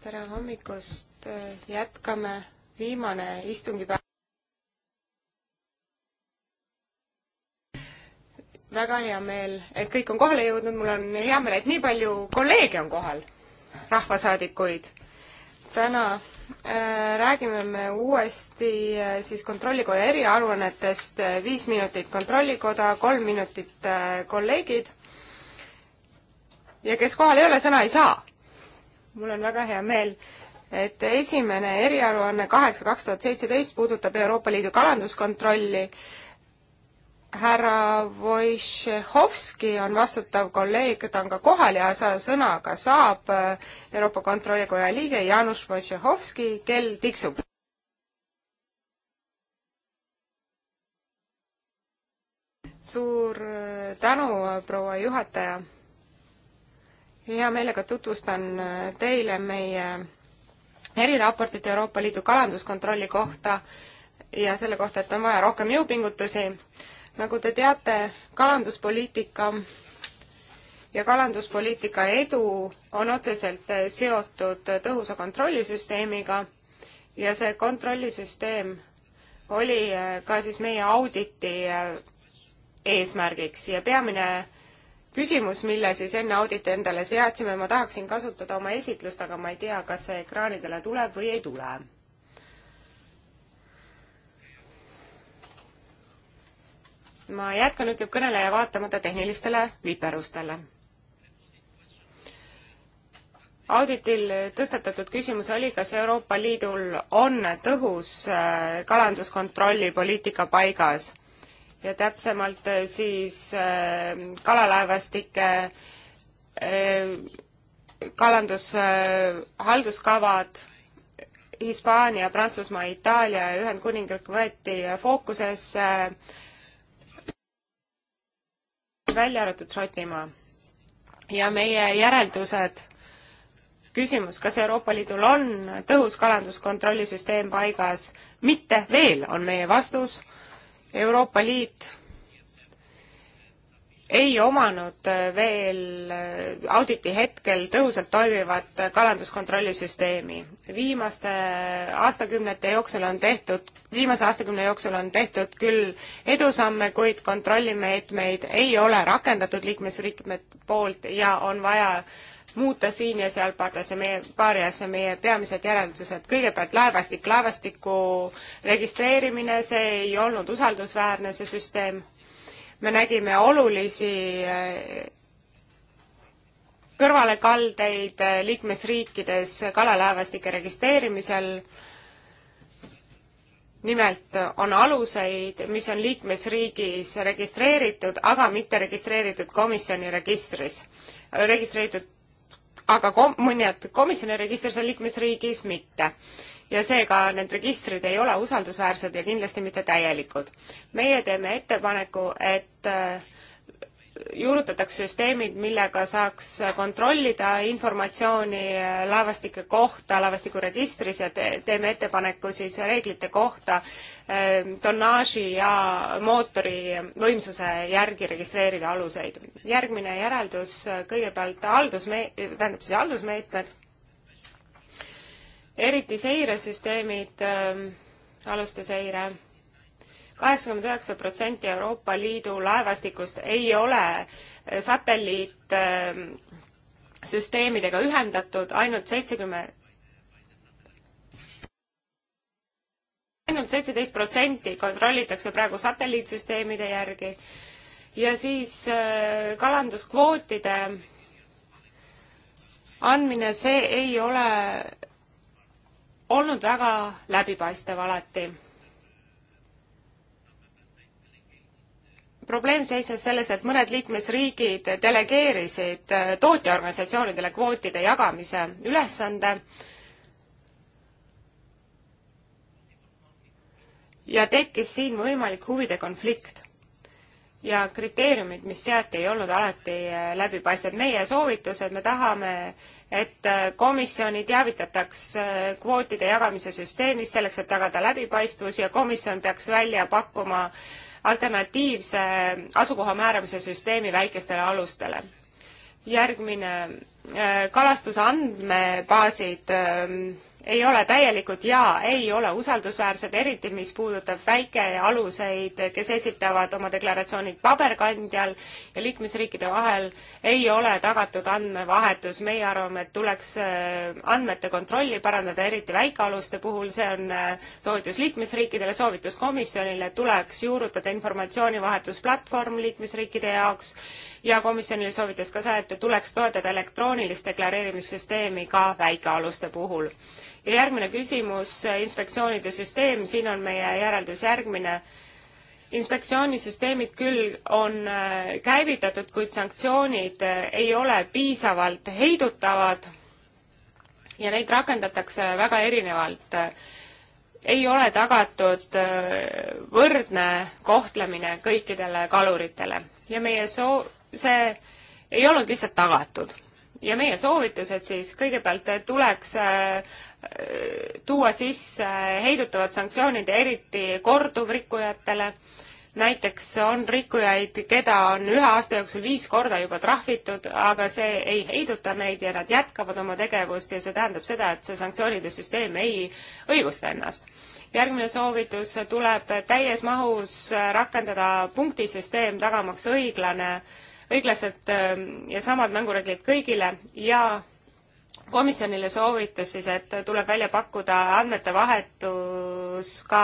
tere hommikust, jätkame viimane istungipäev. väga hea meel, et kõik on kohale jõudnud, mul on hea meel, et nii palju kolleege on kohal, rahvasaadikuid. täna äh, räägime me uuesti äh, siis Kontrollikoja eriaruannetest äh,, viis minutit Kontrollikoda, kolm minutit äh, kolleegid. ja kes kohal ei ole, sõna ei saa mul on väga hea meel, et esimene eriaruanne kaheksa kaks tuhat seitseteist puudutab Euroopa Liidu kalanduskontrolli. härra Wojciechowski on vastutav kolleeg, ta on ka kohal ja sa sõnaga saab äh, Euroopa Kontrollikoja liige Janusz Wojciechowski, kell tiksub. suur äh, tänu, proua juhataja hea meelega tutvustan äh, teile meie eriraportit Euroopa Liidu kalanduskontrolli kohta ja selle kohta, et on vaja rohkem jõupingutusi. nagu te teate, kalanduspoliitika ja kalanduspoliitika edu on otseselt äh, seotud äh, tõhusa kontrollisüsteemiga ja see kontrollisüsteem oli ka siis meie auditi eesmärgiks ja peamine küsimus, mille siis enne auditi endale seadsime, ma tahaksin kasutada oma esitlust, aga ma ei tea, kas see ekraanidele tuleb või ei tule. ma jätkan, ütleb kõneleja, vaatamata tehnilistele viperustele auditil tõstatatud küsimus oli, kas Euroopa Liidul on tõhus äh, kalanduskontrolli poliitika paigas ja täpsemalt eh, siis eh, kalalaevastike eh, kalandushalduskavad Hispaania, Prantsusmaa, Itaalia ja Ühendkuningriik võeti fookusesse, välja arvatud Šotimaa. ja meie järeldused, küsimus, kas Euroopa Liidul on tõhus kalanduskontrollisüsteem paigas, mitte veel, on meie vastus Euroopa Liit ei omanud äh, veel äh, auditi hetkel tõhusalt toimivat äh, kalanduskontrollisüsteemi. viimaste aastakümnete jooksul on tehtud, viimase aastakümne jooksul on tehtud küll edusamme, kuid kontrollimeetmeid ei ole rakendatud liikmesriikide poolt ja on vaja muuta siin ja seal paardes ja meie, paari asja, meie peamised järeldused. kõigepealt laevastik, laevastiku registreerimine, see ei olnud usaldusväärne, see süsteem. me nägime olulisi äh, kõrvalekaldeid äh, liikmesriikides kalalaevastike registreerimisel. nimelt on aluseid, mis on liikmesriigis registreeritud, aga mitte registreeritud komisjoni registris. registreeritud aga kom-, mõned komisjoni registris on liikmesriigis mitte. ja seega need registrid ei ole usaldusväärsed ja kindlasti mitte täielikud. meie teeme ettepaneku, et äh, juurutataks süsteemid, millega saaks kontrollida informatsiooni laevastike kohta laevastikuregistris ja te, teeme ettepaneku siis reeglite kohta ehm, tonnaaži ja mootori võimsuse järgi registreerida aluseid. järgmine järeldus kõigepealt haldusme-, tähendab siis haldusmeetmed, eriti seiresüsteemid, ehm, aluste seire kaheksakümmend üheksa protsenti Euroopa Liidu laevastikust ei ole eh, satelliitsüsteemidega eh, ühendatud, ainult seitsekümmend ainult seitseteist protsenti kontrollitakse praegu satelliitsüsteemide järgi ja siis eh, kalanduskvootide andmine, see ei ole olnud väga läbipaistev alati probleem seisnes selles, et mõned liikmesriigid delegeerisid äh, tootjaorganisatsioonidele kvootide jagamise ülesande ja tekkis siin võimalik huvide konflikt. ja kriteeriumid, mis seati, ei olnud alati äh, läbipaistvad. meie soovitused, me tahame, et äh, komisjoni teavitataks kvootide jagamise süsteemist selleks, et tagada läbipaistvus ja komisjon peaks välja pakkuma äh, alternatiivse asukoha määramise süsteemi väikestele alustele. järgmine, äh, kalastuse andmebaasid ähm, ei ole täielikud ja ei ole usaldusväärsed, eriti mis puudutab väikealuseid, kes esitavad oma deklaratsioonid paberkandjal ja liikmesriikide vahel ei ole tagatud andmevahetus. meie arvame, et tuleks äh, andmete kontrolli parandada, eriti väikealuste puhul, see on äh, soovitus liikmesriikidele, soovitus komisjonile, tuleks juurutada informatsioonivahetusplatvorm liikmesriikide jaoks ja komisjonile soovitas ka seda, et tuleks toetada elektroonilist deklareerimissüsteemi ka väikealuste puhul. ja järgmine küsimus, inspektsioonide süsteem, siin on meie järeldus järgmine inspektsioonisüsteemid küll on äh, käivitatud, kuid sanktsioonid äh, ei ole piisavalt heidutavad ja neid rakendatakse väga erinevalt. ei ole tagatud äh, võrdne kohtlemine kõikidele kaluritele ja meie soo-, see ei olnud lihtsalt tagatud. ja meie soovitused siis, kõigepealt tuleks äh, äh, tuua sisse heidutavad sanktsioonid, eriti korduvrikkujatele, näiteks on rikkujaid, keda on ühe aasta jooksul viis korda juba trahvitud, aga see ei heiduta meid ja nad jätkavad oma tegevust ja see tähendab seda, et see sanktsioonide süsteem ei õigusta ennast järgmine soovitus tuleb täies mahus rakendada punktisüsteem, tagamaks õiglane äh, õiglased ähm, ja samad mängureeglid kõigile ja komisjonile soovitus siis, et tuleb välja pakkuda andmete vahetus ka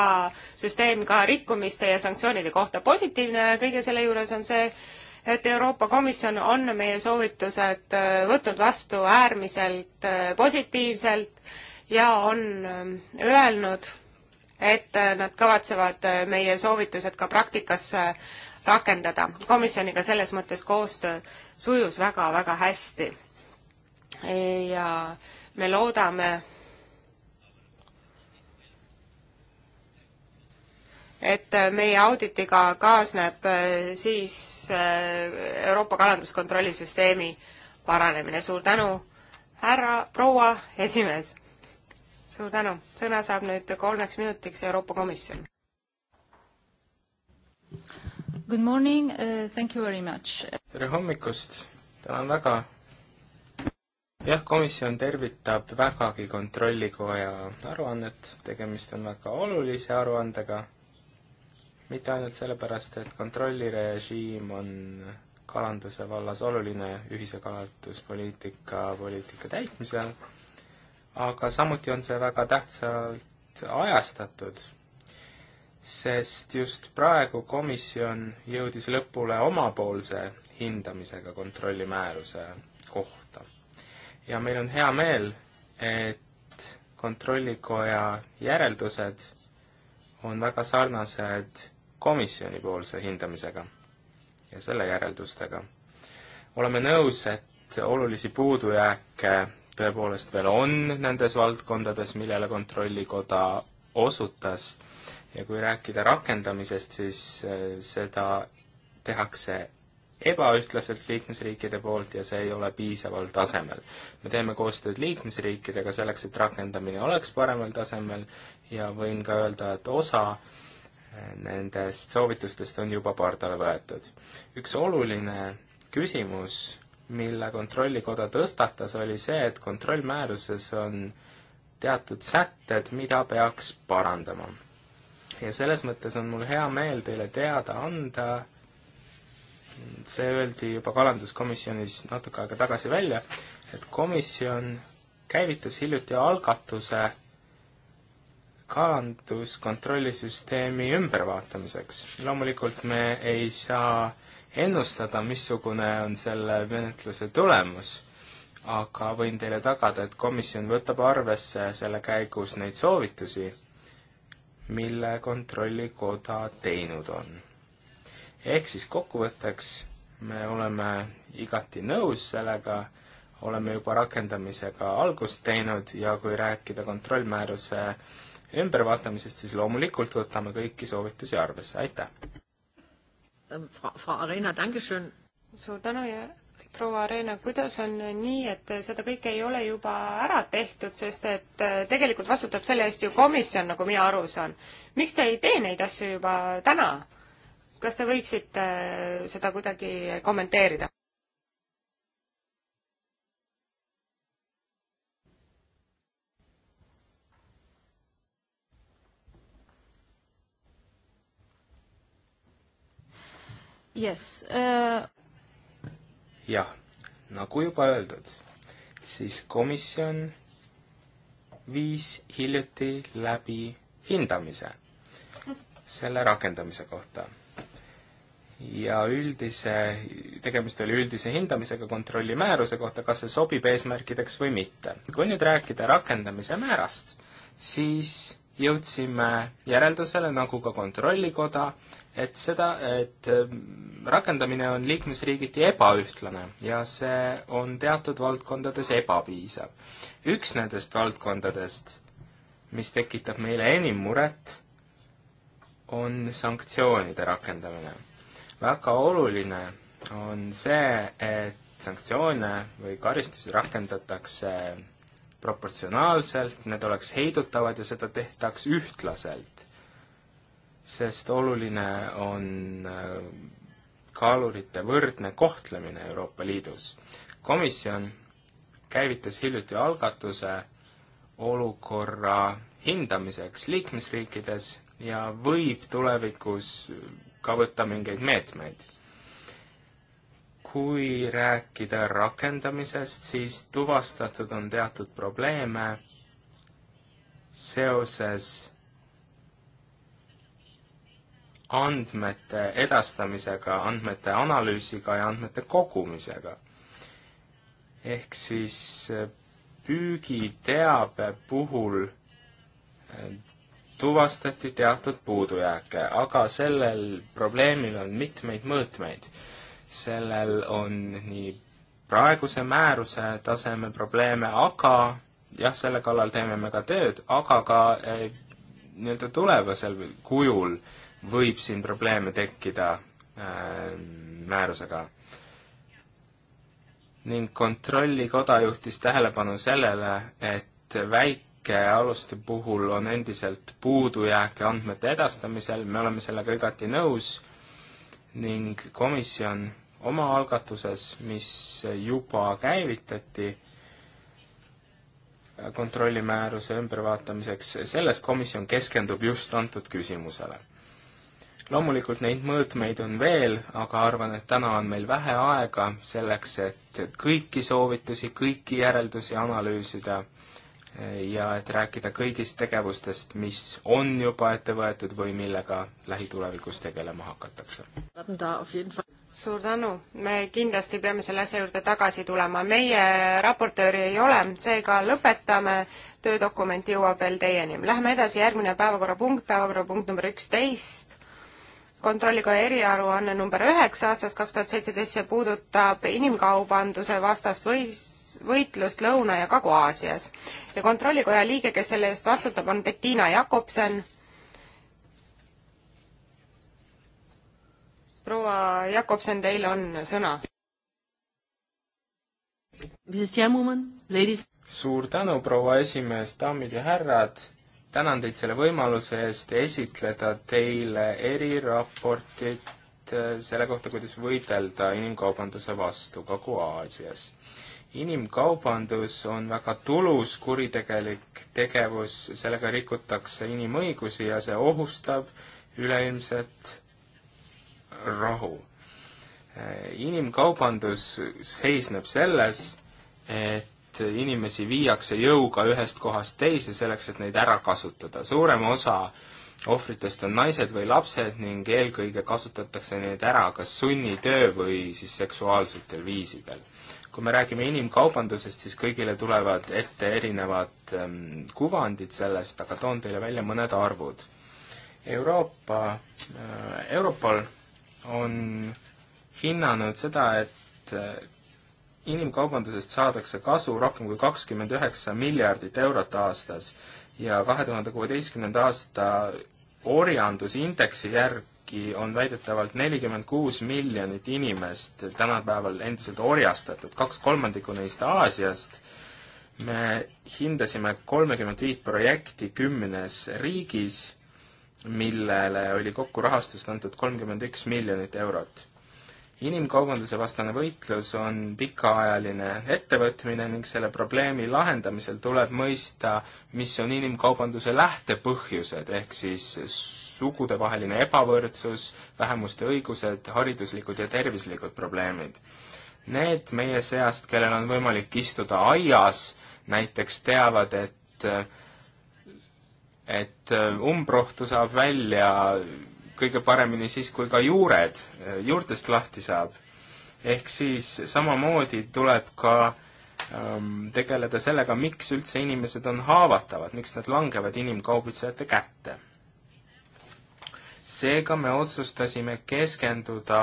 süsteem ka rikkumiste ja sanktsioonide kohta. positiivne kõige selle juures on see, et Euroopa Komisjon on meie soovitused äh, võtnud vastu äärmiselt äh, positiivselt ja on ähm, öelnud, et äh, nad kavatsevad meie soovitused ka praktikasse rakendada. komisjoniga selles mõttes koostöö sujus väga-väga hästi. ja me loodame, et meie auditiga kaasneb äh, siis äh, Euroopa kalanduskontrolli süsteemi paranemine. suur tänu, härra, proua esimees! suur tänu, sõna saab nüüd kolmeks minutiks Euroopa Komisjon. Good morning uh,, thank you very much. tere hommikust, tänan väga. jah, komisjon tervitab vägagi Kontrollikoja aruannet, tegemist on väga olulise aruandega, mitte ainult sellepärast, et kontrollirežiim on kalanduse vallas oluline ühise kalanduspoliitika, poliitika täitmisel, aga samuti on see väga tähtsalt ajastatud sest just praegu komisjon jõudis lõpule omapoolse hindamisega kontrollimääruse kohta. ja meil on hea meel, et kontrollikoja järeldused on väga sarnased komisjonipoolse hindamisega ja selle järeldustega. oleme nõus, et olulisi puudujääke tõepoolest veel on nendes valdkondades, millele Kontrollikoda osutas ja kui rääkida rakendamisest, siis äh, seda tehakse ebaühtlaselt liikmesriikide poolt ja see ei ole piisaval tasemel. me teeme koostööd liikmesriikidega selleks, et rakendamine oleks paremal tasemel ja võin ka öelda, et osa äh, nendest soovitustest on juba pardale võetud. üks oluline küsimus, mille Kontrollikoda tõstatas, oli see, et kontrollmääruses on teatud sätted, mida peaks parandama ja selles mõttes on mul hea meel teile teada anda, see öeldi juba kalanduskomisjonis natuke aega tagasi välja, et komisjon käivitas hiljuti algatuse kalanduskontrollisüsteemi ümbervaatamiseks. loomulikult me ei saa ennustada, missugune on selle menetluse tulemus, aga võin teile tagada, et komisjon võtab arvesse selle käigus neid soovitusi mille Kontrollikoda teinud on. ehk siis kokkuvõtteks me oleme igati nõus sellega, oleme juba rakendamisega algust teinud ja kui rääkida kontrollmääruse ümbervaatamisest, siis loomulikult võtame kõiki soovitusi arvesse, aitäh! Ähm, Frau Arena, dankeschön! suur tänu ja proua Reena, kuidas on nii, et seda kõike ei ole juba ära tehtud, sest et äh, tegelikult vastutab selle eest ju komisjon, nagu mina aru saan. miks te ei tee neid asju juba täna? kas te võiksite äh, seda kuidagi kommenteerida? Yes uh jah, nagu juba öeldud, siis komisjon viis hiljuti läbi hindamise selle rakendamise kohta. ja üldise, tegemist oli üldise hindamisega kontrolli määruse kohta, kas see sobib eesmärkideks või mitte. kui nüüd rääkida rakendamise määrast, siis jõudsime järeldusele, nagu ka Kontrollikoda, et seda, et mm, rakendamine on liikmesriigiti ebaühtlane ja see on teatud valdkondades ebapiisav. üks nendest valdkondadest, mis tekitab meile enim muret, on sanktsioonide rakendamine. väga oluline on see, et sanktsioone või karistusi rakendatakse proportsionaalselt, need oleks heidutavad ja seda tehtaks ühtlaselt sest oluline on äh, kaalurite võrdne kohtlemine Euroopa Liidus. komisjon käivitas hiljuti algatuse olukorra hindamiseks liikmesriikides ja võib tulevikus ka võtta mingeid meetmeid. kui rääkida rakendamisest, siis tuvastatud on teatud probleeme seoses andmete edastamisega, andmete analüüsiga ja andmete kogumisega. ehk siis eh, püügiteabe puhul eh, tuvastati teatud puudujääke, aga sellel probleemil on mitmeid mõõtmeid. sellel on nii praeguse määruse taseme probleeme, aga jah, selle kallal teeme me ka tööd, aga ka eh, nii-öelda tulevasel kujul äh, võib siin probleeme tekkida äh, määrusega. ning Kontrollikoda juhtis tähelepanu sellele, et väikealuste puhul on endiselt puudujääke andmete edastamisel, me oleme sellega igati nõus ning komisjon oma algatuses, mis juba käivitati kontrollimääruse ümbervaatamiseks, selles komisjon keskendub just antud küsimusele loomulikult neid mõõtmeid on veel, aga arvan, et täna on meil vähe aega selleks, et kõiki soovitusi, kõiki järeldusi analüüsida eh, ja et rääkida kõigist tegevustest, mis on juba ette võetud või millega lähitulevikus tegelema hakatakse. suur tänu, me kindlasti peame selle asja juurde tagasi tulema, meie raportööri ei ole, seega lõpetame, töödokument jõuab veel teieni. Lähme edasi, järgmine päevakorrapunkt, päevakorrapunkt number üksteist, kontrollikoja eriaruanne number üheksa aastast kaks tuhat seitseteist, see puudutab inimkaubanduse vastast võis-, võitlust Lõuna- ja Kagu-Aasias. ja kontrollikoja liige, kes selle eest vastutab, on Bettina Jakobsen. proua Jakobsen, teil on sõna. suur tänu, proua esimees, daamid ja härrad tänan teid selle võimaluse eest esitleda teile eriraportit äh, selle kohta, kuidas võidelda inimkaubanduse vastu Kagu-Aasias. inimkaubandus on väga tulus kuritegelik tegevus, sellega rikutakse inimõigusi ja see ohustab üleilmset rahu. Äh, inimkaubandus seisneb selles, et et inimesi viiakse jõuga ühest kohast teise selleks, et neid ära kasutada. suurem osa ohvritest on naised või lapsed ning eelkõige kasutatakse neid ära kas sunnitöö või siis seksuaalsetel viisidel. kui me räägime inimkaubandusest, siis kõigile tulevad ette erinevad ähm, kuvandid sellest, aga toon teile välja mõned arvud. Euroopa äh,, Europol on hinnanud seda, et äh, inimkaubandusest saadakse kasu rohkem kui kakskümmend üheksa miljardit eurot aastas ja kahe tuhande kuueteistkümnenda aasta orjandusindeksi järgi on väidetavalt nelikümmend kuus miljonit inimest tänapäeval endiselt orjastatud, kaks kolmandikku neist Aasiast. me hindasime kolmekümmet viit projekti kümnes riigis, millele oli kokku rahastust antud kolmkümmend üks miljonit eurot inimkaubanduse vastane võitlus on pikaajaline ettevõtmine ning selle probleemi lahendamisel tuleb mõista, mis on inimkaubanduse lähtepõhjused, ehk siis sugudevaheline ebavõrdsus, vähemuste õigused, hariduslikud ja tervislikud probleemid. Need meie seast, kellel on võimalik istuda aias, näiteks teavad, et et äh, umbrohtu saab välja kõige paremini siis, kui ka juured eh, juurtest lahti saab. ehk siis samamoodi tuleb ka ähm, tegeleda sellega, miks üldse inimesed on haavatavad, miks nad langevad inimkaubitsejate kätte. seega me otsustasime keskenduda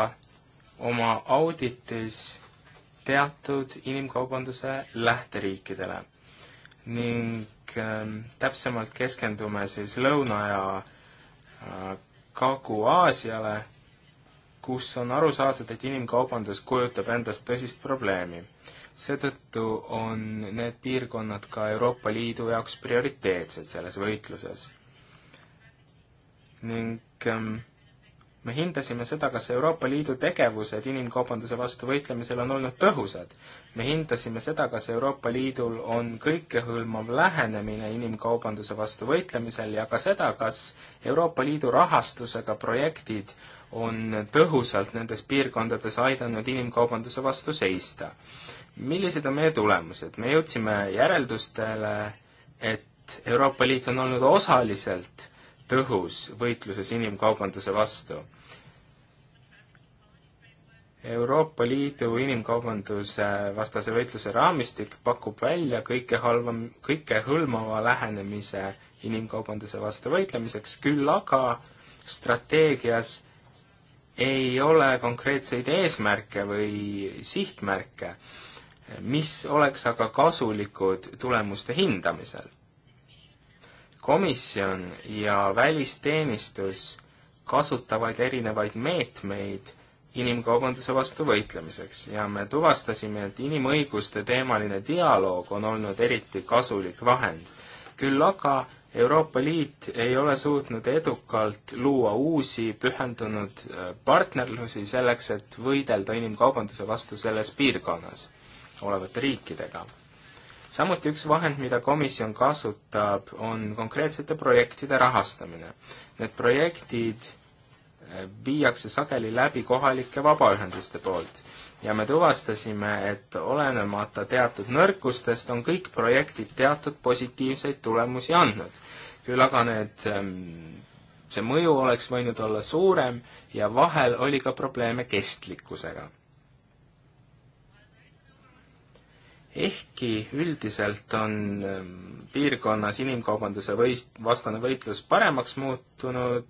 oma auditis teatud inimkaubanduse lähteriikidele ning äh, täpsemalt keskendume siis lõuna ja äh, Kagu-Aasiale, kus on aru saadud, et inimkaubandus kujutab endast tõsist probleemi. seetõttu on need piirkonnad ka Euroopa Liidu jaoks prioriteetsed selles võitluses. ning ähm, me hindasime seda, kas Euroopa Liidu tegevused inimkaubanduse vastu võitlemisel on olnud tõhusad. me hindasime seda, kas Euroopa Liidul on kõikehõlmav lähenemine inimkaubanduse vastu võitlemisel ja ka seda, kas Euroopa Liidu rahastusega projektid on tõhusalt nendes piirkondades aidanud inimkaubanduse vastu seista. millised on meie tulemused? me jõudsime järeldustele, et Euroopa Liit on olnud osaliselt tõhus võitluses inimkaubanduse vastu. Euroopa Liidu inimkaubanduse vastase võitluse raamistik pakub välja kõike halvam, kõike hõlmava lähenemise inimkaubanduse vastu võitlemiseks, küll aga strateegias ei ole konkreetseid eesmärke või sihtmärke, mis oleks aga kasulikud tulemuste hindamisel komisjon ja välisteenistus kasutavad erinevaid meetmeid inimkaubanduse vastu võitlemiseks ja me tuvastasime, et inimõiguste teemaline dialoog on olnud eriti kasulik vahend. küll aga Euroopa Liit ei ole suutnud edukalt luua uusi pühendunud äh, partnerlusi selleks, et võidelda inimkaubanduse vastu selles piirkonnas olevate riikidega samuti üks vahend, mida komisjon kasutab, on konkreetsete projektide rahastamine. Need projektid eh, viiakse sageli läbi kohalike vabaühenduste poolt ja me tuvastasime, et olenemata teatud nõrkustest on kõik projektid teatud positiivseid tulemusi andnud. küll aga need, ehm, see mõju oleks võinud olla suurem ja vahel oli ka probleeme kestlikkusega ehkki üldiselt on ähm, piirkonnas inimkaubanduse võist-, vastane võitlus paremaks muutunud,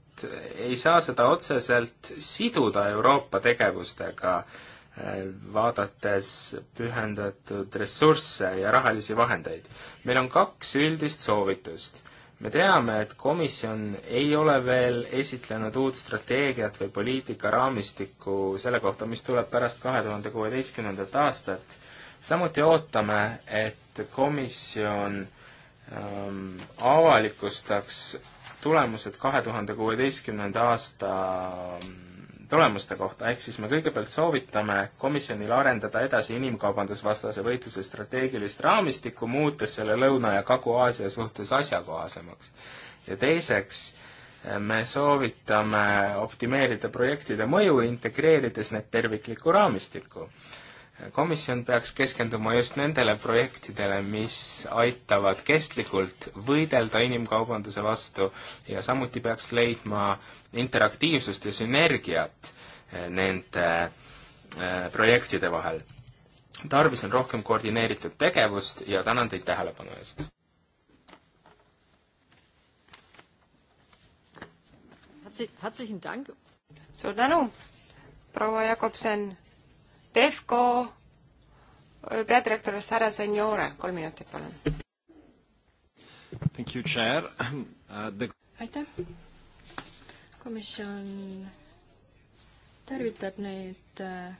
ei saa seda otseselt siduda Euroopa tegevustega, äh, vaadates pühendatud ressursse ja rahalisi vahendeid. meil on kaks üldist soovitust. me teame, et komisjon ei ole veel esitlenud uut strateegiat või poliitika raamistikku selle kohta, mis tuleb pärast kahe tuhande kuueteistkümnendat aastat samuti ootame, et komisjon ähm, avalikustaks tulemused kahe tuhande kuueteistkümnenda aasta ähm, tulemuste kohta, ehk siis me kõigepealt soovitame komisjonil arendada edasi inimkaubandusvastase võitluse strateegilist raamistikku, muutes selle Lõuna- ja Kagu-Aasia suhtes asjakohasemaks. ja teiseks, äh, me soovitame optimeerida projektide mõju, integreerides need terviklikku raamistikku komisjon peaks keskenduma just nendele projektidele, mis aitavad kestlikult võidelda inimkaubanduse vastu ja samuti peaks leidma interaktiivsust ja sünergiat eh, nende eh, projektide vahel. tarvis on rohkem koordineeritud tegevust ja tänan teid tähelepanu eest! suur tänu, proua Jakobsen Defco äh, peadirektor Sara Seniore, kolm minutit, palun. Thank you, chair uh,. The... aitäh. komisjon tervitab neid äh,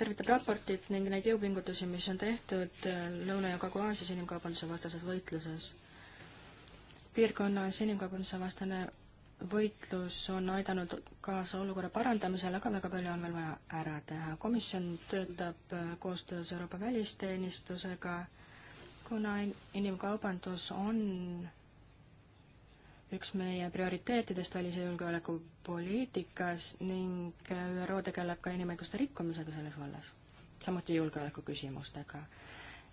tervitab raportit ning neid jõupingutusi, mis on tehtud äh, Lõuna- ja Kagu-Aasias inimkaubanduse vastases võitluses. piirkonnas inimkaubanduse vastane võitlus on aidanud kaasa olukorra parandamisele, aga väga palju on veel vaja ära teha. komisjon töötab koostöös Euroopa välisteenistusega, kuna inimkaubandus on üks meie prioriteetidest välis- ja julgeolekupoliitikas ning ÜRO tegeleb ka inimõiguste rikkumisega selles vallas, samuti julgeolekuküsimustega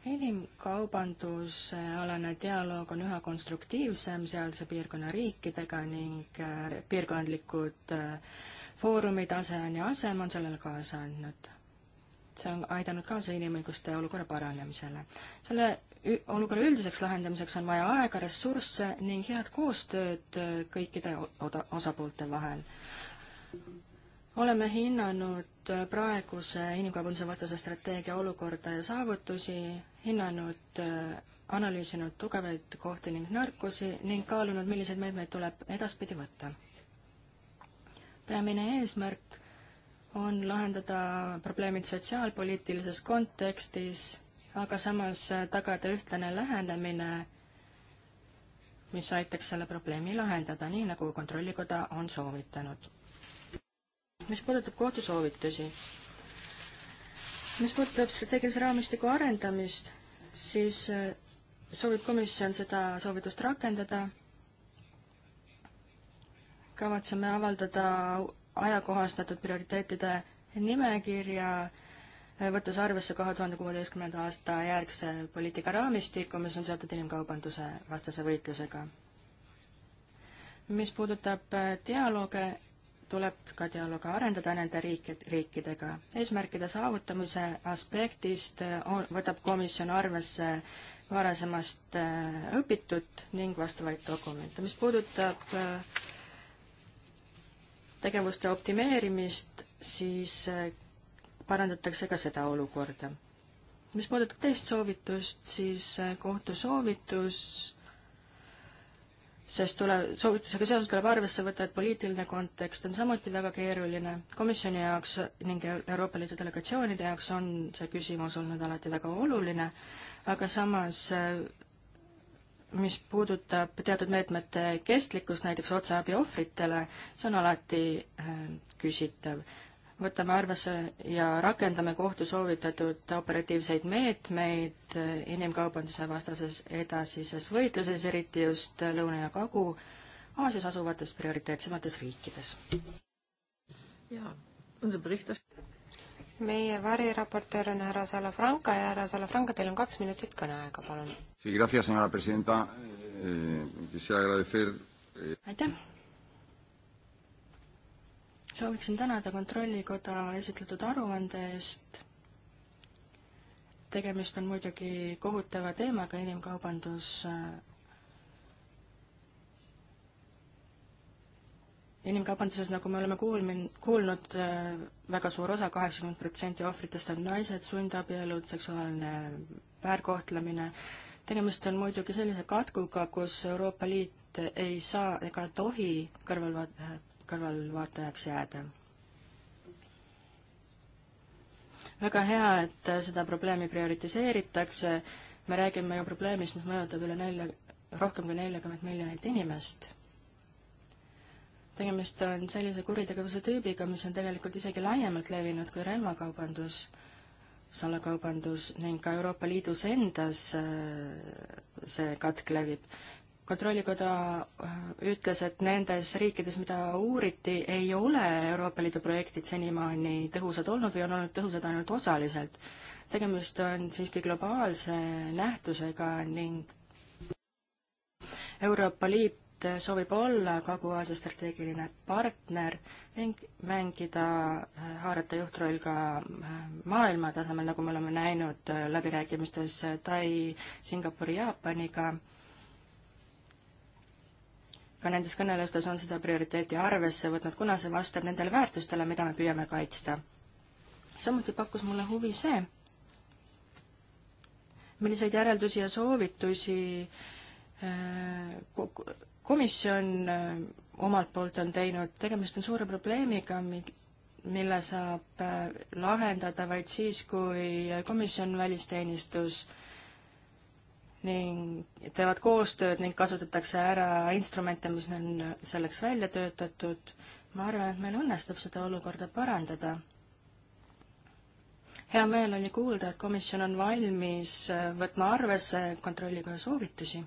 inimkaubandusealane dialoog on üha konstruktiivsem sealse piirkonna riikidega ning äh, piirkondlikud äh, foorumid, ASEAN ja ASEM on sellele kaasa andnud. see on aidanud kaasa inimõiguste olukorra paranemisele. selle olukorra üldiseks lahendamiseks on vaja aega, ressursse ning head koostööd äh, kõikide osapoolte vahel oleme hinnanud hinnanud praeguse inimkaubanduse vastase strateegia olukorda ja saavutusi, hinnanud, analüüsinud tugevaid kohti ning nõrkusi ning kaalunud, milliseid meetmeid tuleb edaspidi võtta. peamine eesmärk on lahendada probleemid sotsiaalpoliitilises kontekstis, aga samas tagada ühtlane lähenemine, mis aitaks selle probleemi lahendada, nii nagu Kontrollikoda on soovitanud mis puudutab kohtusoovitusi, mis puudutab strateegilise raamistiku arendamist, siis äh, soovib komisjon seda soovitust rakendada. kavatseme avaldada ajakohastatud prioriteetide nimekirja, äh, võttes arvesse kahe tuhande kuueteistkümnenda aasta järgse poliitika raamistiku, mis on seotud inimkaubanduse vastase võitlusega. mis puudutab äh, dialoog tuleb ka dialoogi arendada nende riike, riikidega. eesmärkide saavutamise aspektist äh, võtab komisjon arvesse varasemast äh, õpitut ning vastavaid dokumente. mis puudutab äh, tegevuste optimeerimist, siis parandatakse ka seda olukorda. mis puudutab teist soovitust, siis kohtu soovitus sest tule, soovitusega seoses tuleb arvesse võtta, et poliitiline kontekst on samuti väga keeruline. komisjoni jaoks ning Euroopa Liidu delegatsioonide jaoks on see küsimus olnud alati väga oluline, aga samas mis puudutab teatud meetmete kestlikkust näiteks otseabi ohvritele, see on alati äh, küsitav võtame arvesse ja rakendame kohtu soovitatud operatiivseid meetmeid inimkaubanduse vastases edasises võitluses, eriti just Lõuna- ja Kagu-Aasias asuvates prioriteetsemates riikides. jaa, on see bericht? meie variraportöör on härra Salafranca ja härra Salafranca, teil on kaks minutit kõneaega, palun. Eh, eh, aitäh sooviksin tänada Kontrollikoda esitletud aruande eest. tegemist on muidugi kohutava teemaga, inimkaubandus äh, inimkaubanduses, nagu me oleme kuulmin-, kuulnud, äh, väga suur osa, kaheksakümmend protsenti ohvritest on naised, sundabielud, seksuaalne väärkohtlemine, tegemist on muidugi sellise katkuga, kus Euroopa Liit ei saa ega tohi kõrvalva-, kõrvalvaatajaks jääda. väga hea, et seda probleemi prioritiseeritakse, me räägime ju probleemist, mis mõjutab üle nelja, rohkem kui neljakümmet miljonit inimest. tegemist on sellise kuritegevuse tüübiga, mis on tegelikult isegi laiemalt levinud kui relvakaubandus salakaubandus ning ka Euroopa Liidus endas äh, see katk levib kontrollikoda äh, ütles, et nendes riikides, mida uuriti, ei ole Euroopa Liidu projektid senimaani tõhusad olnud või on olnud tõhusad ainult osaliselt. tegemist on siiski globaalse nähtusega ning Euroopa Liit soovib olla Kagu-Aasia strateegiline partner ning mängida, äh, haarata juhtroll ka äh, maailma tasemel, nagu me oleme näinud läbirääkimistes Tai, Singapuri, Jaapaniga ka nendes kõnelustes on seda prioriteeti arvesse võtnud, kuna see vastab nendele väärtustele, mida me püüame kaitsta. samuti pakkus mulle huvi see, milliseid järeldusi ja soovitusi äh, komisjon äh, omalt poolt on teinud, tegemist on suure probleemiga, mille saab äh, lahendada vaid siis, kui komisjon, välisteenistus ning teevad koostööd ning kasutatakse ära instrumente, mis on selleks välja töötatud. ma arvan, et meil õnnestub seda olukorda parandada. hea meel oli kuulda, et komisjon on valmis võtma arvesse kontrollikoja soovitusi,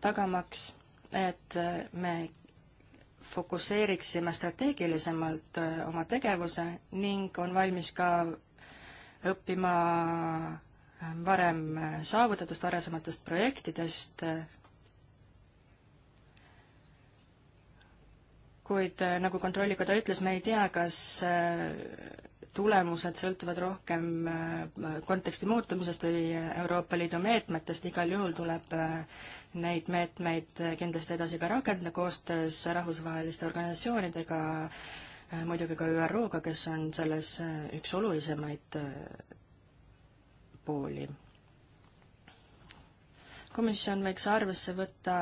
tagamaks, et me fokusseeriksime strateegilisemalt oma tegevuse ning on valmis ka õppima varem äh, saavutatust, varasematest projektidest, äh, kuid äh, nagu Kontrollikoda ütles, me ei tea, kas tulemused sõltuvad rohkem konteksti muutumisest või Euroopa Liidu meetmetest, igal juhul tuleb neid meetmeid kindlasti edasi ka rakendada koostöös rahvusvaheliste organisatsioonidega, muidugi ka ÜRO-ga, kes on selles üks olulisemaid pooli. komisjon võiks arvesse võtta,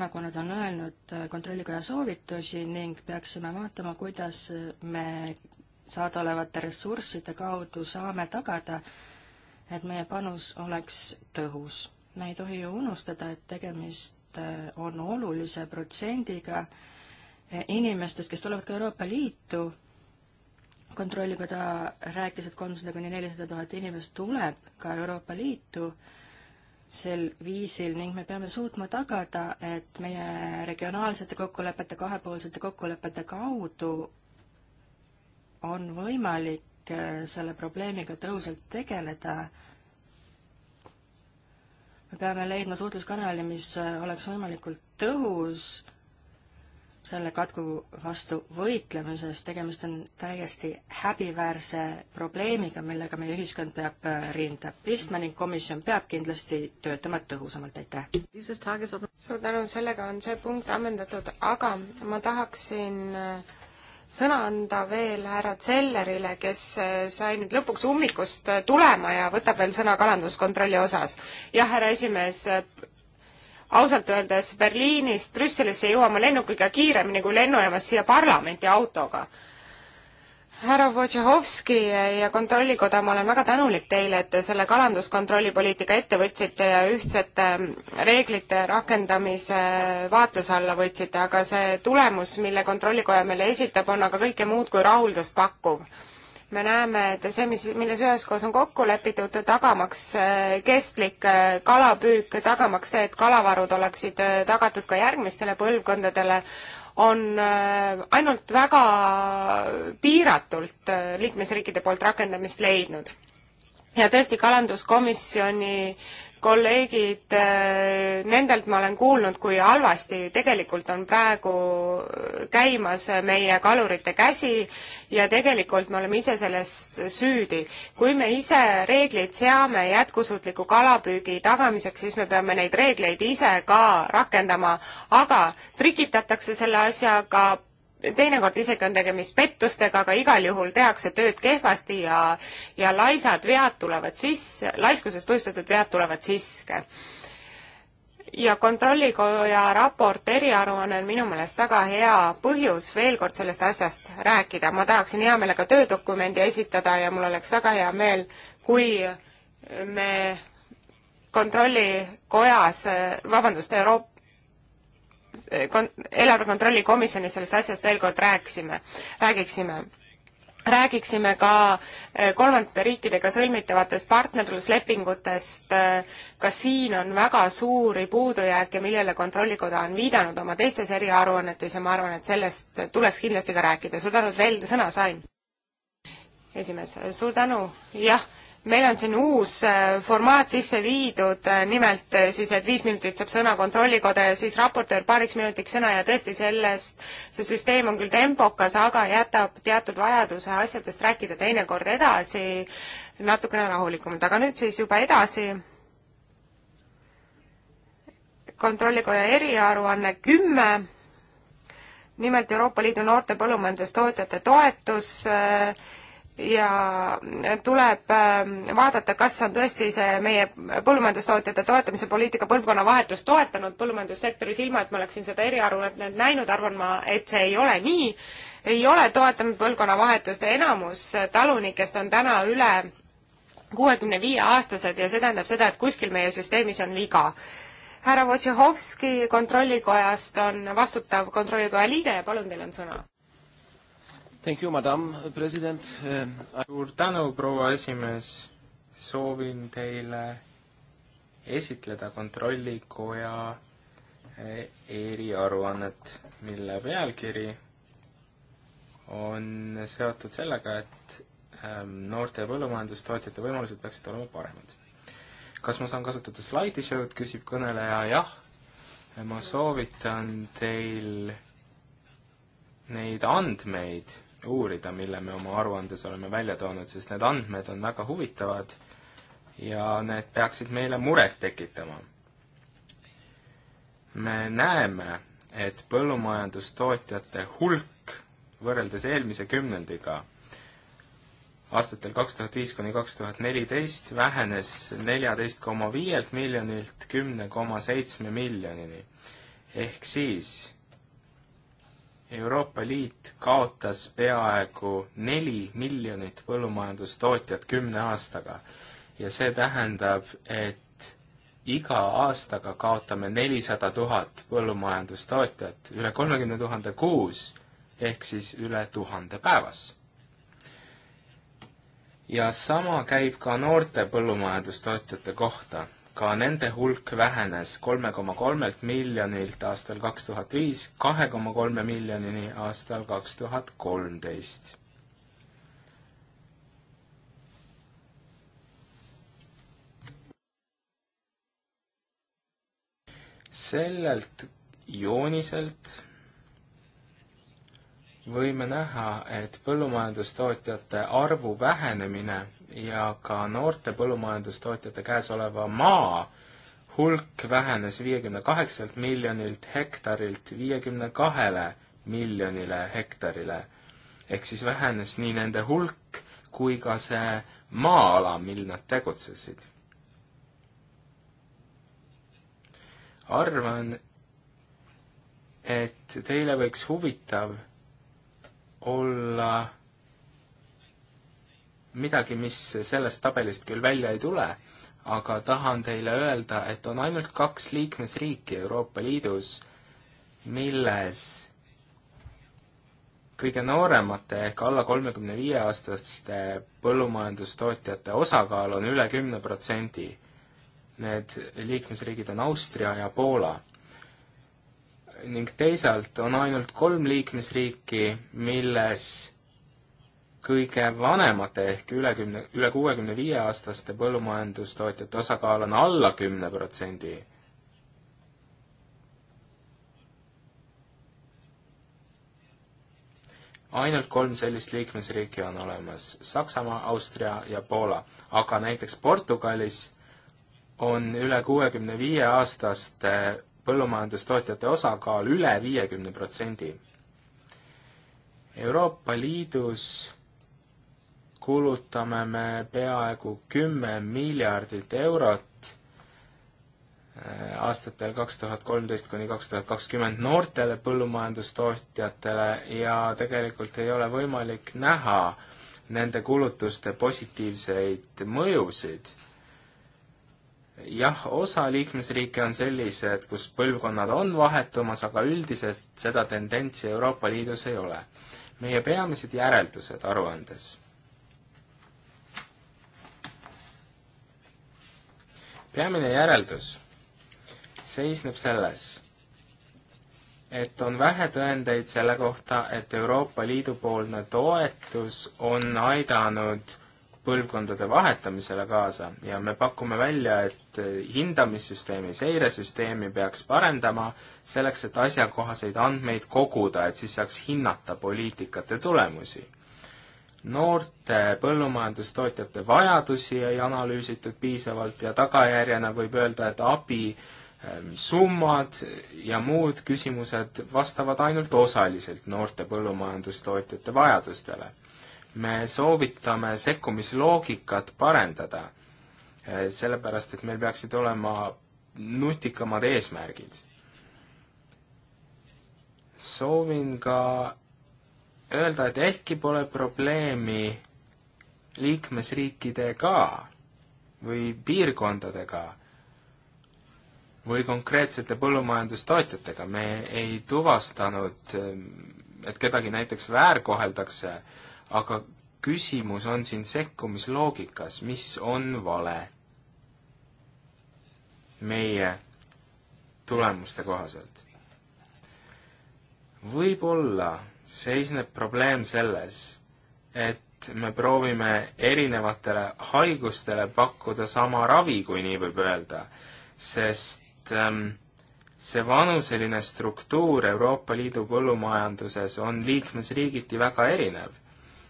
nagu nad on öelnud, Kontrollikoja soovitusi ning peaksime vaatama, kuidas me saadaolevate ressursside kaudu saame tagada, et meie panus oleks tõhus. me ei tohi ju unustada, et tegemist eh, on olulise protsendiga eh, inimestest, kes tulevad ka Euroopa Liitu kontrollikoda rääkis, et kolmsada kuni nelisada tuhat inimest tuleb ka Euroopa Liitu sel viisil ning me peame suutma tagada, et meie regionaalsete kokkulepete, kahepoolsete kokkulepete kaudu on võimalik äh, selle probleemiga tõhusalt tegeleda me peame leidma suhtluskanali, mis äh, oleks võimalikult tõhus selle katku vastu võitlemises, tegemist on täiesti häbiväärse probleemiga, millega meie ühiskond peab äh, rinda pistma ning komisjon peab kindlasti töötama tõhusamalt, aitäh! suur tänu, sellega on see punkt ammendatud, aga ma tahaksin äh, sõna anda veel härra Zellerile, kes äh, sai nüüd lõpuks ummikust tulema ja võtab veel sõna kalanduskontrolli osas. jah, härra esimees, ausalt öeldes Berliinist Brüsselisse jõuama lennukiga kiiremini kui lennujaamast siia parlamenti autoga. härra Wojciechowski ja Kontrollikoda, ma olen väga tänulik teile, et te selle kalanduskontrollipoliitika ette võtsite ja ühtsete ähm, reeglite rakendamise äh, vaatluse alla võtsite, aga see tulemus, mille Kontrollikoja meile esitab, on aga kõike muud kui rahuldust pakkuv me näeme, et see, mis, milles üheskoos on kokku lepitud, tagamaks äh, kestlik äh, kalapüük, tagamaks see, et kalavarud oleksid äh, tagatud ka järgmistele põlvkondadele, on ainult väga piiratult liikmesriikide poolt rakendamist leidnud. ja tõesti, kalanduskomisjoni äh, kolleegid, äh, nendelt ma olen kuulnud, kui halvasti tegelikult on praegu käimas meie kalurite käsi ja tegelikult me oleme ise selles süüdi. kui me ise reegleid seame jätkusuutliku kalapüügi tagamiseks, siis me peame neid reegleid ise ka rakendama, aga trikitatakse selle asjaga, teinekord isegi on tegemist pettustega, aga igal juhul tehakse tööd kehvasti ja, ja laisad vead tulevad sisse, laiskusest põhjustatud vead tulevad sisse. ja Kontrollikoja raport, eriaruanne on minu meelest väga hea põhjus veel kord sellest asjast rääkida. ma tahaksin hea meelega töödokumendi esitada ja mul oleks väga hea meel, kui me kontrollikojas, vabandust, Euroopa Eh, kon-, eelarve kontrolli komisjonis sellest asjast veel kord rääkisime, räägiksime räägiksime ka eh, kolmandate riikidega sõlmitavatest partnerluslepingutest, eh, ka siin on väga suuri puudujääke, millele Kontrollikoda on viidanud oma teistes eriaruannetes ja ma arvan, et sellest tuleks kindlasti ka rääkida. suur tänu, et veel sõna sain. esimees, suur tänu, jah meil on siin uus äh, formaat sisse viidud, äh, nimelt äh, siis, et viis minutit saab sõna kontrollikoda ja siis raportöör paariks minutiks sõna ja tõesti sellest, see süsteem on küll tempokas, aga jätab teatud vajaduse asjadest rääkida teinekord edasi natukene rahulikumalt, aga nüüd siis juba edasi. kontrollikoja eriaruanne kümme nimelt Euroopa Liidu noorte põllumajandustootjate toetus äh, ja tuleb ähm, vaadata, kas on tõesti see meie põllumajandustootjate toetamise poliitika põlvkonnavahetust toetanud põllumajandussektoris, ilma et ma oleksin seda eriaruannet näinud, arvan ma, et see ei ole nii. ei ole toetanud põlvkonnavahetust, enamus talunikest on täna üle kuuekümne viie aastased ja see tähendab seda, et kuskil meie süsteemis on viga. härra Wojciechowski Kontrollikojast on vastutav Kontrollikoja liige ja palun, teil on sõna Thank you, madam uh, president uh,. suur tänu, proua esimees. soovin teile esitleda Kontrollikoja eh, eriaruannet, mille pealkiri on seotud sellega, et ähm, noorte põllumajandustootjate võimalused peaksid olema paremad. kas ma saan kasutada slaidishow'd, küsib kõneleja, jah. ma soovitan teil neid andmeid uurida, mille me oma aruandes oleme välja toonud, sest need andmed on väga huvitavad ja need peaksid meile muret tekitama. me näeme, et põllumajandustootjate hulk võrreldes eelmise kümnendiga aastatel kaks tuhat viis kuni kaks tuhat neliteist vähenes neljateist koma viielt miljonilt kümne koma seitsme miljonini. ehk siis Euroopa Liit kaotas peaaegu neli miljonit põllumajandustootjat kümne aastaga ja see tähendab, et iga aastaga kaotame nelisada tuhat põllumajandustootjat, üle kolmekümne tuhande kuus, ehk siis üle tuhande päevas. ja sama käib ka noorte põllumajandustootjate kohta ka nende hulk vähenes kolme koma kolmelt miljonilt aastal kaks tuhat viis kahe koma kolme miljonini aastal kaks tuhat kolmteist. sellelt jooniselt võime näha, et põllumajandustootjate arvu vähenemine ja ka noorte põllumajandustootjate käes oleva maa hulk vähenes viiekümne kaheksalt miljonilt hektarilt viiekümne kahele miljonile hektarile. ehk siis vähenes nii nende hulk kui ka see maa-ala, mil nad tegutsesid. arvan, et teile võiks huvitav olla midagi, mis sellest tabelist küll välja ei tule, aga tahan teile öelda, et on ainult kaks liikmesriiki Euroopa Liidus, milles kõige nooremate ehk alla kolmekümne viie aastaste põllumajandustootjate osakaal on üle kümne protsendi. Need liikmesriigid on Austria ja Poola. ning teisalt on ainult kolm liikmesriiki, milles kõige vanemate ehk üle kümne, üle kuuekümne viie aastaste põllumajandustootjate osakaal on alla kümne protsendi. ainult kolm sellist liikmesriiki on olemas, Saksamaa, Austria ja Poola, aga näiteks Portugalis on üle kuuekümne viie aastaste põllumajandustootjate osakaal üle viiekümne protsendi. Euroopa Liidus kulutame me peaaegu kümme miljardit eurot äh, aastatel kaks tuhat kolmteist kuni kaks tuhat kakskümmend noortele põllumajandustootjatele ja tegelikult ei ole võimalik näha nende kulutuste positiivseid mõjusid jah, osa liikmesriike on sellised, kus põlvkonnad on vahetumas, aga üldiselt seda tendentsi Euroopa Liidus ei ole. meie peamised järeldused aruandes. peamine järeldus seisneb selles, et on vähe tõendeid selle kohta, et Euroopa Liidu poolne toetus on aidanud põlvkondade vahetamisele kaasa ja me pakume välja, et hindamissüsteemi, seiresüsteemi peaks parendama selleks, et asjakohaseid andmeid koguda, et siis saaks hinnata poliitikate tulemusi noorte põllumajandustootjate vajadusi ei analüüsitud piisavalt ja tagajärjena võib öelda, et abi ähm, summad ja muud küsimused vastavad ainult osaliselt noorte põllumajandustootjate vajadustele. me soovitame sekkumisloogikat parendada, äh, sellepärast et meil peaksid olema nutikamad eesmärgid. soovin ka öelda, et ehkki pole probleemi liikmesriikidega või piirkondadega või konkreetsete põllumajandustootjatega, me ei tuvastanud, et kedagi näiteks väärkoheldakse, aga küsimus on siin sekkumisloogikas, mis on vale meie tulemuste kohaselt. võib-olla seisneb probleem selles, et me proovime erinevatele haigustele pakkuda sama ravi, kui nii võib öelda, sest ähm, see vanuseline struktuur Euroopa Liidu põllumajanduses on liikmesriigiti väga erinev.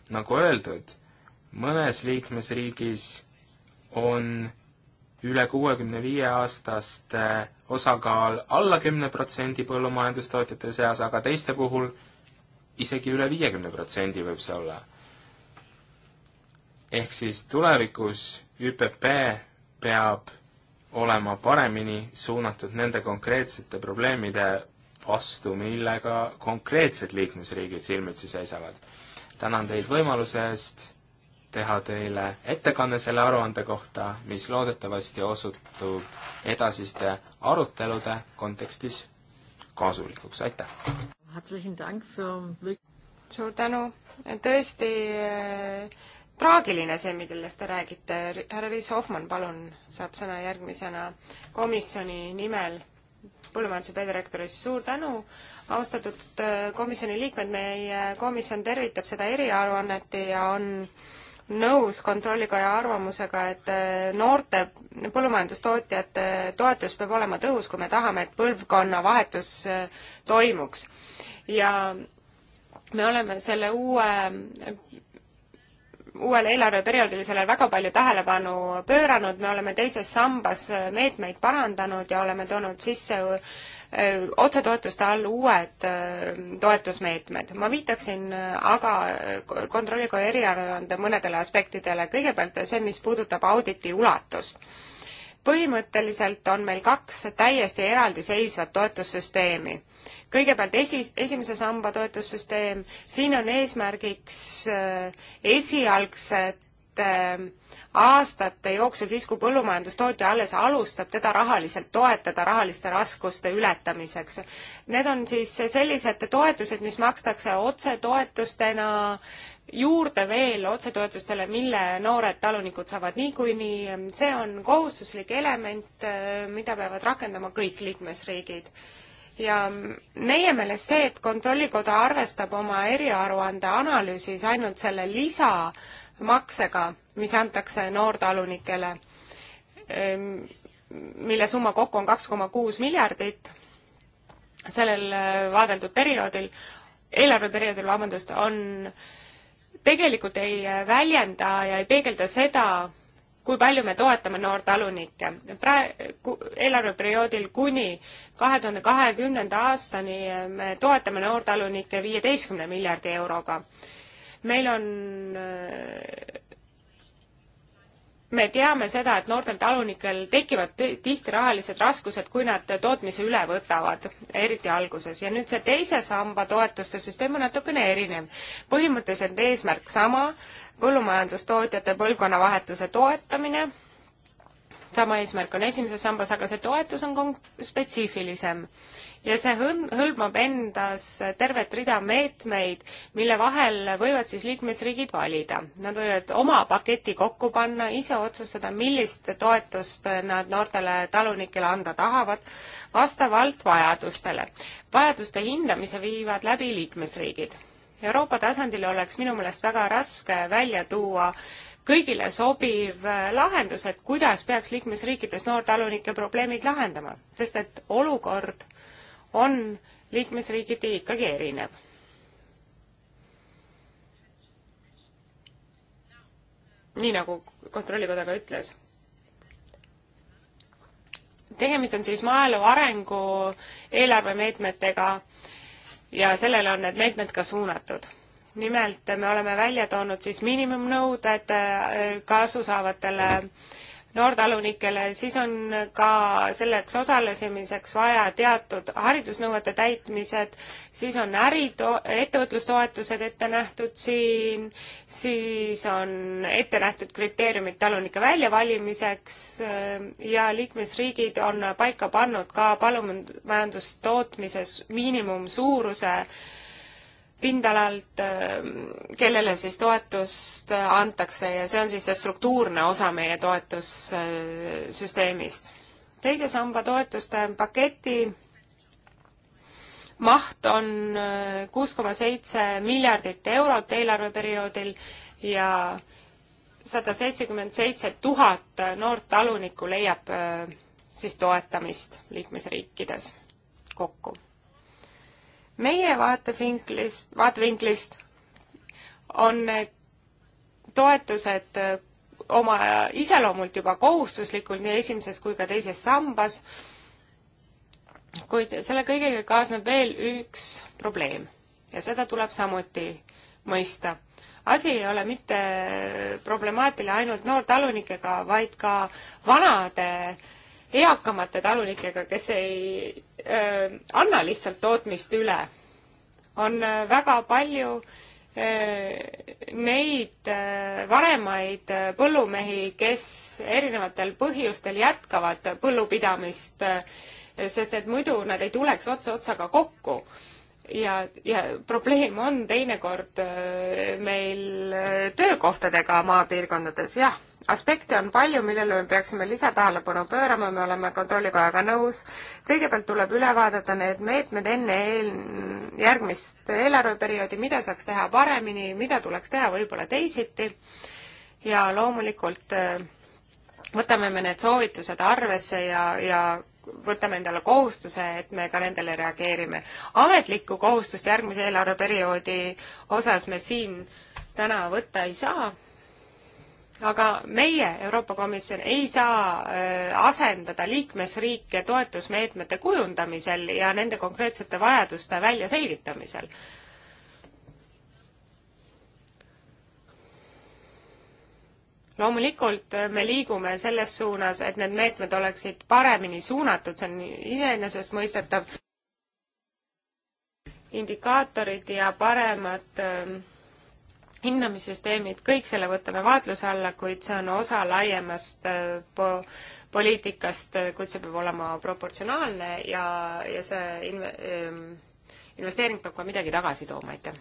nagu öeldud, mõnes liikmesriigis on üle kuuekümne viie aastaste osakaal alla kümne protsendi põllumajandustootjate seas, aga teiste puhul isegi üle viiekümne protsendi võib see olla. ehk siis tulevikus ÜPP peab olema paremini suunatud nende konkreetsete probleemide vastu, millega konkreetsed liikmesriigid silmitsi seisavad. tänan teid võimaluse eest teha teile ettekanne selle aruande kohta, mis loodetavasti osutub edasiste arutelude kontekstis kasulikuks, aitäh! suur tänu, tõesti eh, traagiline see, millest te räägite. härra Liis Hoffmann, palun, saab sõna järgmisena komisjoni nimel põllumajanduse peadirektorist. suur tänu, austatud eh, komisjoni liikmed, meie komisjon tervitab seda eriaruannet ja on nõus Kontrollikoja arvamusega, et eh, noorte põllumajandustootjate toetus peab olema tõhus, kui me tahame, et põlvkonnavahetus toimuks ja me oleme selle uue uuel eelarveperioodil sellele väga palju tähelepanu pööranud, me oleme teises sambas meetmeid parandanud ja oleme toonud sisse otsetoetuste all uued toetusmeetmed. ma viitaksin aga kontrollikoja eriarvamuse mõnedele aspektidele, kõigepealt see, mis puudutab auditi ulatust põhimõtteliselt on meil kaks täiesti eraldiseisvat toetussüsteemi. kõigepealt esi, esimese samba toetussüsteem, siin on eesmärgiks äh, esialgsete äh, aastate jooksul, siis kui põllumajandustootja alles alustab, teda rahaliselt toetada rahaliste raskuste ületamiseks. Need on siis sellised toetused, mis makstakse otsetoetustena äh, juurde veel otsetoetustele, mille noored talunikud saavad niikuinii, see on kohustuslik element, äh, mida peavad rakendama kõik liikmesriigid. ja meie meelest see, et Kontrollikoda arvestab oma eriaruande analüüsis ainult selle lisamaksega, mis antakse noortalunikele, ähm, mille summa kokku on kaks koma kuus miljardit, sellel äh, vaadeldud perioodil, eelarveperioodil, vabandust, on äh, tegelikult ei väljenda ja ei peegelda seda, kui palju me toetame noortalunikke. praegu eelarveperioodil kuni kahe tuhande kahekümnenda aastani me toetame noortalunikke viieteistkümne miljardi euroga. meil on me teame seda, et noortel talunikel tekivad tihti rahalised raskused, kui nad tootmise üle võtavad, eriti alguses. ja nüüd see teise samba toetuste süsteem on natukene erinev. põhimõtteliselt eesmärk sama, põllumajandustootjate põlvkonnavahetuse toetamine sama eesmärk on esimeses sambas, aga see toetus on spetsiifilisem. ja see hõlm-, hõlmab endas tervet rida meetmeid, mille vahel võivad siis liikmesriigid valida. Nad võivad oma paketi kokku panna, ise otsustada, millist toetust nad noortele talunikele anda tahavad, vastavalt vajadustele. vajaduste hindamise viivad läbi liikmesriigid Euroopa tasandil oleks minu meelest väga raske välja tuua kõigile sobiv äh, lahendus, et kuidas peaks liikmesriikides noortalunike probleemid lahendama, sest et olukord on liikmesriigiti ikkagi erinev. nii nagu Kontrollikoda ka ütles tegemist on siis maaelu arengu eelarvemeetmetega ja sellele on need meetmed ka suunatud nimelt me oleme välja toonud siis miinimumnõuded äh, kasu saavatele noortalunikele, siis on ka selleks osalemiseks vaja teatud haridusnõuete täitmised, siis on äri, ettevõtlustoetused ette nähtud siin, siis on ette nähtud kriteeriumid talunike väljavalimiseks äh, ja liikmesriigid on paika pannud ka palumajandus tootmises miinimumsuuruse äh, pindalalt, äh, kellele siis toetust äh, antakse ja see on siis see struktuurne osa meie toetussüsteemist. teise samba toetuste paketi maht on äh, kuus koma seitse miljardit eurot eelarveperioodil ja sada seitsekümmend seitse tuhat noort talunikku leiab siis toetamist liikmesriikides kokku meie vaatevinklist, vaatevinklist on need toetused äh, oma iseloomult juba kohustuslikult nii esimeses kui ka teises sambas, kuid selle kõigega kaasneb veel üks probleem ja seda tuleb samuti mõista. asi ei ole mitte problemaatiline ainult noortalunikega, vaid ka vanade äh, eakamate talunikega, kes ei äh, anna lihtsalt tootmist üle. on äh, väga palju äh, neid äh, vanemaid äh, põllumehi, kes erinevatel põhjustel jätkavad põllupidamist äh,, sest et muidu nad ei tuleks ots otsaga kokku ja, ja probleem on teinekord äh, meil äh, töökohtadega maapiirkondades, jah aspekte on palju, millele me peaksime lisatähelepanu pöörama, me oleme Kontrollikojaga nõus. kõigepealt tuleb üle vaadata need meetmed enne eel, järgmist eelarveperioodi, mida saaks teha paremini, mida tuleks teha võib-olla teisiti. ja loomulikult äh, võtame me need soovitused arvesse ja, ja võtame endale kohustuse, et me ka nendele reageerime. ametlikku kohustust järgmise eelarveperioodi osas me siin täna võtta ei saa aga meie, Euroopa Komisjon, ei saa äh, asendada liikmesriike toetusmeetmete kujundamisel ja nende konkreetsete vajaduste väljaselgitamisel. loomulikult äh, me liigume selles suunas, et need meetmed oleksid paremini suunatud, see on iseenesestmõistetav indikaatorid ja paremad öö, ähm, hindamissüsteemid, kõik selle võtame vaatluse alla, kuid see on osa laiemast äh, po-, poliitikast, äh, kuid see peab olema proportsionaalne ja, ja see inve-, ähm, investeering peab ka midagi tagasi tooma, aitäh.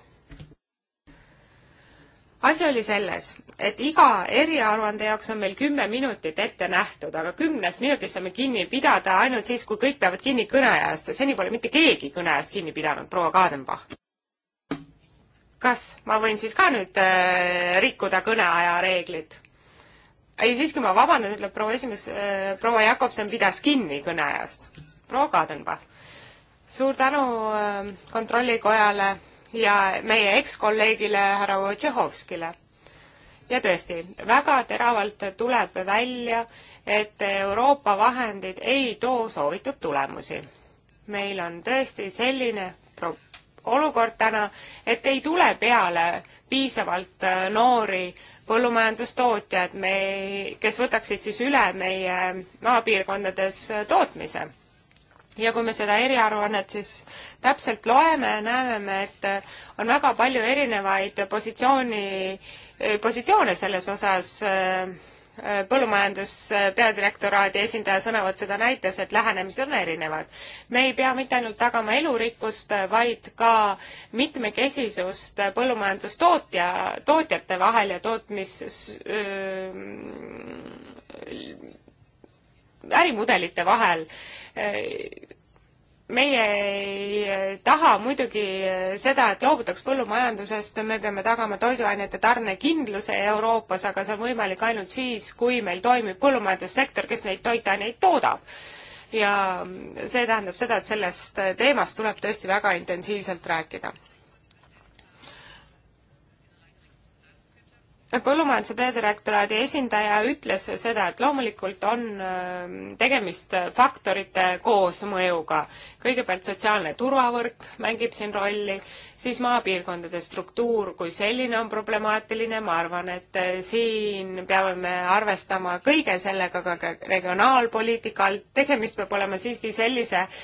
asi oli selles, et iga eriaruande jaoks on meil kümme minutit ette nähtud, aga kümnest minutist saame kinni pidada ainult siis, kui kõik peavad kinni kõneajast ja seni pole mitte keegi kõneajast kinni pidanud, proua Kadenbach kas ma võin siis ka nüüd äh, rikkuda kõneaja reeglit? ei, siiski ma vabandan, ütleb proua esimees äh,, proua Jakobson pidas kinni kõneajast. proua Kadenbach, suur tänu äh, Kontrollikojale ja meie ekskolleegile härra Wojciechowskile. ja tõesti, väga teravalt tuleb välja, et Euroopa vahendid ei too soovitud tulemusi. meil on tõesti selline pro-, olukord täna, et ei tule peale piisavalt äh, noori põllumajandustootjad, me, kes võtaksid siis üle meie maapiirkondades äh, tootmise. ja kui me seda eriaruannet siis täpselt loeme, näeme me, et äh, on väga palju erinevaid positsiooni, positsioone selles osas äh, Äh, põllumajanduspeadirektoraadi äh, esindaja sõnavõtt seda näitas, et lähenemised on erinevad. me ei pea mitte ainult tagama elurikkust, äh, vaid ka mitmekesisust põllumajandustootja, tootjate vahel ja tootmis öö, ärimudelite vahel meie ei taha muidugi seda, et loobutaks põllumajandusest, me peame tagama toiduainete tarnekindluse Euroopas, aga see on võimalik ainult siis, kui meil toimib põllumajandussektor, kes neid toitaineid toodab. ja see tähendab seda, et sellest teemast tuleb tõesti väga intensiivselt rääkida põllumajanduse peadirektoraadi esindaja ütles seda, et loomulikult on ähm, tegemist faktorite koosmõjuga. kõigepealt sotsiaalne turvavõrk mängib siin rolli, siis maapiirkondade struktuur kui selline on problemaatiline, ma arvan, et äh, siin peame me arvestama kõige sellega ka regionaalpoliitika alt, tegemist peab olema siiski sellise äh,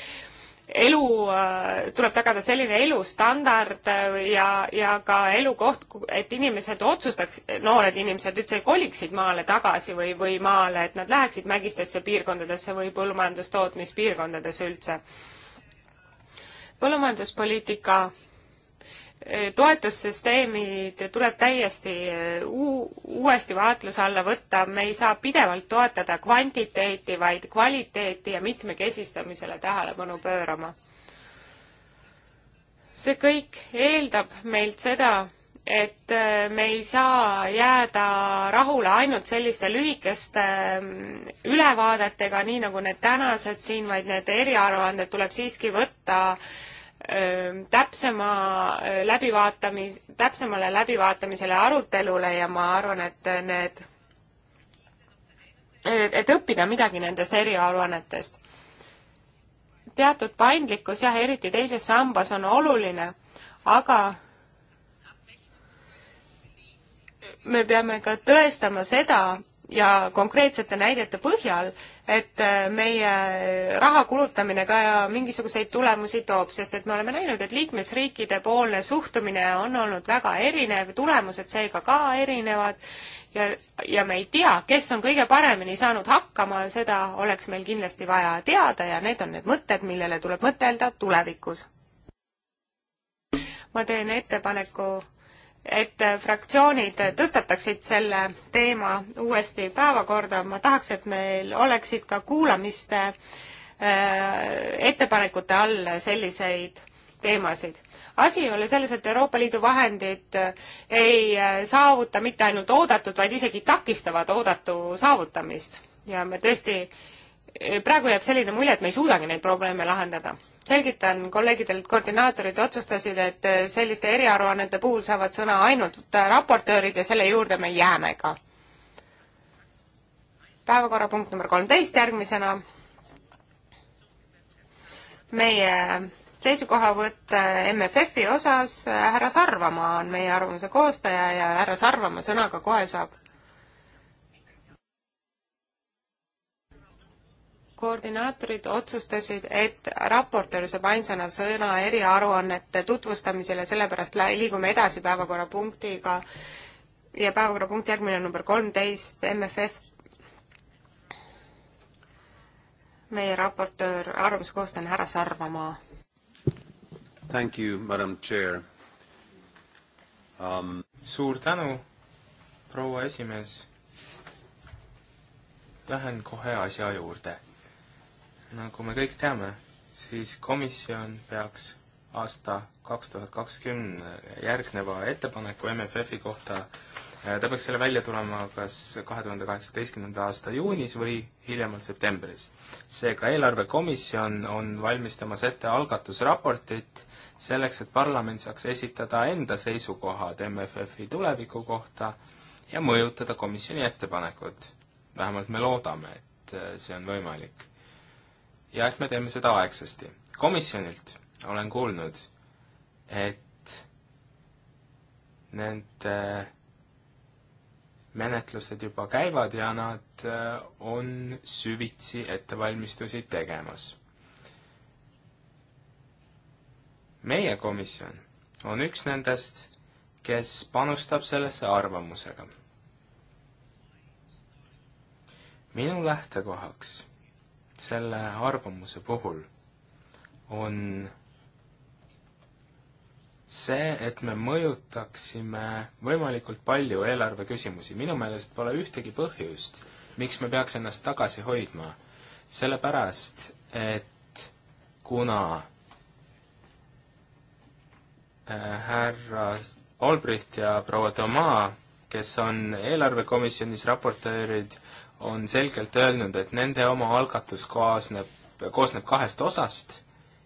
elu, äh, tuleb tagada selline elustandard äh, ja, ja ka elukoht, et inimesed otsustaks, noored inimesed üldse koliksid maale tagasi või, või maale, et nad läheksid mägistesse piirkondadesse või põllumajandustootmispiirkondadesse üldse. põllumajanduspoliitika Eh, toetussüsteemid tuleb täiesti eh, uuesti vaatluse alla võtta, me ei saa pidevalt toetada kvantiteeti, vaid kvaliteeti ja mitmekesistamisele tähelepanu pöörama. see kõik eeldab meilt seda, et eh, me ei saa jääda rahule ainult selliste lühikeste mm, ülevaadetega, nii nagu need tänased siin, vaid need eriaruanded tuleb siiski võtta äh, täpsema läbivaatamis, täpsemale läbivaatamisele, arutelule ja ma arvan, et äh, need, et õppida midagi nendest eriaruannetest. teatud paindlikkus jah, eriti teises sambas on oluline, aga me peame ka tõestama seda, ja konkreetsete näidete põhjal, et äh, meie raha kulutamine ka mingisuguseid tulemusi toob, sest et me oleme näinud, et liikmesriikide poolne suhtumine on olnud väga erinev, tulemused seega ka erinevad ja, ja me ei tea, kes on kõige paremini saanud hakkama, seda oleks meil kindlasti vaja teada ja need on need mõtted, millele tuleb mõtelda tulevikus. ma teen ettepaneku et fraktsioonid tõstataksid selle teema uuesti päevakorda, ma tahaks, et meil oleksid ka kuulamiste äh, ettepanekute all selliseid teemasid. asi ei ole selles, et Euroopa Liidu vahendid äh, ei äh, saavuta mitte ainult oodatud, vaid isegi takistavad oodatu saavutamist ja me tõesti Äh, praegu jääb selline mulje, et me ei suudagi neid probleeme lahendada. selgitan kolleegidele, et koordinaatorid otsustasid, et äh, selliste eriaruannete puhul saavad sõna ainult äh, raportöörid ja selle juurde me jääme ka. päevakorrapunkt number kolmteist järgmisena. meie seisukohavõtt MFF-i osas, härra Sarvamaa on meie arvamuse koostaja ja härra Sarvamaa sõnaga kohe saab koordinaatorid otsustasid, et raportöör saab ainsana sõna eriaruannete tutvustamisel ja sellepärast liigume edasi päevakorrapunktiga ja päevakorrapunkt järgmine on number kolmteist, MFF. meie raportöör, arvamuse koostaja on härra Sarvamaa. Thank you, madam chair um.... suur tänu, proua esimees. Lähen kohe asja juurde nagu me kõik teame, siis komisjon peaks aasta kaks tuhat kakskümmend järgneva ettepaneku MFF-i kohta, äh, ta peaks selle välja tulema kas kahe tuhande kaheksateistkümnenda aasta juunis või hiljemalt septembris. seega eelarvekomisjon on valmistamas ette algatusraportit selleks, et parlament saaks esitada enda seisukohad MFF-i tuleviku kohta ja mõjutada komisjoni ettepanekut. vähemalt me loodame, et äh, see on võimalik ja et me teeme seda aegsasti. komisjonilt olen kuulnud, et nende äh, menetlused juba käivad ja nad äh, on süvitsi ettevalmistusi tegemas. meie komisjon on üks nendest, kes panustab sellesse arvamusega. minu lähtekohaks selle arvamuse puhul on see, et me mõjutaksime võimalikult palju eelarve küsimusi. minu meelest pole ühtegi põhjust, miks me peaks ennast tagasi hoidma. sellepärast, et kuna äh, härra Albrecht ja proua Toma, kes on eelarvekomisjonis raportöörid on selgelt öelnud, et nende oma algatus kaasneb, koosneb kahest osast.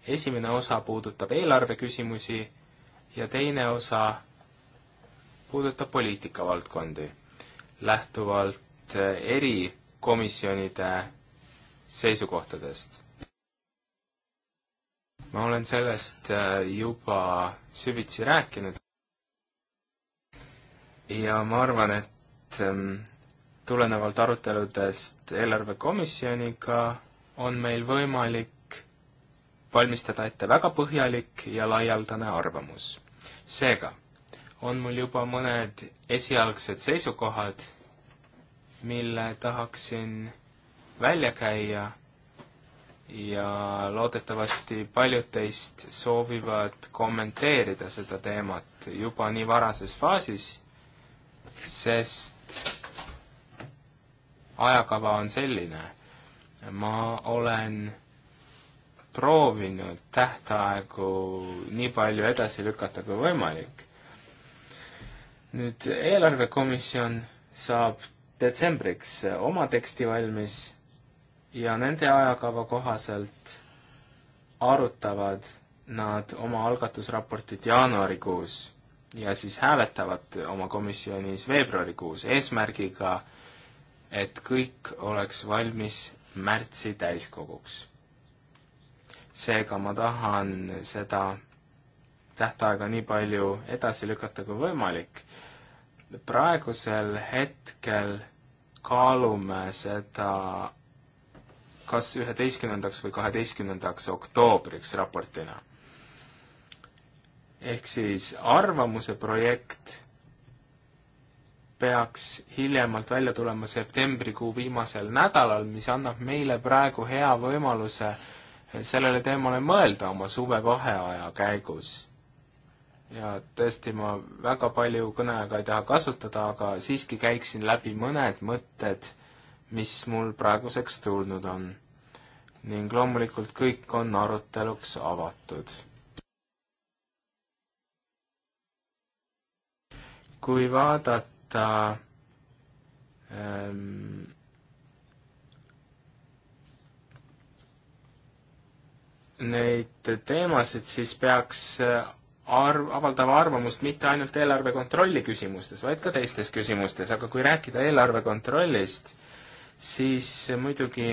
esimene osa puudutab eelarveküsimusi ja teine osa puudutab poliitikavaldkondi, lähtuvalt eh, eri komisjonide seisukohtadest. ma olen sellest eh, juba süvitsi rääkinud ja ma arvan, et ehm, tulenevalt aruteludest eelarvekomisjoniga on meil võimalik valmistada ette väga põhjalik ja laialdane arvamus. seega on mul juba mõned esialgsed seisukohad, mille tahaksin välja käia ja loodetavasti paljud teist soovivad kommenteerida seda teemat juba nii varases faasis, sest ajakava on selline. ma olen proovinud tähtaegu nii palju edasi lükata kui võimalik. nüüd eelarvekomisjon saab detsembriks oma teksti valmis ja nende ajakava kohaselt arutavad nad oma algatusraportit jaanuarikuus ja siis hääletavad oma komisjonis veebruarikuus eesmärgiga et kõik oleks valmis märtsi täiskoguks. seega ma tahan seda tähtaega nii palju edasi lükata kui võimalik. praegusel hetkel kaalume seda kas üheteistkümnendaks või kaheteistkümnendaks oktoobriks raportina. ehk siis arvamuse projekt peaks hiljemalt välja tulema septembrikuu viimasel nädalal, mis annab meile praegu hea võimaluse sellele teemale mõelda oma suvevaheaja käigus. ja tõesti, ma väga palju kõneaega ei taha kasutada, aga siiski käiksin läbi mõned mõtted, mis mul praeguseks tulnud on. ning loomulikult kõik on aruteluks avatud kui vaadata ta ähm, neid teemasid, siis peaks äh, arv, avaldama arvamust mitte ainult eelarve kontrolli küsimustes, vaid ka teistes küsimustes, aga kui rääkida eelarve kontrollist, siis muidugi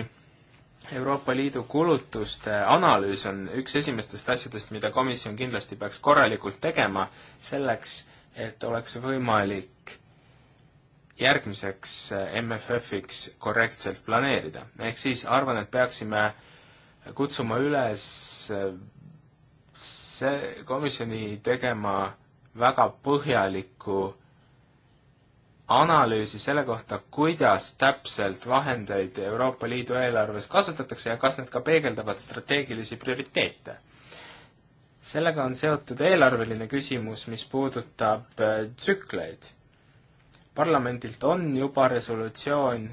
Euroopa Liidu kulutuste analüüs on üks esimestest asjadest, mida komisjon kindlasti peaks korralikult tegema, selleks et oleks võimalik järgmiseks eh, MFF-iks korrektselt planeerida. ehk siis arvan, et peaksime kutsuma üles eh, see komisjoni tegema väga põhjalikku analüüsi selle kohta, kuidas täpselt vahendeid Euroopa Liidu eelarves kasutatakse ja kas need ka peegeldavad strateegilisi prioriteete sellega on seotud eelarveline küsimus, mis puudutab eh, tsükleid parlamendilt on juba resolutsioon,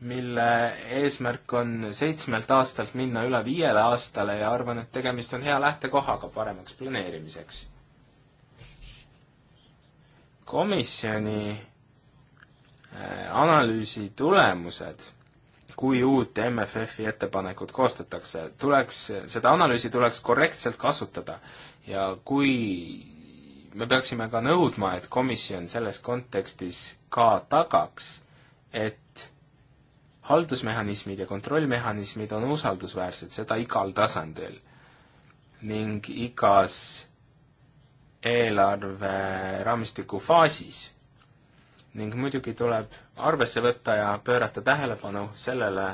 mille eesmärk on seitsmelt aastalt minna üle viiele aastale ja arvan, et tegemist on hea lähtekohaga paremaks planeerimiseks. komisjoni äh, analüüsi tulemused kui uut MFF-i ettepanekut koostatakse, tuleks, seda analüüsi tuleks korrektselt kasutada ja kui me peaksime ka nõudma, et komisjon selles kontekstis ka tagaks, et haldusmehhanismid ja kontrollmehhanismid on usaldusväärsed, seda igal tasandil. ning igas eelarve raamistiku faasis. ning muidugi tuleb arvesse võtta ja pöörata tähelepanu sellele,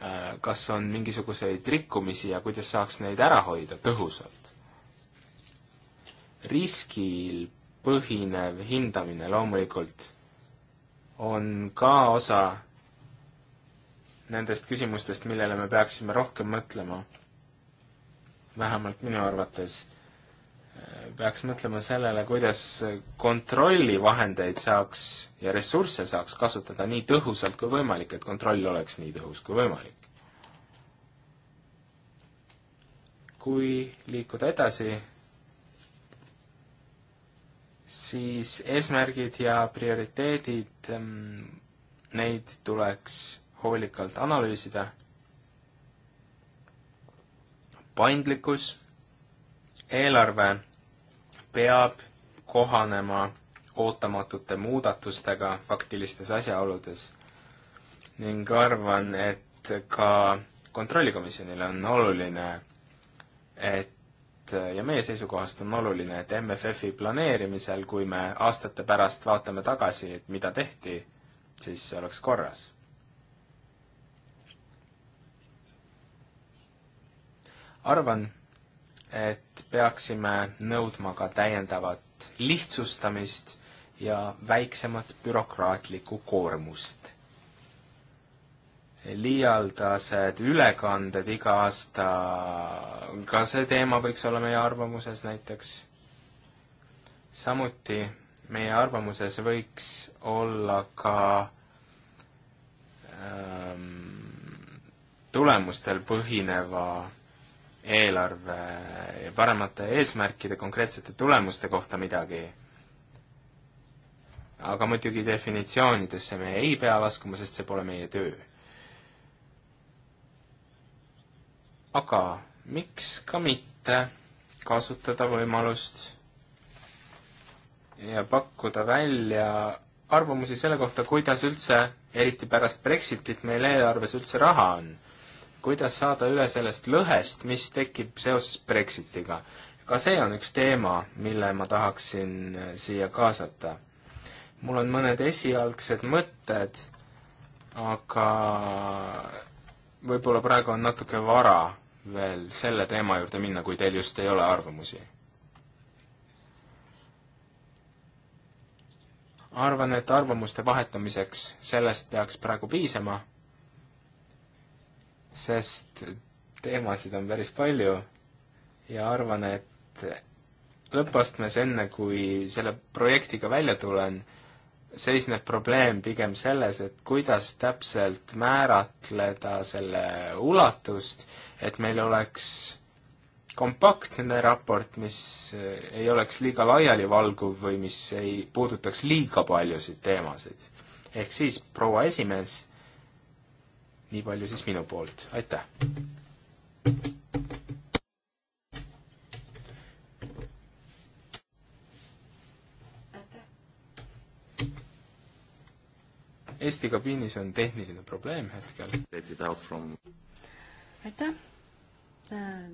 äh, kas on mingisuguseid rikkumisi ja kuidas saaks neid ära hoida tõhusalt riskil põhinev hindamine loomulikult on ka osa nendest küsimustest, millele me peaksime rohkem mõtlema. vähemalt minu arvates äh, peaks mõtlema sellele, kuidas kontrollivahendeid saaks ja ressursse saaks kasutada nii tõhusalt kui võimalik, et kontroll oleks nii tõhus kui võimalik. kui liikuda edasi siis eesmärgid ja prioriteedid, ehm, neid tuleks hoolikalt analüüsida. paindlikkus, eelarve peab kohanema ootamatute muudatustega faktilistes asjaoludes ning arvan, et ka kontrollikomisjonile on oluline, et Äh, ja meie seisukohast on oluline, et MFF-i planeerimisel, kui me aastate pärast vaatame tagasi, et mida tehti, siis see oleks korras. arvan, et peaksime nõudma ka täiendavat lihtsustamist ja väiksemat bürokraatlikku koormust liialdased ülekanded iga aasta, ka see teema võiks olla meie arvamuses näiteks. samuti meie arvamuses võiks olla ka ähm, tulemustel põhineva eelarve ja paremate eesmärkide, konkreetsete tulemuste kohta midagi aga muidugi definitsioonidesse me ei pea laskuma, sest see pole meie töö. aga miks ka mitte kasutada võimalust ja pakkuda välja arvamusi selle kohta, kuidas üldse, eriti pärast Brexitit, meil eelarves üldse raha on. kuidas saada üle sellest lõhest, mis tekib seoses Brexitiga. ka see on üks teema, mille ma tahaksin äh, siia kaasata. mul on mõned esialgsed mõtted, aga võib-olla praegu on natuke vara veel selle teema juurde minna, kui teil just ei ole arvamusi? arvan, et arvamuste vahetamiseks sellest peaks praegu piisama, sest teemasid on päris palju ja arvan, et lõppastmes, enne kui selle projektiga välja tulen, seisneb probleem pigem selles, et kuidas täpselt määratleda selle ulatust, et meil oleks kompaktne raport, mis ei oleks liiga laialivalguv või mis ei puudutaks liiga paljusid teemasid. ehk siis, proua esimees, nii palju siis minu poolt, aitäh! Eesti kabiinis on tehniline probleem hetkel. From... aitäh! Äh,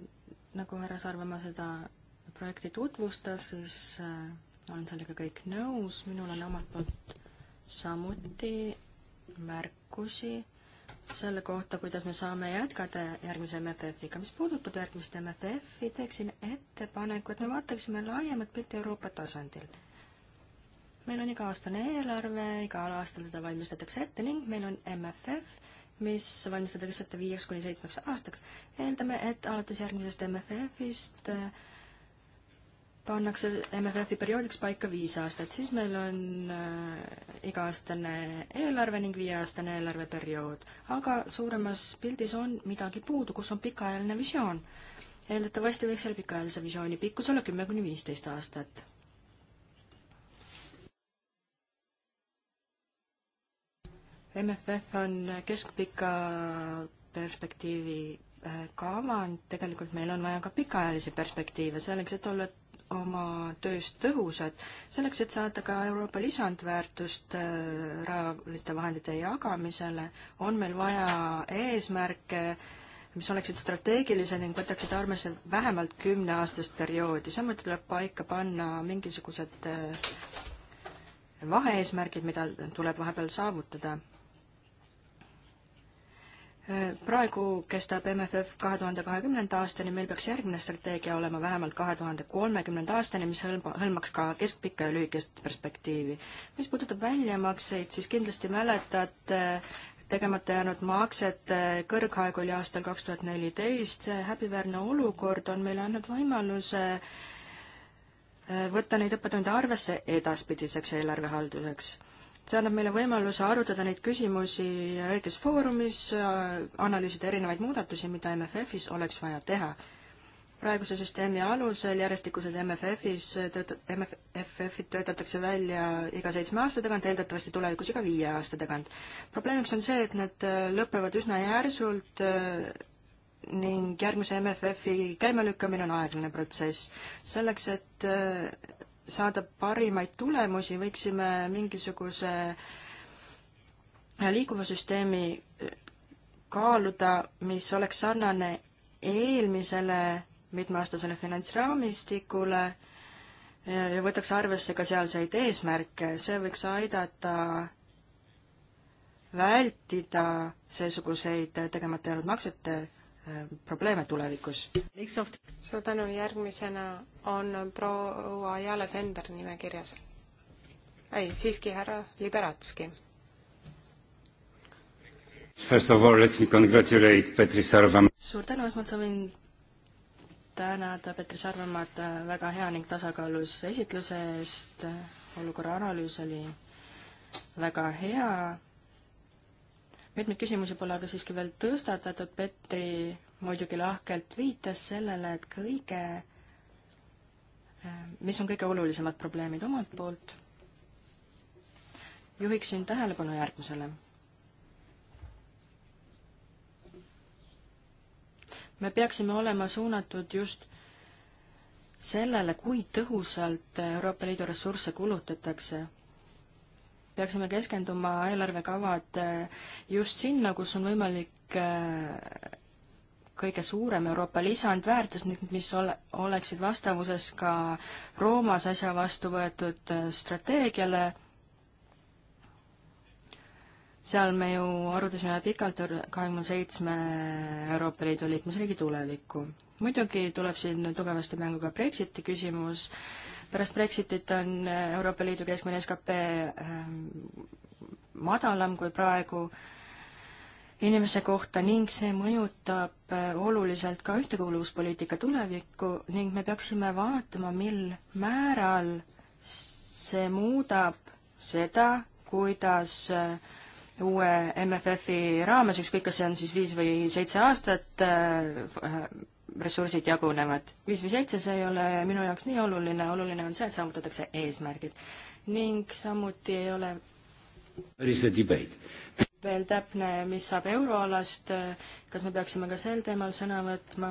nagu härra Sarvemaa seda projekti tutvustas, siis äh, olen sellega kõik nõus, minul on omalt poolt samuti märkusi selle kohta, kuidas me saame jätkata järgmise MFF-iga. mis puudutab järgmist MFF-i, teeksin ettepaneku, et me vaataksime laiemat pilti Euroopa tasandil meil on iga-aastane eelarve, igal aastal seda valmistatakse ette ning meil on MFF, mis valmistatakse ette viieks kuni seitsmeks aastaks. eeldame, et alates järgmisest MFF-ist äh, pannakse MFF-i perioodiks paika viis aastat, siis meil on äh, iga-aastane eelarve ning viieaastane eelarveperiood. aga suuremas pildis on midagi puudu, kus on pikaajaline visioon. eeldatavasti võiks selle pikaajalise visiooni pikkus olla kümme kuni viisteist aastat MFF on keskpika perspektiivi äh, kavand, tegelikult meil on vaja ka pikaajalisi perspektiive selleks, et olla oma töös tõhusad, selleks, et saada ka Euroopa lisandväärtust äh, rahaliste vahendite jagamisele, on meil vaja eesmärke, mis oleksid strateegilised ning võtaksid armesse vähemalt kümneaastast perioodi, samuti tuleb paika panna mingisugused äh, vaheeesmärgid, mida tuleb vahepeal saavutada praegu kestab MFF kahe tuhande kahekümnenda aastani, meil peaks järgmine strateegia olema vähemalt kahe tuhande kolmekümnenda aastani, mis hõlma, hõlmaks ka keskpikka ja lühikest perspektiivi. mis puudutab väljamakseid, siis kindlasti mäletate tegemata jäänud makset eh, kõrghaeg oli aastal kaks tuhat neliteist, see häbiväärne olukord on meile andnud võimaluse eh, võtta neid õppetunde arvesse edaspidiseks eelarvehalduseks see annab meile võimaluse arutada neid küsimusi õiges foorumis, analüüsida erinevaid muudatusi, mida MFF-is oleks vaja teha. praeguse süsteemi alusel järjestikused MFF-is tööta-, MFF-id töötatakse välja iga seitsme aasta tagant, eeldatavasti tulevikus iga viie aasta tagant. probleemiks on see, et need äh, lõpevad üsna järsult äh, ning järgmise MFF-i käimelükkamine on aeglane protsess. selleks, et äh, saada parimaid tulemusi, võiksime mingisuguse liikuva süsteemi kaaluda, mis oleks sarnane eelmisele mitmeaastasele finantsraamistikule ja võtaks arvesse ka sealseid eesmärke, see võiks aidata vältida seesuguseid tegemata jäänud maksete Ähm, probleeme tulevikus. suur tänu, järgmisena on proua Jale Sender nimekirjas. ei, siiski härra Liberatski. First of all let me congratulate Petri Sarvam. suur tänu, esmalt soovin tänada Petri Sarvamaad äh, väga hea ning tasakaalus esitluse eest, olukorra analüüs oli väga hea mitmeid küsimusi pole aga siiski veel tõstatatud, Petri muidugi lahkelt viitas sellele, et kõige, äh, mis on kõige olulisemad probleemid omalt poolt, juhiksin tähelepanu järgmisele. me peaksime olema suunatud just sellele, kui tõhusalt Euroopa Liidu ressursse kulutatakse peaksime keskenduma eelarvekavad eh, just sinna, kus on võimalik eh, kõige suurem Euroopa lisandväärtus, mis ole, oleksid vastavuses ka Roomas äsja vastu võetud eh, strateegiale. seal me ju arutasime pikalt kahekümne seitsme Euroopa Liidu liikmesriigi tulevikku. muidugi tuleb siin tugevasti mängu ka Brexiti küsimus äh,, pärast Brexitit on äh, Euroopa Liidu keskmine skp ähm, madalam kui praegu inimese kohta ning see mõjutab äh, oluliselt ka ühtekuuluvuspoliitika tulevikku ning me peaksime vaatama, mil määral see muudab seda, kuidas äh, uue MFF-i raames, ükskõik kas see on siis viis või seitse aastat, ressursid jagunevad. viis või seitse, see ei ole minu jaoks nii oluline, oluline on see, et saavutatakse eesmärgid. ning samuti ei ole veel täpne, mis saab euroalast, kas me peaksime ka sel teemal sõna võtma?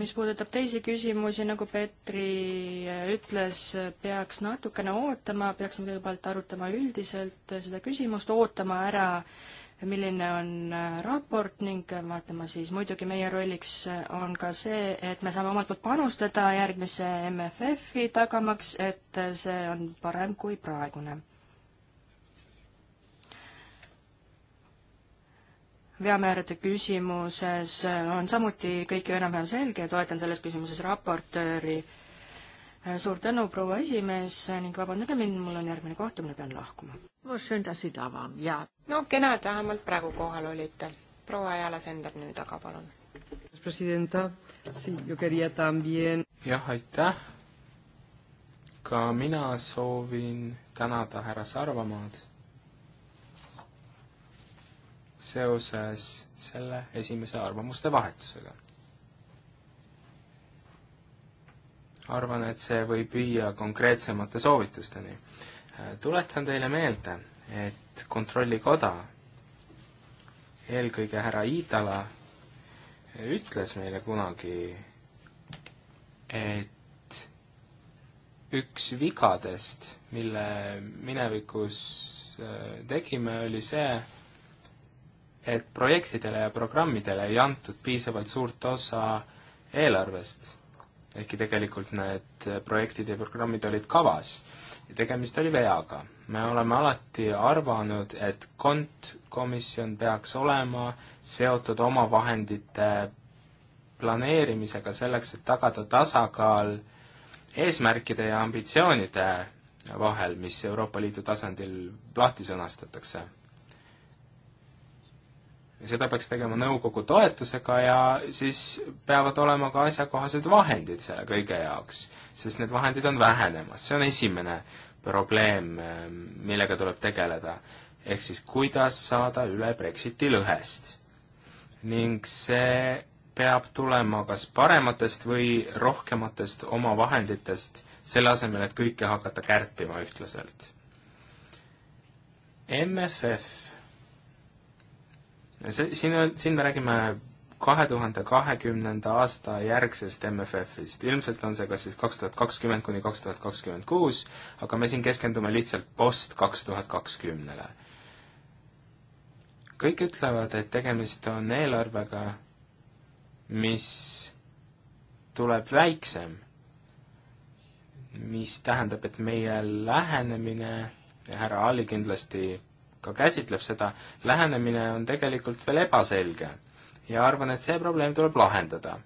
mis puudutab teisi küsimusi, nagu Petri ütles, peaks natukene ootama, peaksime kõigepealt arutama üldiselt seda küsimust, ootama ära äh, milline on äh, raport ning äh, vaatama siis, muidugi meie rolliks äh, on ka see, et me saame omalt poolt panustada järgmise MFF-i tagamaks, et see on parem kui praegune. veamäärade küsimuses on samuti kõik ju enam-vähem selge, toetan selles küsimuses raportööri Äh, suur tänu, proua esimees ning vabandage mind, mul on järgmine kohtumine, pean lahkuma. no kena, et vähemalt praegu kohal olite. proua Jala Sender nüüd aga, palun. jah, aitäh. ka mina soovin tänada härra Sarvamaad seoses selle esimese arvamuste vahetusega arvan, et see võib viia konkreetsemate soovitusteni. tuletan teile meelde, et Kontrollikoda, eelkõige härra Iidala, ütles meile kunagi, et üks vigadest, mille minevikus äh, tegime, oli see, et projektidele ja programmidele ei antud piisavalt suurt osa eelarvest ehkki tegelikult need projektid ja programmid olid kavas ja tegemist oli veaga. me oleme alati arvanud, et kontkomisjon peaks olema seotud omavahendite planeerimisega selleks, et tagada tasakaal eesmärkide ja ambitsioonide vahel, mis Euroopa Liidu tasandil lahti sõnastatakse seda peaks tegema nõukogu toetusega ja siis peavad olema ka asjakohased vahendid selle kõige jaoks, sest need vahendid on vähenemas, see on esimene probleem, ehm, millega tuleb tegeleda. ehk siis, kuidas saada üle Brexiti lõhest. ning see peab tulema kas parematest või rohkematest omavahenditest, selle asemel, et kõike hakata kärpima ühtlaselt. MFF see, siin on, siin me räägime kahe tuhande kahekümnenda aasta järgsest MFF-ist, ilmselt on see kas siis kaks tuhat kakskümmend kuni kaks tuhat kakskümmend kuus, aga me siin keskendume lihtsalt post kaks tuhat kakskümnele. kõik ütlevad, et tegemist on eelarvega, mis tuleb väiksem, mis tähendab, et meie lähenemine, härra Ali kindlasti ka käsitleb seda, lähenemine on tegelikult veel ebaselge. ja arvan, et see probleem tuleb lahendada.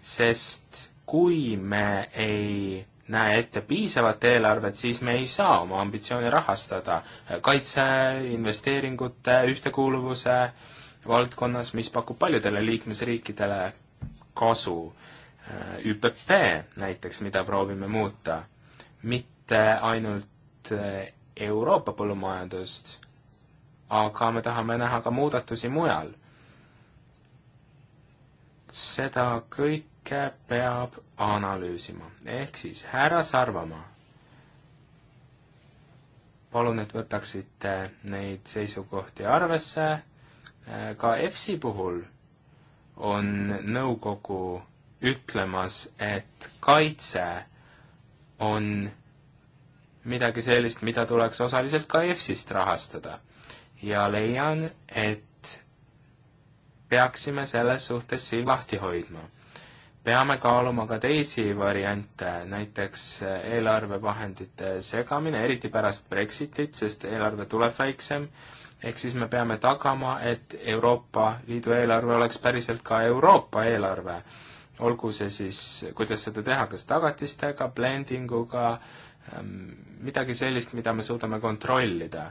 sest kui me ei näe ette piisavat eelarvet, siis me ei saa oma ambitsiooni rahastada kaitse, investeeringute, ühtekuuluvuse valdkonnas, mis pakub paljudele liikmesriikidele kasu. ÜPP näiteks, mida proovime muuta, mitte ainult Euroopa põllumajandust, aga me tahame näha ka muudatusi mujal. seda kõike peab analüüsima, ehk siis härra Sarvamaa, palun, et võtaksite neid seisukohti arvesse, ka EFSi puhul on nõukogu ütlemas, et kaitse on midagi sellist, mida tuleks osaliselt ka EFSist rahastada ja leian, et peaksime selles suhtes siin lahti hoidma. peame kaaluma ka teisi variante, näiteks eelarvevahendite segamine, eriti pärast Brexitit, sest eelarve tuleb väiksem, ehk siis me peame tagama, et Euroopa Liidu eelarve oleks päriselt ka Euroopa eelarve. olgu see siis, kuidas seda teha, kas tagatistega, blendinguga, ähm, midagi sellist, mida me suudame kontrollida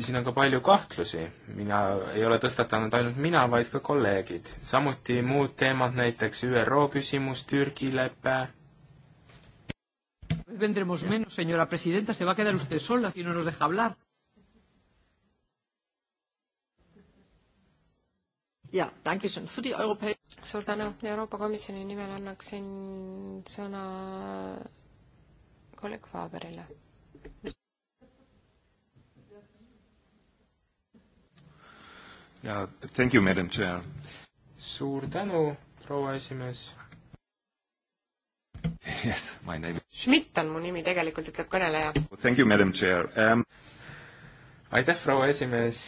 siin on ka palju kahtlusi, mina, ei ole tõstatanud ainult mina, vaid ka kolleegid. samuti muud teemad, näiteks ÜRO küsimus, Türgi lepe. Vendremos menos, señora presidenta, se va a quedar usted sola si no nos deja hablar. ja, danke schön für die Europä-. suur tänu, Euroopa Komisjoni nimel annaksin sõna kolleeg Faberile. ja thank you, madam chair. suur tänu, proua esimees. Yes, my name is. Schmidt on mu nimi tegelikult, ütleb kõneleja. Thank you, madam chair um.... aitäh, proua esimees.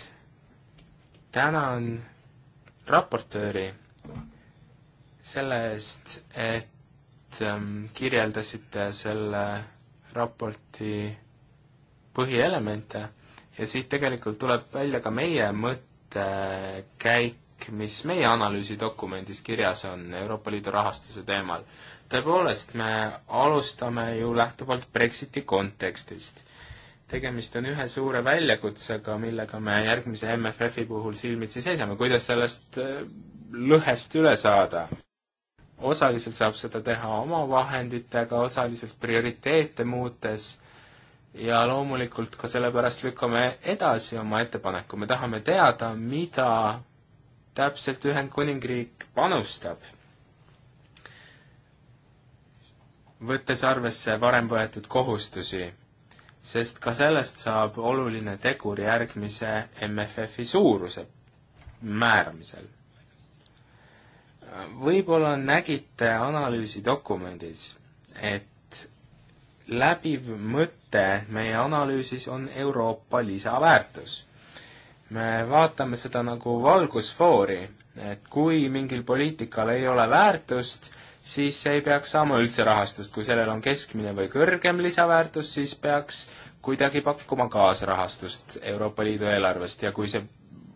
tänan raportööri selle eest, et ähm, kirjeldasite selle raporti põhielemente ja siit tegelikult tuleb välja ka meie mõte, Äh, käik, mis meie analüüsidokumendis kirjas on Euroopa Liidu rahastuse teemal. tõepoolest, me alustame ju lähtuvalt Brexiti kontekstist. tegemist on ühe suure väljakutsega, millega me järgmise MFF-i puhul silmitsi seisame, kuidas sellest äh, lõhest üle saada osaliselt saab seda teha oma vahenditega, osaliselt prioriteete muutes ja loomulikult ka sellepärast lükkame edasi oma ettepaneku, me tahame teada, mida täpselt Ühendkuningriik panustab, võttes arvesse varem võetud kohustusi, sest ka sellest saab oluline tegur järgmise MFF-i suuruse määramisel. võib-olla nägite analüüsidokumendis, et läbiv mõte mõte meie analüüsis on Euroopa lisaväärtus. me vaatame seda nagu valgusfoori, et kui mingil poliitikal ei ole väärtust, siis see ei peaks saama üldse rahastust, kui sellel on keskmine või kõrgem lisaväärtus, siis peaks kuidagi pakkuma kaasrahastust Euroopa Liidu eelarvest ja kui see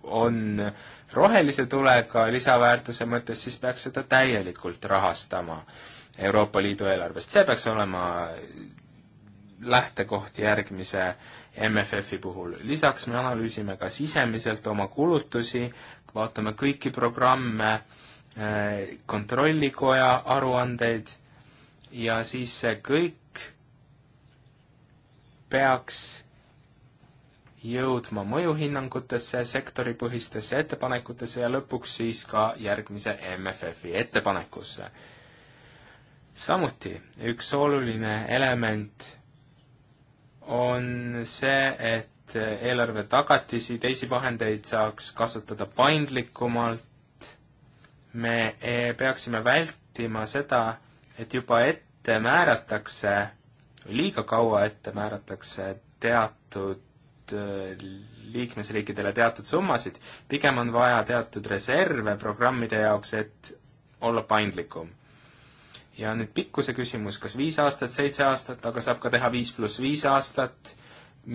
on rohelise tulega lisaväärtuse mõttes, siis peaks seda täielikult rahastama Euroopa Liidu eelarvest, see peaks olema lähtekoht järgmise MFF-i puhul. lisaks me analüüsime ka sisemiselt oma kulutusi, vaatame kõiki programme, äh, kontrollikoja aruandeid ja siis see kõik peaks jõudma mõjuhinnangutesse, sektoripõhistesse ettepanekutesse ja lõpuks siis ka järgmise MFF-i ettepanekusse. samuti üks oluline element on see, et eelarve tagatisi, teisi vahendeid saaks kasutada paindlikumalt. me e, peaksime vältima seda, et juba ette määratakse, liiga kaua ette määratakse teatud äh, liikmesriikidele teatud summasid, pigem on vaja teatud reserve programmide jaoks, et olla paindlikum ja nüüd pikkuse küsimus, kas viis aastat, seitse aastat, aga saab ka teha viis pluss viis aastat,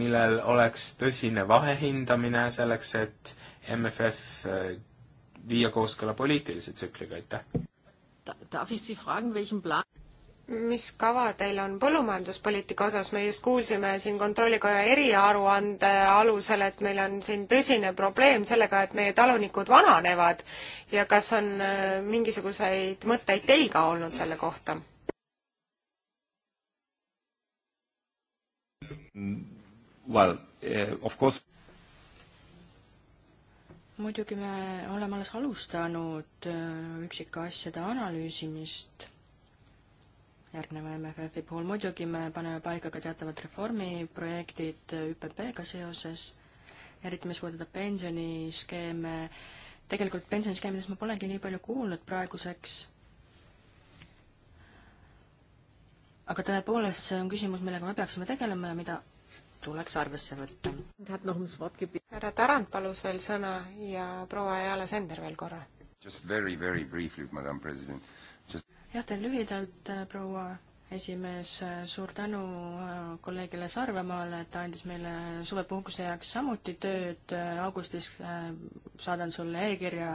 millel oleks tõsine vahehindamine selleks, et MFF äh, viia kooskõla poliitilise tsükliga, aitäh mis kava teil on põllumajanduspoliitika osas, me just kuulsime siin Kontrollikoja eriaruande alusel, et meil on siin tõsine probleem sellega, et meie talunikud vananevad ja kas on äh, mingisuguseid mõtteid teil ka olnud selle kohta? Well, uh, of course muidugi me oleme alles alustanud äh, üksikasjade analüüsimist järgneva MFF-i puhul. muidugi me paneme paika ka teatavad reformiprojektid ÜPP-ga seoses, eriti mis puudutab pensioniskeeme, tegelikult pensioniskeemidest ma polegi nii palju kuulnud praeguseks, aga tõepoolest, see on küsimus, millega me peaksime tegelema ja mida tuleks arvesse võtta. härra Tarand palus veel sõna ja proua Eala Sender veel korra. Just very, very briefly, madam president. Just jah, teen lühidalt, äh, proua esimees, suur tänu äh, kolleegile Sarvemaale, et ta andis meile suvepuhkuse jaoks samuti tööd, äh, augustis saadan sulle e-kirja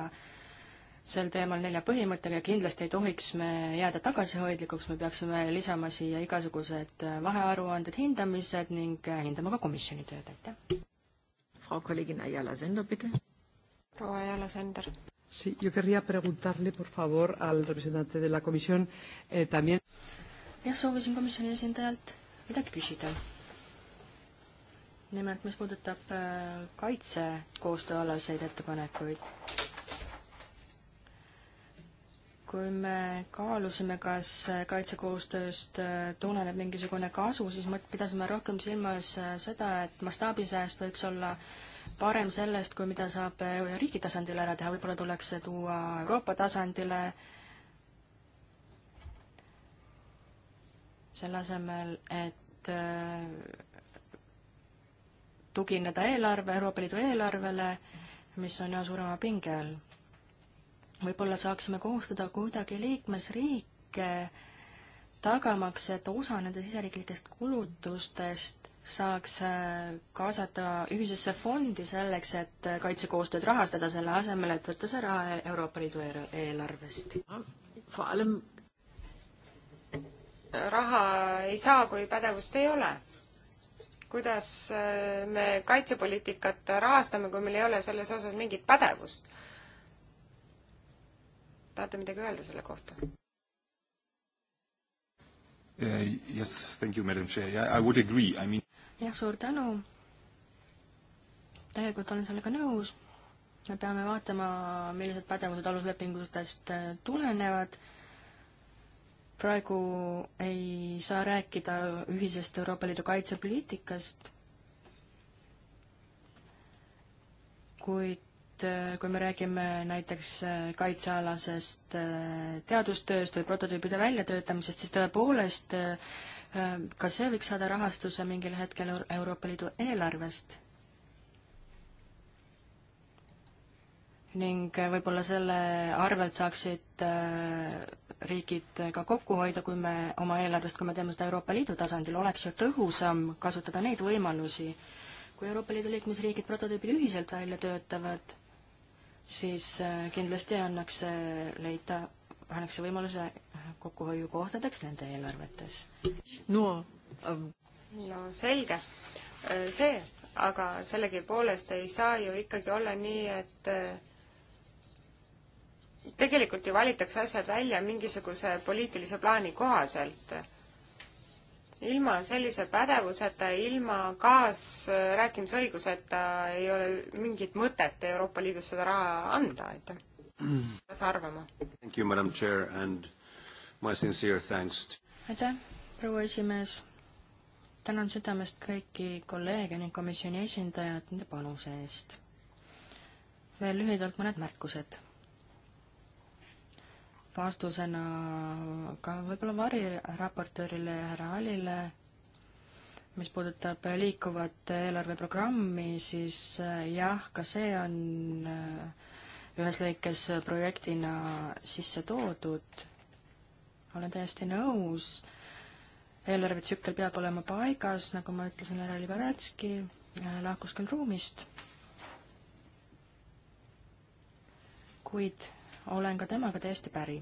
sel teemal nelja põhimõttega ja kindlasti ei tohiks me jääda tagasihoidlikuks, me peaksime lisama siia igasugused vahearuanded, hindamised ning hindama ka komisjoni tööd, aitäh. Frau Kollegin Ayala Sender, bitte. proua Ayala Sender. Sí, yo querría preguntarle, por favor, al representante de la Comisión eh, también. jah, soovisin komisjoni esindajalt midagi küsida. nimelt, mis puudutab äh, kaitsekoostööalaseid ettepanekuid. kui me kaalusime, kas kaitsekoostööst äh, tuleneb mingisugune kasu, siis me pidasime rohkem silmas äh, seda, et mastaabisääst võiks olla äh, parem sellest, kui mida saab äh, riigi tasandil ära teha, võib-olla tuleks see tuua Euroopa tasandile, selle asemel, et äh, tugineda eelarve, Euroopa Liidu eelarvele, mis on üha suurema pinge all. võib-olla saaksime kohustada kuidagi liikmesriike tagamaks, et osa nende siseriiklikest kulutustest saaks äh, kaasata ühisesse fondi selleks, et äh, kaitsekoostööd rahastada, selle asemel, et võtta see raha Euroopa Liidu eelarvest? Äh, raha ei saa, kui pädevust ei ole. kuidas me kaitsepoliitikat rahastame, kui meil ei ole selles osas mingit pädevust? tahate midagi öelda selle kohta? Uh, yes, thank you, Madam Chair. I would agree. I mean jah, suur tänu. täielikult olen sellega nõus. me peame vaatama, millised pädevused aluslepingutest äh, tulenevad. praegu ei saa rääkida ühisest Euroopa Liidu kaitsepoliitikast, kuid äh, kui me räägime näiteks äh, kaitsealasest teadustööst või prototüübide väljatöötamisest, siis tõepoolest Äh, ka see võiks saada rahastuse mingil hetkel Euroopa Liidu eelarvest. ning äh, võib-olla selle arvelt saaksid äh, riigid ka kokku hoida, kui me oma eelarvest, kui me teeme seda Euroopa Liidu tasandil, oleks ju tõhusam kasutada neid võimalusi. kui Euroopa Liidu liikmesriigid prototüübid ühiselt välja töötavad, siis kindlasti annaks leida, annaks see võimaluse kokkuhoiukohtadeks nende eelarvetes? no um. no selge, äh, see, aga sellegipoolest ei saa ju ikkagi olla nii, et äh, tegelikult ju valitakse asjad välja mingisuguse poliitilise plaani kohaselt ilma sellise pädevuseta, ilma kaasrääkimisõiguseta ei ole mingit mõtet Euroopa Liidus seda raha anda, aitäh. mida mm. sa arvama? And... My sincere thanks to... aitäh, proua esimees. tänan südamest kõiki kolleege ning komisjoni esindajad nende panuse eest. veel lühidalt mõned märkused. vastusena ka võib-olla variraportöörile ja härra Alile mis puudutab liikuvat eelarveprogrammi, siis äh, jah, ka see on äh, ühes lõikes projektina sisse toodud olen täiesti nõus, eelarvetsükkel peab olema paigas, nagu ma ütlesin, härra Liberatski äh, lahkus küll ruumist, kuid olen ka temaga täiesti päri.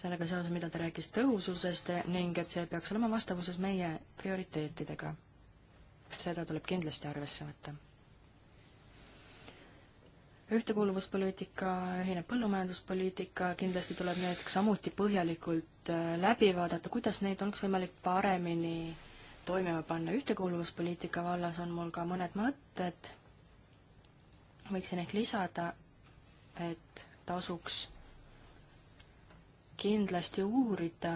sellega seoses, mida ta rääkis tõhususest ning et see peaks olema vastavuses meie prioriteetidega. seda tuleb kindlasti arvesse võtta ühtekuuluvuspoliitika, ühine põllumajanduspoliitika, kindlasti tuleb need samuti põhjalikult äh, läbi vaadata, kuidas neid oleks võimalik paremini toimima panna. ühtekuuluvuspoliitika vallas on mul ka mõned mõtted, võiksin ehk lisada, et tasuks kindlasti uurida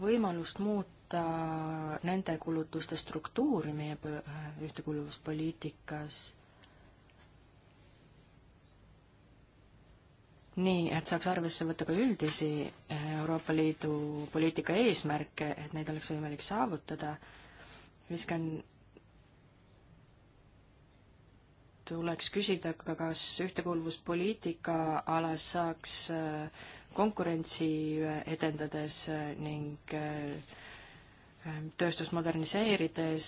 võimalust muuta nende kulutuste struktuuri meie ühtekuuluvuspoliitikas nii, et saaks arvesse võtta ka üldisi eh, Euroopa Liidu poliitika eesmärke, et neid oleks võimalik saavutada, viskan, tuleks küsida ka, kas ühtekuuluvuspoliitika alas saaks eh, konkurentsi edendades eh, ning äh, tööstust moderniseerides,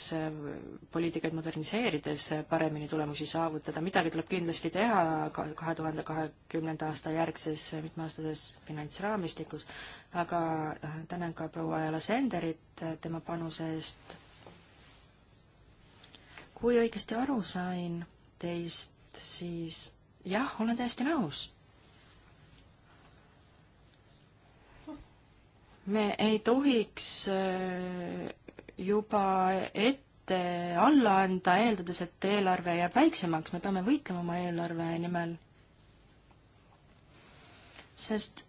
poliitikaid moderniseerides paremini tulemusi saavutada, midagi tuleb kindlasti teha kahe tuhande kahekümnenda aasta järgses mitmeaastases finantsraamistikus, aga äh, tänan ka proua Ajala Senderit äh, tema panuse eest. kui õigesti aru sain teist, siis jah, olen täiesti nõus me ei tohiks äh, juba ette alla anda, eeldades, et eelarve jääb väiksemaks, me peame võitlema oma eelarve nimel. sest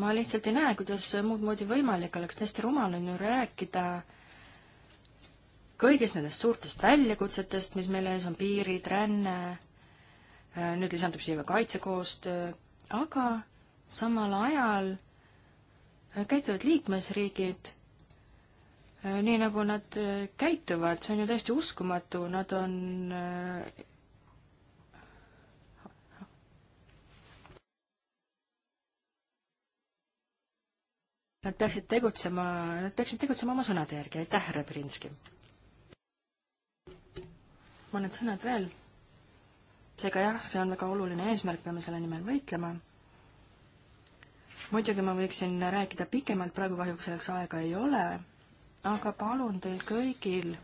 ma lihtsalt ei näe, kuidas muud moodi võimalik oleks, täiesti rumal on ju rääkida kõigist nendest suurtest väljakutsetest, mis meil ees on, piirid, ränne, äh, nüüd lisandub siia ka kaitsekoostöö, aga samal ajal käituvad liikmesriigid äh, nii, nagu nad äh, käituvad, see on ju täiesti uskumatu, nad on äh, Nad peaksid tegutsema, nad peaksid tegutsema oma sõnade järgi, aitäh, härra Pirinski! mõned sõnad veel. seega jah, see on väga oluline eesmärk, peame selle nimel võitlema muidugi ma võiksin rääkida pikemalt, praegu kahjuks selleks aega ei ole, aga palun teil kõigil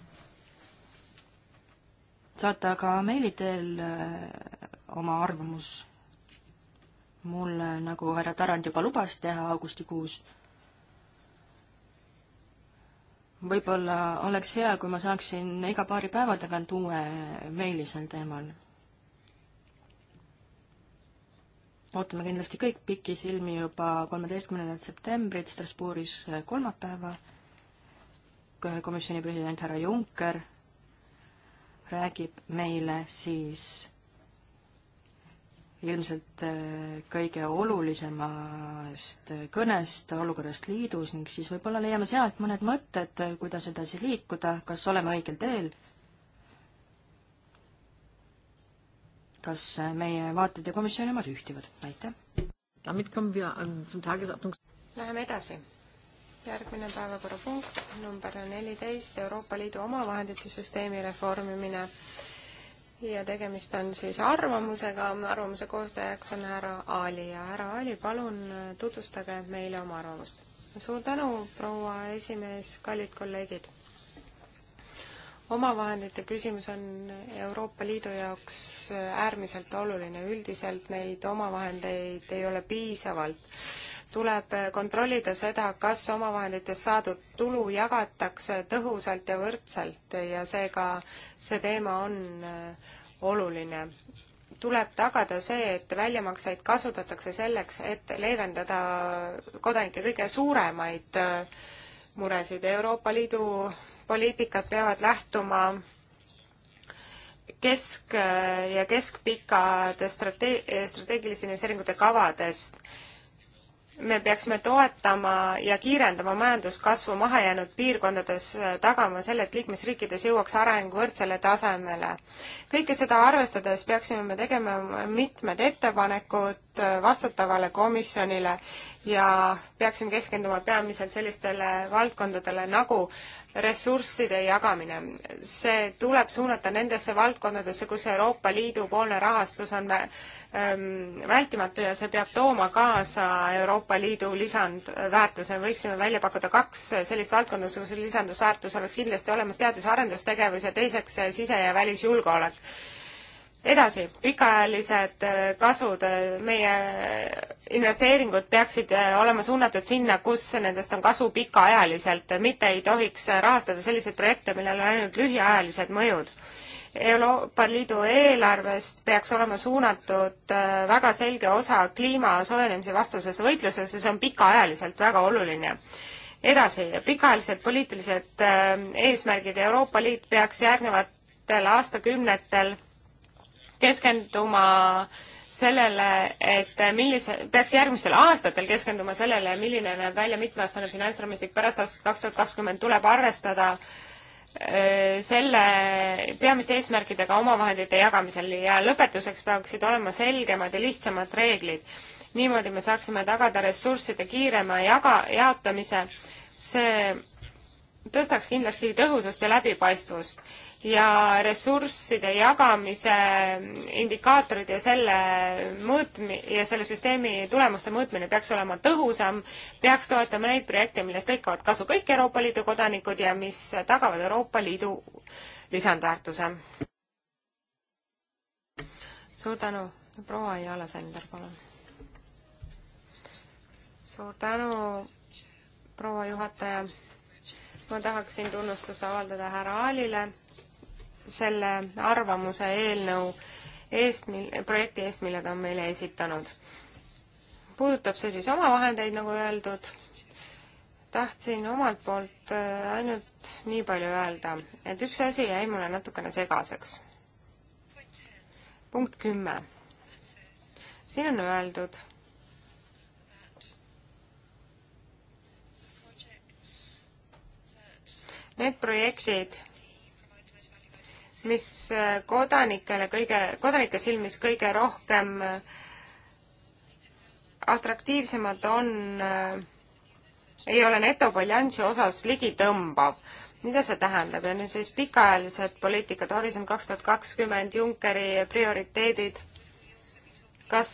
saata ka meili teel äh, oma arvamus mulle, nagu härra Tarand juba lubas teha augustikuus võib-olla oleks hea, kui ma saaksin iga paari päeva tagant uue meili sel teemal. ootame kindlasti kõik pikisilmi juba kolmeteistkümnendat septembrit Strasbourgis eh, kolmapäeva. komisjoni president härra Juncker räägib meile siis ilmselt eh, kõige olulisemast eh, kõnest, olukorrast liidus ning siis võib-olla leiame sealt mõned mõtted, kuidas edasi liikuda, kas oleme õigel teel kas meie vaated ja komisjoni omad ühtivad, aitäh. Ähm, Läheme edasi. järgmine päevakorrapunkt number neliteist Euroopa Liidu omavahendite süsteemi reformimine. ja tegemist on siis arvamusega, arvamuse koostajaks on härra Aali ja härra Aali, palun tutvustage meile oma arvamust. suur tänu, proua esimees, kallid kolleegid omavahendite küsimus on Euroopa Liidu jaoks äärmiselt oluline, üldiselt neid omavahendeid ei ole piisavalt. tuleb kontrollida seda, kas omavahenditest saadud tulu jagatakse tõhusalt ja võrdselt ja seega see teema on äh, oluline. tuleb tagada see, et väljamakseid kasutatakse selleks, et leevendada kodanike kõige suuremaid äh, muresid. Euroopa Liidu poliitikad peavad lähtuma kesk- ja keskpikade strate-, strateegilise investeeringute kavadest. me peaksime toetama ja kiirendama majanduskasvu mahajäänud piirkondades, tagama selle, et liikmesriikides jõuaks areng võrdsele tasemele. kõike seda arvestades peaksime me tegema mitmed ettepanekud vastutavale komisjonile ja peaksime keskenduma peamiselt sellistele valdkondadele nagu ressursside jagamine. see tuleb suunata nendesse valdkondadesse, kus Euroopa Liidu poolne rahastus on ähm, vältimatu ja see peab tooma kaasa Euroopa Liidu lisandväärtuse. võiksime välja pakkuda kaks sellist valdkonda, kus lisandusväärtus oleks kindlasti olemas teadus- ja arendustegevus ja teiseks sise- ja välisjulgeolek edasi, pikaajalised äh, kasud, äh, meie investeeringud peaksid äh, olema suunatud sinna, kus nendest on kasu pikaajaliselt, mitte ei tohiks rahastada selliseid projekte, millel on ainult lühiajalised mõjud. Euroopa Liidu eelarvest peaks olema suunatud väga selge osa kliima soojenemise vastases võitluses ja see on pikaajaliselt väga oluline edasi, pikaajalised poliitilised eesmärgid, Euroopa Liit peaks järgnevatel aastakümnetel keskenduma sellele, et millise, peaks järgmistel aastatel keskenduma sellele, milline näeb välja mitmeaastane finantsraamistik pärast aastat kaks tuhat kakskümmend, tuleb arvestada äh, selle peamiste eesmärkidega omavahendite jagamisel ja lõpetuseks peaksid olema selgemad ja lihtsamad reeglid. niimoodi me saaksime tagada ressursside kiirema jaga, jaotamise, see tõstaks kindlasti tõhusust ja läbipaistvust ja ressursside jagamise indikaatorid ja selle mõõtmi- ja selle süsteemi tulemuste mõõtmine peaks olema tõhusam, peaks toetama neid projekte, millest lõikavad kasu kõik Euroopa Liidu kodanikud ja mis tagavad Euroopa Liidu lisandväärtuse. suur tänu, proua Jaala Sander, palun. suur tänu, proua juhataja. ma tahaksin tunnustust avaldada härra Aalile selle arvamuse eelnõu eest, mil-, projekti eest, mille ta on meile esitanud. puudutab see siis omavahendeid, nagu öeldud, tahtsin omalt poolt äh, ainult nii palju öelda, et üks asi jäi mulle natukene segaseks. punkt kümme. siin on öeldud, need projektid, mis äh, kodanikele kõige, kodanike silmis kõige rohkem äh, atraktiivsemad on, äh, ei ole netopoliansi osas ligitõmbav. mida see tähendab ja nüüd siis pikaajalised poliitikad, Horisont kaks tuhat kakskümmend, Junckeri prioriteedid, kas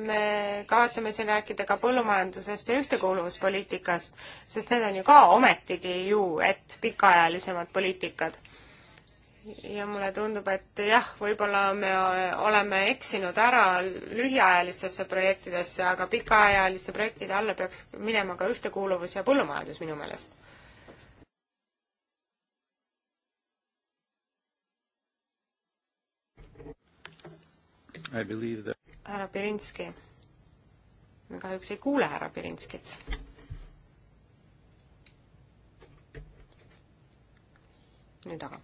me kavatseme siin rääkida ka põllumajandusest ja ühtekuuluvuspoliitikast, sest need on ju ka ometigi ju, et pikaajalisemad poliitikad ja mulle tundub, et jah, võib-olla me oleme eksinud ära lühiajalistesse projektidesse, aga pikaajaliste projektide alla peaks minema ka ühtekuuluvus ja põllumajandus minu meelest. That... härra Pirinski. me kahjuks ei kuule härra Pirinskit. nüüd aga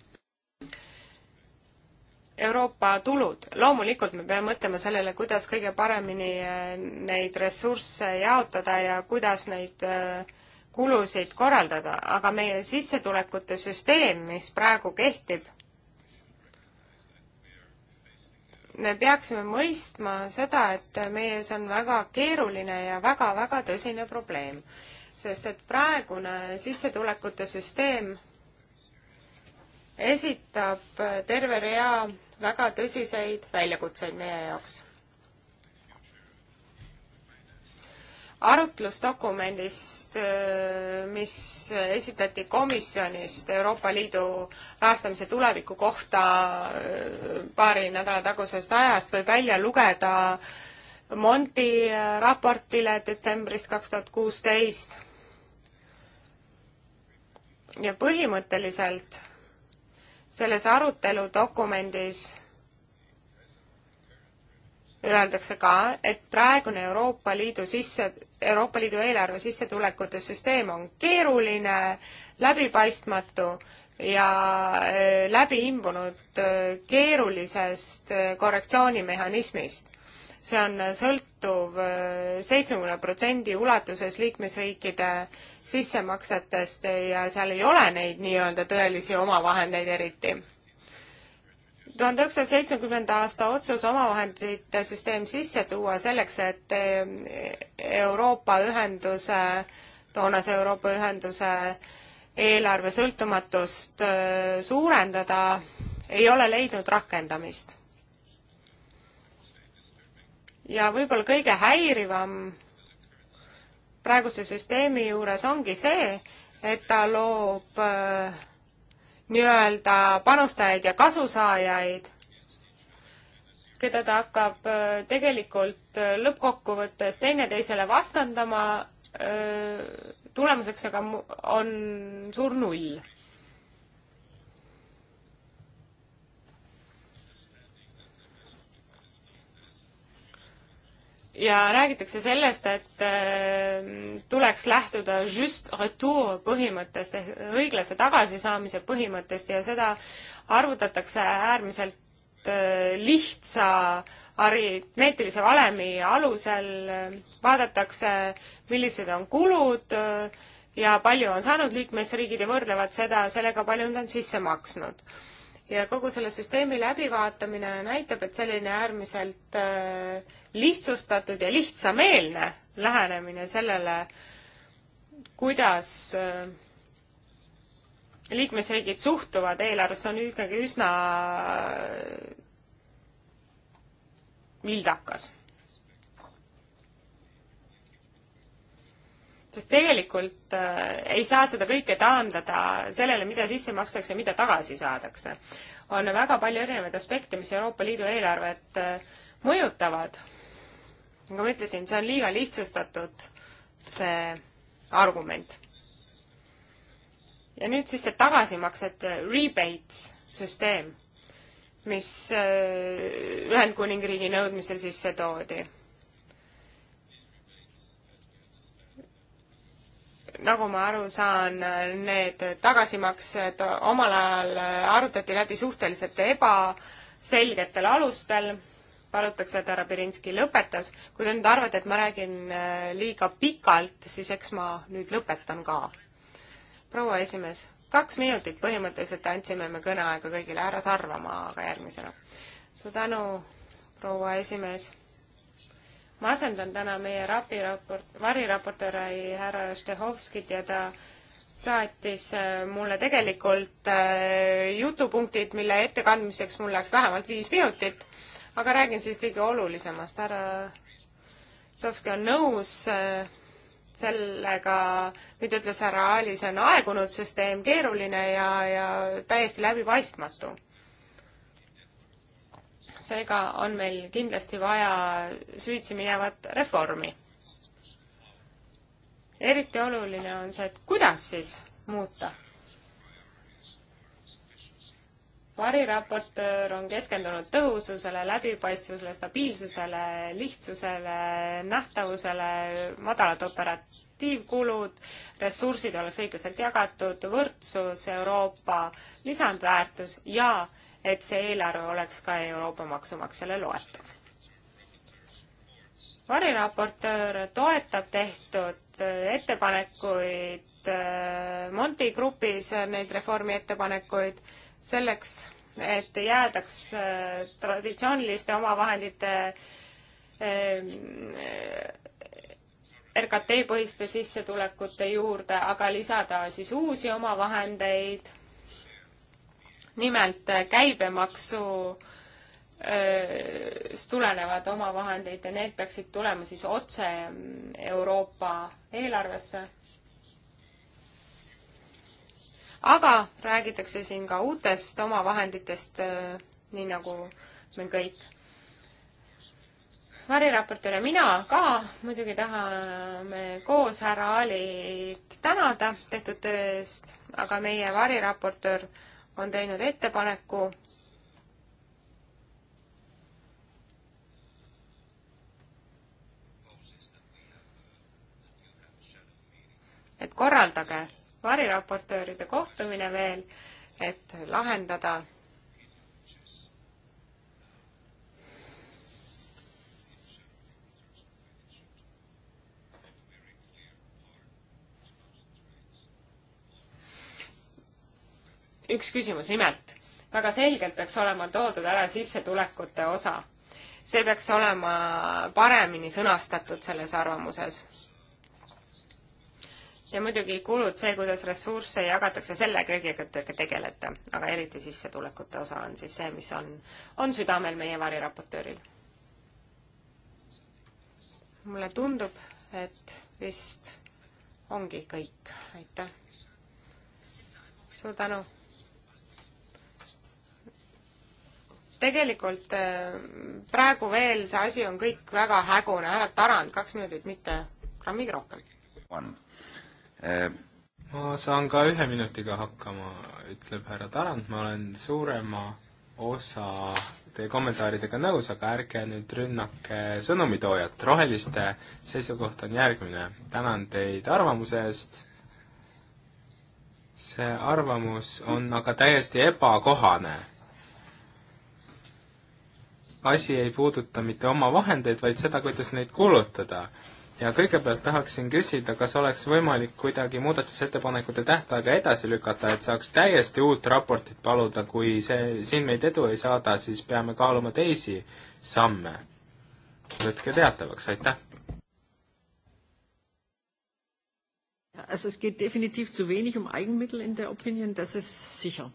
Euroopa tulud, loomulikult me peame mõtlema sellele, kuidas kõige paremini äh, neid ressursse jaotada ja kuidas neid äh, kulusid korraldada, aga meie sissetulekute süsteem, mis praegu kehtib, me peaksime mõistma seda, et meie ees on väga keeruline ja väga-väga tõsine probleem, sest et praegune sissetulekute süsteem esitab terve rea väga tõsiseid väljakutseid meie jaoks. arutlusdokumendist, äh, mis esitati komisjonist Euroopa Liidu rahastamise tuleviku kohta äh, paari nädala tagusest ajast, võib välja lugeda Monti äh, raportile detsembrist kaks tuhat kuusteist ja põhimõtteliselt selles aruteludokumendis öeldakse ka, et praegune Euroopa Liidu sisse, Euroopa Liidu eelarve sissetulekute süsteem on keeruline, läbipaistmatu ja äh, läbi imbunud äh, keerulisest äh, korrektsioonimehhanismist see on sõltuv äh, seitsmekümne protsendi ulatuses liikmesriikide sissemaksetest ja seal ei ole neid nii-öelda tõelisi omavahendeid eriti tuhande üheksasaja seitsmekümnenda aasta otsus omavahendite süsteem sisse tuua selleks, et äh, Euroopa ühenduse, toonase Euroopa ühenduse eelarve sõltumatust äh, suurendada, ei ole leidnud rakendamist ja võib-olla kõige häirivam praeguse süsteemi juures ongi see, et ta loob äh, nii-öelda panustajaid ja kasusaajaid, keda ta hakkab äh, tegelikult äh, lõppkokkuvõttes teineteisele vastandama, äh, tulemuseks aga on suur null ja räägitakse sellest, et äh, tuleks lähtuda just retour põhimõttest ehk õiglase tagasisaamise põhimõttest ja seda arvutatakse äärmiselt äh, lihtsa aritmeetilise valemi alusel, vaadatakse, millised on kulud äh, ja palju on saanud liikmesriigid ja võrdlevad seda sellega, palju nad on sisse maksnud ja kogu selle süsteemi läbivaatamine näitab, et selline äärmiselt äh, lihtsustatud ja lihtsameelne lähenemine sellele, kuidas äh, liikmesriigid suhtuvad eelarvesse, on ikkagi üsna äh, vildakas sest tegelikult äh, ei saa seda kõike taandada sellele, mida sisse makstakse, mida tagasi saadakse. on väga palju erinevaid aspekte, mis Euroopa Liidu eelarvet äh, mõjutavad. nagu ma ütlesin, see on liiga lihtsustatud, see argument. ja nüüd siis see tagasimaksed, äh, rebates süsteem, mis äh, Ühendkuningriigi nõudmisel sisse toodi nagu ma aru saan, need tagasimaksed omal ajal arutati läbi suhteliselt ebaselgetel alustel, palutakse, et härra Berinski lõpetas. kui te nüüd arvate, et ma räägin äh, liiga pikalt, siis eks ma nüüd lõpetan ka. proua esimees, kaks minutit põhimõtteliselt andsime me kõneaega kõigile, härra Sarvamaa aga järgmisena. suur tänu, proua esimees ma asendan täna meie rapiraport, variraportööri härra Štehovskit ja ta saatis äh, mulle tegelikult äh, jutupunktid, mille ettekandmiseks mul läks vähemalt viis minutit, aga räägin siis kõige olulisemast. härra Štehovski on nõus äh, sellega, mida ütles härra Ali, see on aegunud süsteem, keeruline ja, ja täiesti läbipaistmatu seega on meil kindlasti vaja süvitsi minevat reformi. eriti oluline on see, et kuidas siis muuta. variraportöör on keskendunud tõhususele, läbipaistvusele, stabiilsusele, lihtsusele, nähtavusele, madalad operatiivkulud, ressursid oleks õiglaselt jagatud, võrdsus, Euroopa lisandväärtus ja äh, et see eelarve oleks ka Euroopa maksumaksjale loetav. variraportöör toetab tehtud ettepanekuid Monti grupis, neid reformi ettepanekuid, selleks et jäädaks traditsiooniliste omavahendite ehm, RKT põhiste sissetulekute juurde, aga lisada siis uusi omavahendeid nimelt äh, käibemaksu äh, tulenevad omavahendid ja need peaksid tulema siis otse mm, Euroopa eelarvesse. aga räägitakse siin ka uutest omavahenditest, äh, nii nagu me kõik. variraportöör ja mina ka muidugi tahame koos härra Aalit tänada tehtud töö eest, aga meie variraportöör äh, on teinud ettepaneku et korraldage variraportööride kohtumine veel, et lahendada üks küsimus nimelt. väga selgelt peaks olema toodud ära sissetulekute osa. see peaks olema paremini sõnastatud selles arvamuses. ja muidugi kulud, see, kuidas ressursse jagatakse, selle kõigega te tegelete, aga eriti sissetulekute osa on siis see, mis on, on südamel meie variraportööril. mulle tundub, et vist ongi kõik, aitäh. suur tänu tegelikult äh, praegu veel see asi on kõik väga hägune, härra Tarand, kaks minutit, mitte grammigi rohkem. on eh.... Äh. ma saan ka ühe minutiga hakkama, ütleb härra Tarand, ma olen suurema osa teie kommentaaridega nõus, aga ärge nüüd rünnake sõnumitoojat. roheliste seisukoht on järgmine. tänan teid arvamuse eest. see arvamus on aga täiesti ebakohane asi ei puuduta mitte oma vahendeid, vaid seda, kuidas neid kulutada. ja kõigepealt tahaksin küsida, kas oleks võimalik kuidagi muudatusettepanekute tähtaega edasi lükata, et saaks täiesti uut raportit paluda, kui see, siin meid edu ei saada, siis peame kaaluma teisi samme. võtke teatavaks, aitäh! Also es geht definitiv zu wenig um Eigenmittel in der Opinion, das ist sicher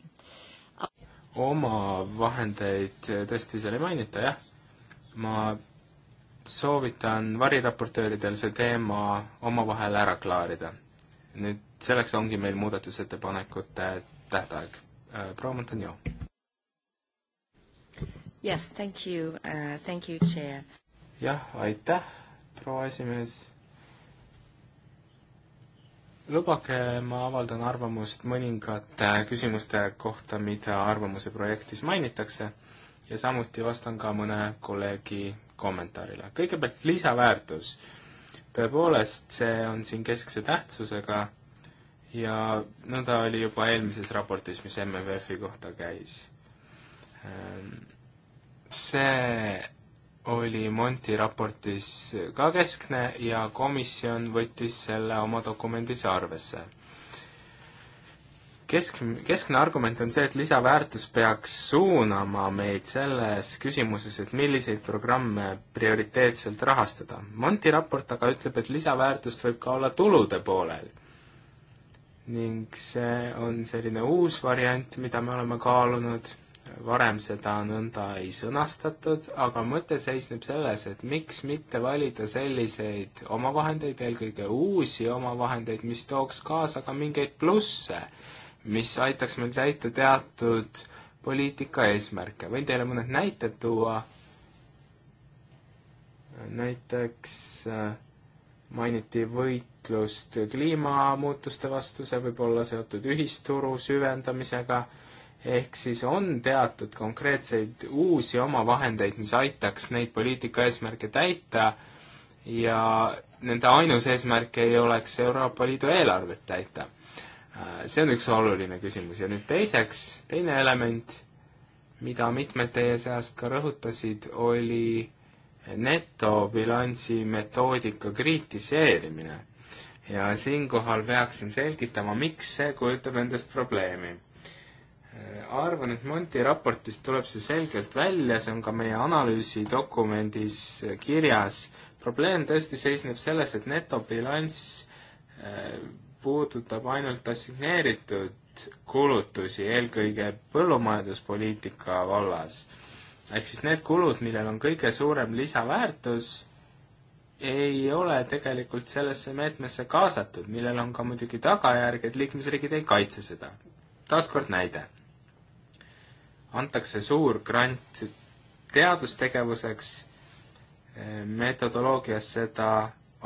oma vahendeid tõesti seal ei mainita, jah. ma soovitan variraportööridel see teema omavahel ära klaarida. nüüd selleks ongi meil muudatusettepanekute tähtaeg. Äh, proua Montanjo. Yes, thank you uh,, thank you, chair. jah, aitäh, proua esimees lubage, ma avaldan arvamust mõningate küsimuste kohta, mida arvamuse projektis mainitakse ja samuti vastan ka mõne kolleegi kommentaarile. kõigepealt lisaväärtus. tõepoolest, see on siin keskse tähtsusega ja nõnda oli juba eelmises raportis, mis MFF-i kohta käis. Ehm, see oli Monti raportis ka keskne ja komisjon võttis selle oma dokumendis arvesse. Kesk, keskne argument on see, et lisaväärtus peaks suunama meid selles küsimuses, et milliseid programme prioriteetselt rahastada. Monti raport aga ütleb, et lisaväärtust võib ka olla tulude poolel. ning see on selline uus variant, mida me oleme kaalunud varem seda nõnda ei sõnastatud, aga mõte seisneb selles, et miks mitte valida selliseid omavahendeid, eelkõige uusi omavahendeid, mis tooks kaasa ka mingeid plusse, mis aitaks meil täita teatud poliitika eesmärke. võin teile mõned näited tuua. näiteks äh, mainiti võitlust kliimamuutuste vastu, see võib olla seotud ühisturu süvendamisega ehk siis on teatud konkreetseid uusi omavahendeid, mis aitaks neid poliitika eesmärke täita ja nende ainus eesmärk ei oleks Euroopa Liidu eelarvet täita. see on üks oluline küsimus ja nüüd teiseks, teine element, mida mitmed teie seast ka rõhutasid, oli netobilansi metoodika kritiseerimine. ja siinkohal peaksin selgitama, miks see kujutab endast probleemi Äh, arvan, et Monti raportist tuleb see selgelt välja, see on ka meie analüüsidokumendis äh, kirjas. probleem tõesti seisneb selles, et netobilanss äh, puudutab ainult assigneeritud kulutusi, eelkõige põllumajanduspoliitika vallas. ehk siis need kulud, millel on kõige suurem lisaväärtus, ei ole tegelikult sellesse meetmesse kaasatud, millel on ka muidugi tagajärg, et liikmesriigid ei kaitse seda. taaskord näide antakse suur grant teadustegevuseks, metodoloogias seda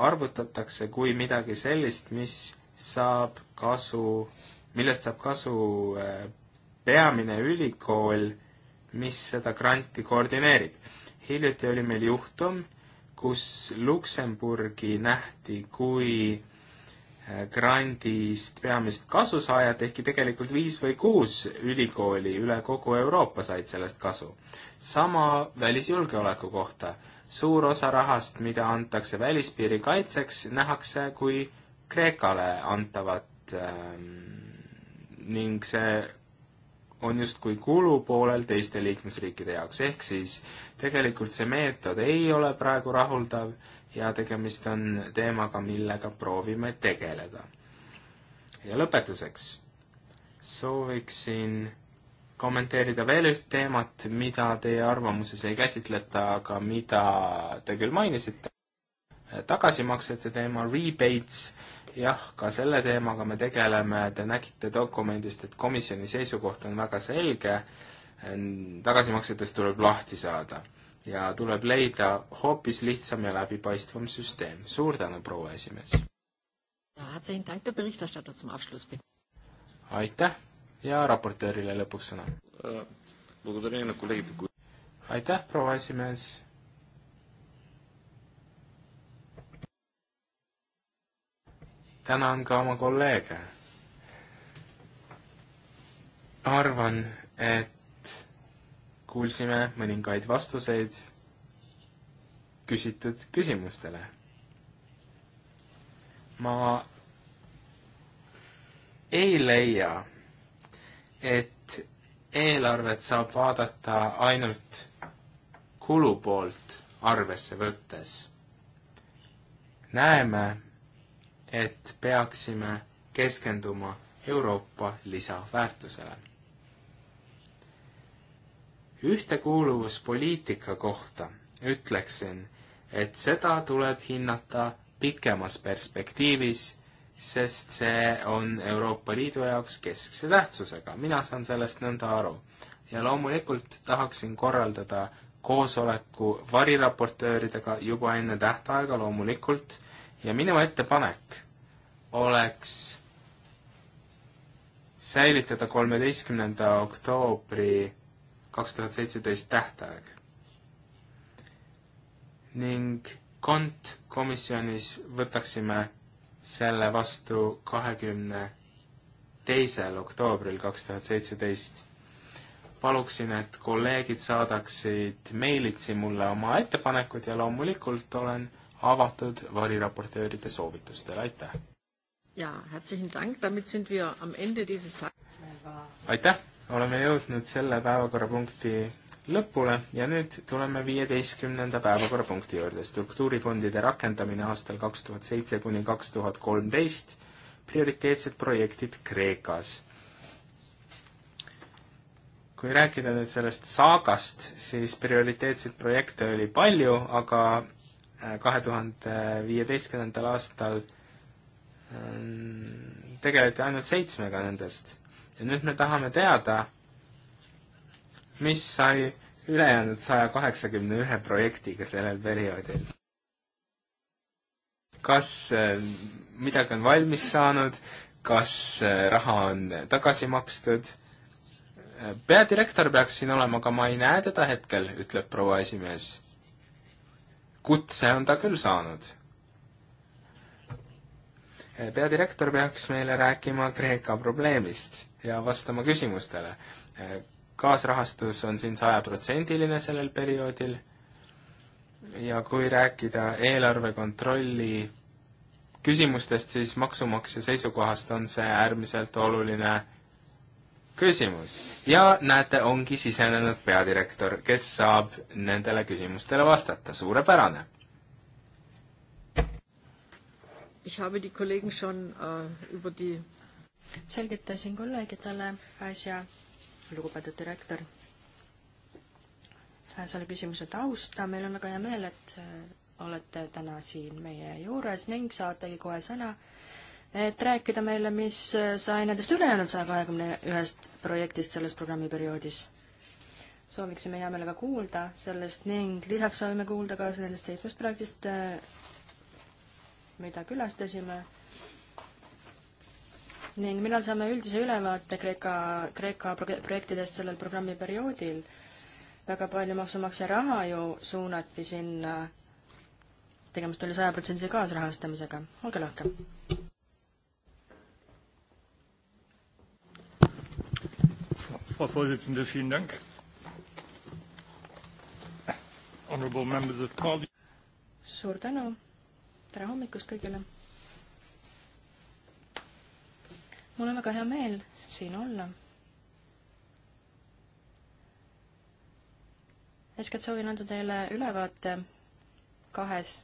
arvutatakse kui midagi sellist, mis saab kasu, millest saab kasu eh, peamine ülikool, mis seda granti koordineerib. hiljuti oli meil juhtum, kus Luksemburgi nähti kui grandist peamist kasusaajat, ehkki tegelikult viis või kuus ülikooli üle kogu Euroopa said sellest kasu. sama välisjulgeoleku kohta. suur osa rahast, mida antakse välispiiri kaitseks, nähakse kui Kreekale antavat ähm, ning see on justkui kulupoolel teiste liikmesriikide jaoks, ehk siis tegelikult see meetod ei ole praegu rahuldav ja tegemist on teemaga, millega proovime tegeleda. ja lõpetuseks sooviksin kommenteerida veel üht teemat, mida teie arvamuses ei käsitleta, aga mida te küll mainisite. tagasimaksete teema, rebates, jah, ka selle teemaga me tegeleme, te nägite dokumendist, et komisjoni seisukoht on väga selge, tagasimaksetest tuleb lahti saada ja tuleb leida hoopis lihtsam ja läbipaistvam süsteem. suur tänu, proua esimees! aitäh ja raportöörile lõpuks sõna. aitäh, proua esimees! tänan ka oma kolleege. arvan, et kuulsime mõningaid vastuseid küsitud küsimustele. ma ei leia, et eelarvet saab vaadata ainult kulupoolt arvesse võttes. näeme, et peaksime keskenduma Euroopa lisaväärtusele ühtekuuluvuspoliitika kohta ütleksin, et seda tuleb hinnata pikemas perspektiivis, sest see on Euroopa Liidu jaoks keskse tähtsusega, mina saan sellest nõnda aru. ja loomulikult tahaksin korraldada koosoleku variraportööridega juba enne tähtaega loomulikult ja minu ettepanek oleks säilitada kolmeteistkümnenda oktoobri kaks tuhat seitseteist tähtaeg. ning kont komisjonis võtaksime selle vastu kahekümne teisel oktoobril kaks tuhat seitseteist. paluksin, et kolleegid saadaksid meilitsi mulle oma ettepanekud ja loomulikult olen avatud variraportööride soovitustele, aitäh! jaa, herzlichen Dank, damit sind wir am Ende dieses aitäh! oleme jõudnud selle päevakorrapunkti lõpule ja nüüd tuleme viieteistkümnenda päevakorrapunkti juurde, struktuurifondide rakendamine aastal kaks tuhat seitse kuni kaks tuhat kolmteist, prioriteetsed projektid Kreekas. kui rääkida nüüd sellest saagast, siis prioriteetseid projekte oli palju, aga äh, kahe tuhande viieteistkümnendal aastal mm, tegeleti ainult seitsmega nendest ja nüüd me tahame teada, mis sai ülejäänud saja kaheksakümne ühe projektiga sellel perioodil. kas eh, midagi on valmis saanud, kas eh, raha on tagasi makstud? Eh, peadirektor peaks siin olema, aga ma ei näe teda hetkel, ütleb proua esimees. kutse on ta küll saanud. peadirektor peaks meile rääkima Kreeka probleemist ja vastama küsimustele. Eh, kaasrahastus on siin sajaprotsendiline sellel perioodil ja kui rääkida eelarve kontrolli küsimustest, siis maksumaksja seisukohast on see äärmiselt oluline küsimus. ja näete, ongi sisenenud peadirektor, kes saab nendele küsimustele vastata, suurepärane. Ich habe die Kollegen schon äh, über die selgitasin kolleegidele äsja, lugupeetud direktor, selle küsimuse tausta, meil on väga hea meel, et äh, olete täna siin meie juures ning saategi kohe sõna, et rääkida meile, mis äh, sai nendest ülejäänud saja kahekümne ühest projektist selles programmiperioodis. sooviksime hea meelega kuulda sellest ning lisaks soovime kuulda ka nendest seitsmest projektist, äh, mida külastasime ning millal saame üldise ülevaate Kreeka, Kreeka projektidest sellel programmiperioodil? väga palju maksumaksja raha ju suunati sinna, tegemist oli sajaprotsendise kaasrahastamisega, olge lahke. Frau Vorsitzende, vielen Dank. Honorable members of parliament. suur tänu, tere hommikust kõigile mul on väga hea meel siin olla. eeskätt soovin anda teile ülevaate kahes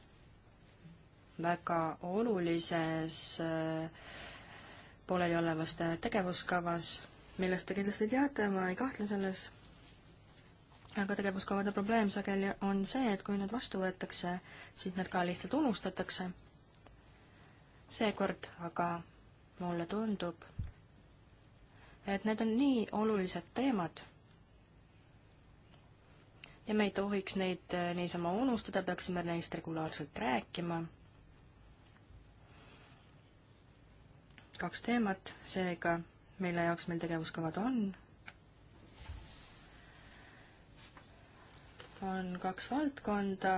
väga olulises äh, pooleliolevas tegevuskavas, millest te kindlasti teate, ma ei kahtle selles, aga tegevuskavade probleem sageli on see, et kui need vastu võetakse, siis need ka lihtsalt unustatakse. seekord aga mulle tundub, et need on nii olulised teemad ja me ei tohiks neid eh, niisama unustada, peaksime neist regulaarselt rääkima. kaks teemat seega, mille jaoks meil tegevuskavad on, on kaks valdkonda,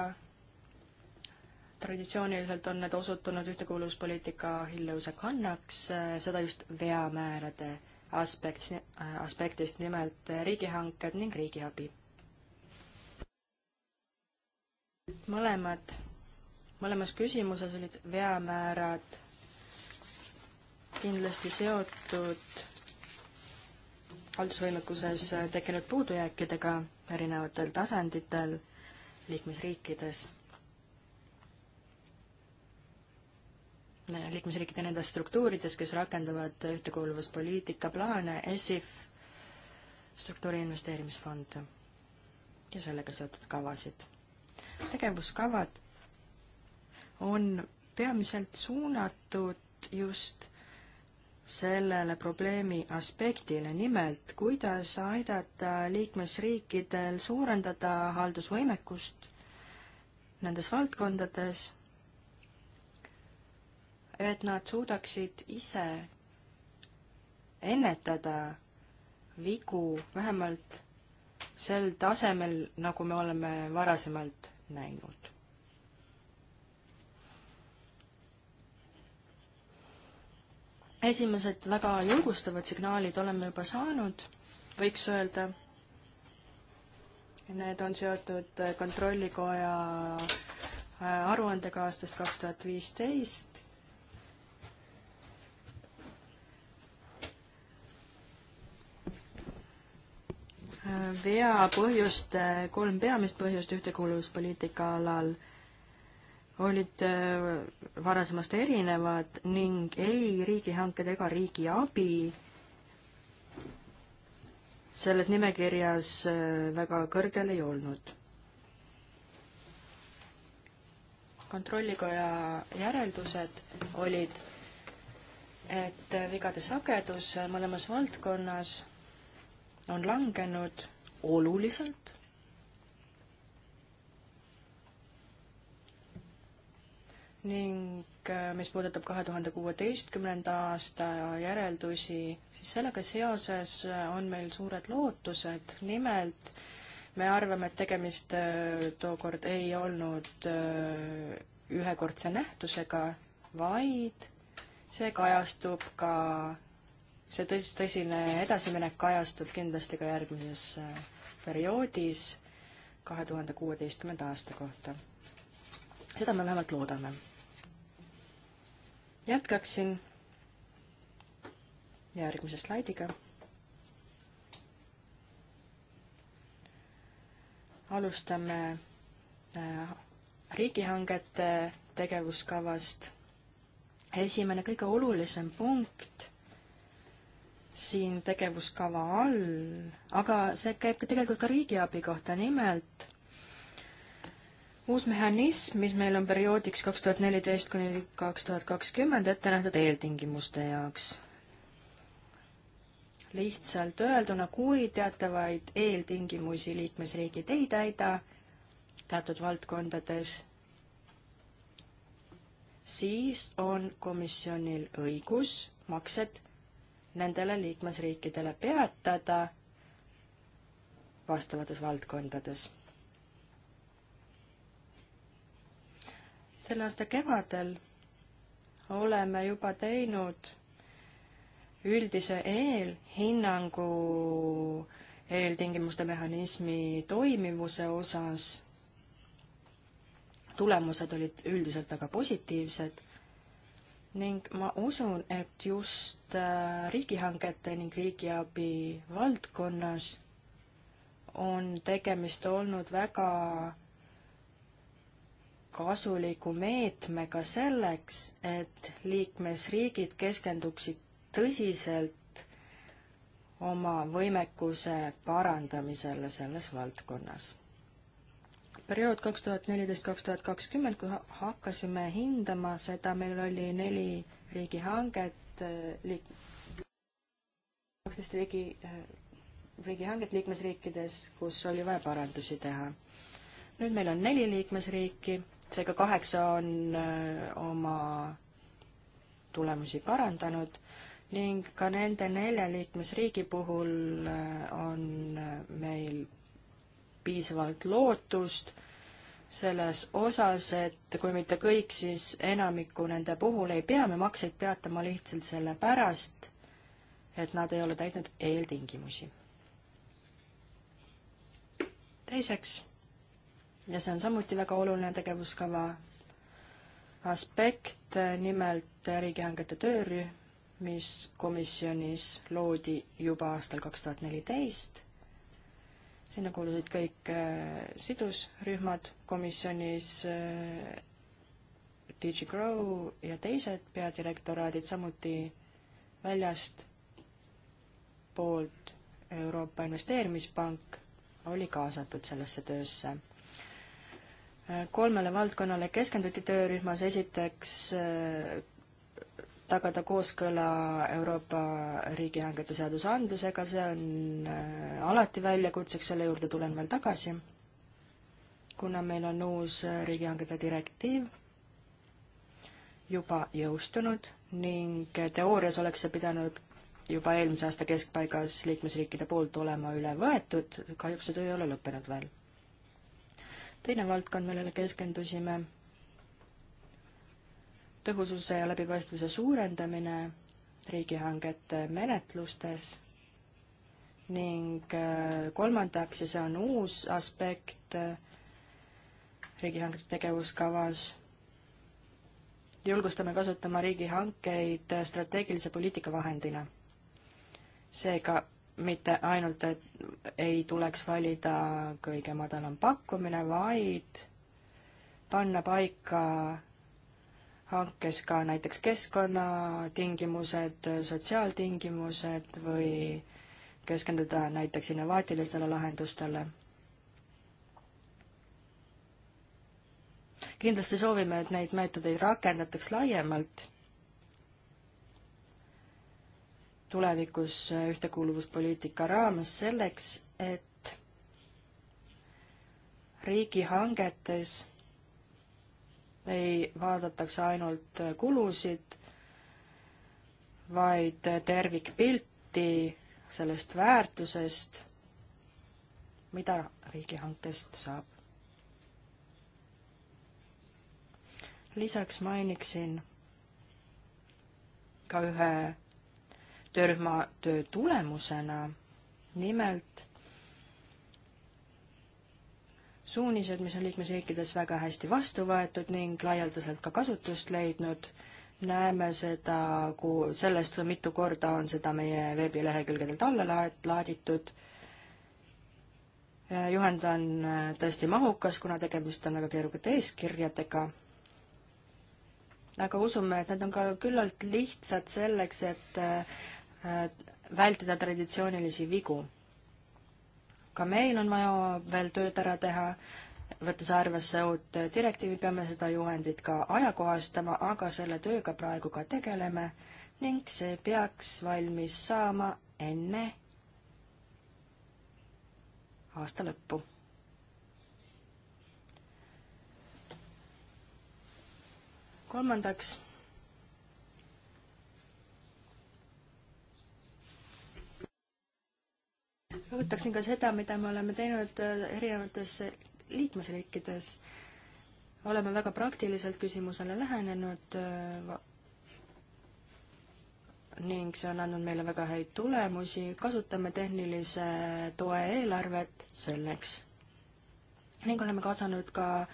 traditsiooniliselt on need osutunud ühtekuuluvuspoliitika hiljusakannaks, äh, seda just veamäärade aspekt, aspektist, nimelt riigihanked ning riigiabi. mõlemad, mõlemas küsimuses olid veamäärad kindlasti seotud haldusvõimekuses tekkinud puudujääkidega erinevatel tasanditel liikmesriikides liikmesriikide nendes struktuurides, kes rakendavad ühtekuuluvuspoliitika plaane, ESIF, struktuuri investeerimisfond ja sellega seotud kavasid. tegevuskavad on peamiselt suunatud just sellele probleemi aspektile, nimelt kuidas aidata liikmesriikidel suurendada haldusvõimekust nendes valdkondades et nad suudaksid ise ennetada vigu vähemalt sel tasemel, nagu me oleme varasemalt näinud. esimesed väga julgustavad signaalid oleme juba saanud, võiks öelda. Need on seotud Kontrollikoja äh, aruandega aastast kaks tuhat viisteist, vea põhjust, kolm peamist põhjust ühtekuuluvuspoliitika alal olid äh, varasemast erinevad ning ei riigihanked ega riigiabi selles nimekirjas äh, väga kõrgel ei olnud. kontrollikoja järeldused olid, et äh, vigade sagedus mõlemas valdkonnas on langenud oluliselt. ning äh, mis puudutab kahe tuhande kuueteistkümnenda aasta järeldusi, siis sellega seoses äh, on meil suured lootused, nimelt me arvame, et tegemist äh, tookord ei olnud ühekordse nähtusega, vaid see kajastub ka see tõs-, tõsine edasiminek ajastub kindlasti ka järgmises äh, perioodis kahe tuhande kuueteistkümnenda aasta kohta. seda me vähemalt loodame. jätkaksin järgmise slaidiga. alustame äh, riigihangete tegevuskavast. esimene kõige olulisem punkt siin tegevuskava all, aga see käib ka tegelikult ka riigiabi kohta, nimelt uus mehhanism, mis meil on perioodiks kaks tuhat neliteist kuni kaks tuhat kakskümmend ette nähtud eeltingimuste jaoks. lihtsalt öelduna, kui teatavaid eeltingimusi liikmesriigid ei täida teatud valdkondades, siis on komisjonil õigus maksed nendele liikmesriikidele peatada vastavates valdkondades. selle aasta kevadel oleme juba teinud üldise eelhinnangu eeltingimuste mehhanismi toimivuse osas. tulemused olid üldiselt väga positiivsed ning ma usun, et just äh, riigihangete ning riigiabi valdkonnas on tegemist olnud väga kasuliku meetmega selleks, et liikmesriigid keskenduksid tõsiselt oma võimekuse parandamisele selles valdkonnas periood kaks tuhat neliteist, kaks tuhat kakskümmend, kui hakkasime hindama seda, meil oli neli riigihanget äh, liik-, kaksteist riigi, äh, riigihanget liikmesriikides, kus oli vaja parandusi teha. nüüd meil on neli liikmesriiki, seega kaheksa on äh, oma tulemusi parandanud ning ka nende nelja liikmesriigi puhul on meil piisavalt lootust, selles osas, et kui mitte kõik, siis enamiku nende puhul ei pea me makseid peatama lihtsalt sellepärast, et nad ei ole täitnud eeltingimusi. teiseks, ja see on samuti väga oluline tegevuskava aspekt, nimelt riigihangete töörühm, mis komisjonis loodi juba aastal kaks tuhat neliteist sinna kuulusid kõik äh, sidusrühmad komisjonis, äh, DG Grow ja teised peadirektoraadid, samuti väljast poolt Euroopa Investeerimispank oli kaasatud sellesse töösse. Äh, kolmele valdkonnale keskenduti töörühmas, esiteks tagada kooskõla Euroopa riigihangete seadusandlusega, see on äh, alati väljakutseks, selle juurde tulen veel tagasi, kuna meil on uus äh, riigihangete direktiiv juba jõustunud ning äh, teoorias oleks see pidanud juba eelmise aasta keskpaigas liikmesriikide poolt olema üle võetud, kahjuks see töö ei ole lõppenud veel. teine valdkond, millele keskendusime tõhususe ja läbipaistvuse suurendamine riigihangete menetlustes ning äh, kolmandaks, ja see on uus aspekt äh, riigihangete tegevuskavas, julgustame kasutama riigihankeid äh, strateegilise poliitika vahendina. seega mitte ainult, et ei tuleks valida kõige madalam pakkumine, vaid panna paika hankes ka näiteks keskkonnatingimused, sotsiaaltingimused või keskenduda näiteks innovaatilistele lahendustele. kindlasti soovime, et neid meetodeid rakendataks laiemalt tulevikus ühtekuuluvuspoliitika raames selleks, et riigihangetes ei vaadataks ainult kulusid, vaid tervikpilti sellest väärtusest, mida riigihankest saab. lisaks mainiksin ka ühe töörühma töö tulemusena, nimelt suunised, mis on liikmesriikides väga hästi vastu võetud ning laialdaselt ka kasutust leidnud. näeme seda, kui sellest, mitu korda on seda meie veebilehekülgedelt alla laaditud. juhend on äh, tõesti mahukas, kuna tegemist on väga keerukate eeskirjadega. aga usume, et need on ka küllalt lihtsad selleks, et äh, äh, vältida traditsioonilisi vigu ka meil on vaja veel tööd ära teha, võttes arvesse uut direktiivi, peame seda juhendit ka ajakohastama, aga selle tööga praegu ka tegeleme ning see peaks valmis saama enne aasta lõppu. kolmandaks rõhutaksin ka seda, mida me oleme teinud äh, erinevates äh, liikmesriikides. oleme väga praktiliselt küsimusele lähenenud äh, ning see on andnud meile väga häid tulemusi, kasutame tehnilise toe eelarvet selleks. ning oleme kaasanud ka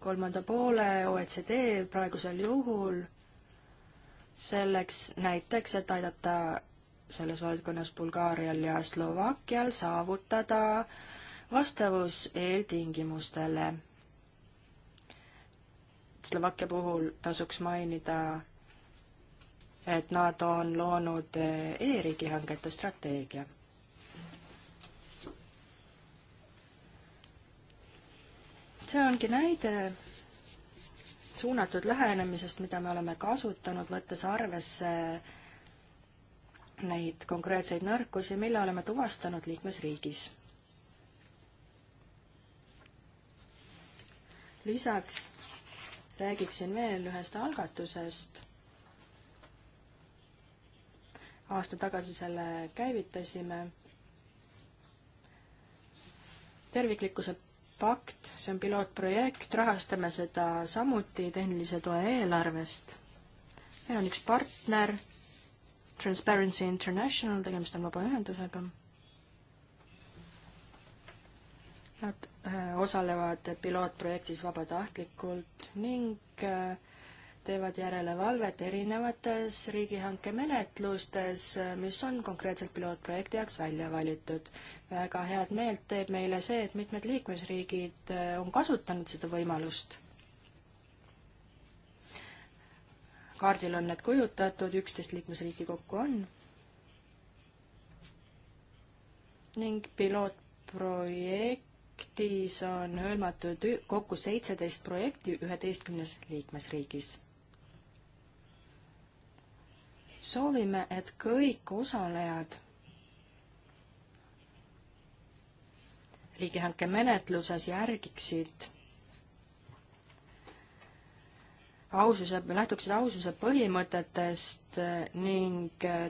kolmanda poole OECD praegusel juhul selleks näiteks, et aidata selles valdkonnas Bulgaarial ja Slovakkial saavutada vastavus eeltingimustele. Slovakkia puhul tasuks mainida, et nad on loonud e-riigi hangete strateegia see ongi näide suunatud lähenemisest, mida me oleme kasutanud, võttes arvesse neid konkreetseid nõrkusi, mille oleme tuvastanud liikmesriigis. lisaks räägiksin veel ühest algatusest. aasta tagasi selle käivitasime. terviklikkuse pakt, see on pilootprojekt, rahastame seda samuti tehnilise toe eelarvest. meil on üks partner Transparency International, tegemist on vabaühendusega. Nad äh, osalevad pilootprojektis vabatahtlikult ning äh, teevad järelevalvet erinevates riigihanke menetlustes, mis on konkreetselt pilootprojekti jaoks välja valitud. väga head meelt teeb meile see, et mitmed liikmesriigid äh, on kasutanud seda võimalust kaardil on need kujutatud, üksteist liikmesriiki kokku on. ning pilootprojektis on hõlmatud kokku seitseteist projekti üheteistkümnes liikmesriigis. soovime, et kõik osalejad riigihanke menetluses järgiksid aususe, lähtuksid aususe põhimõtetest ning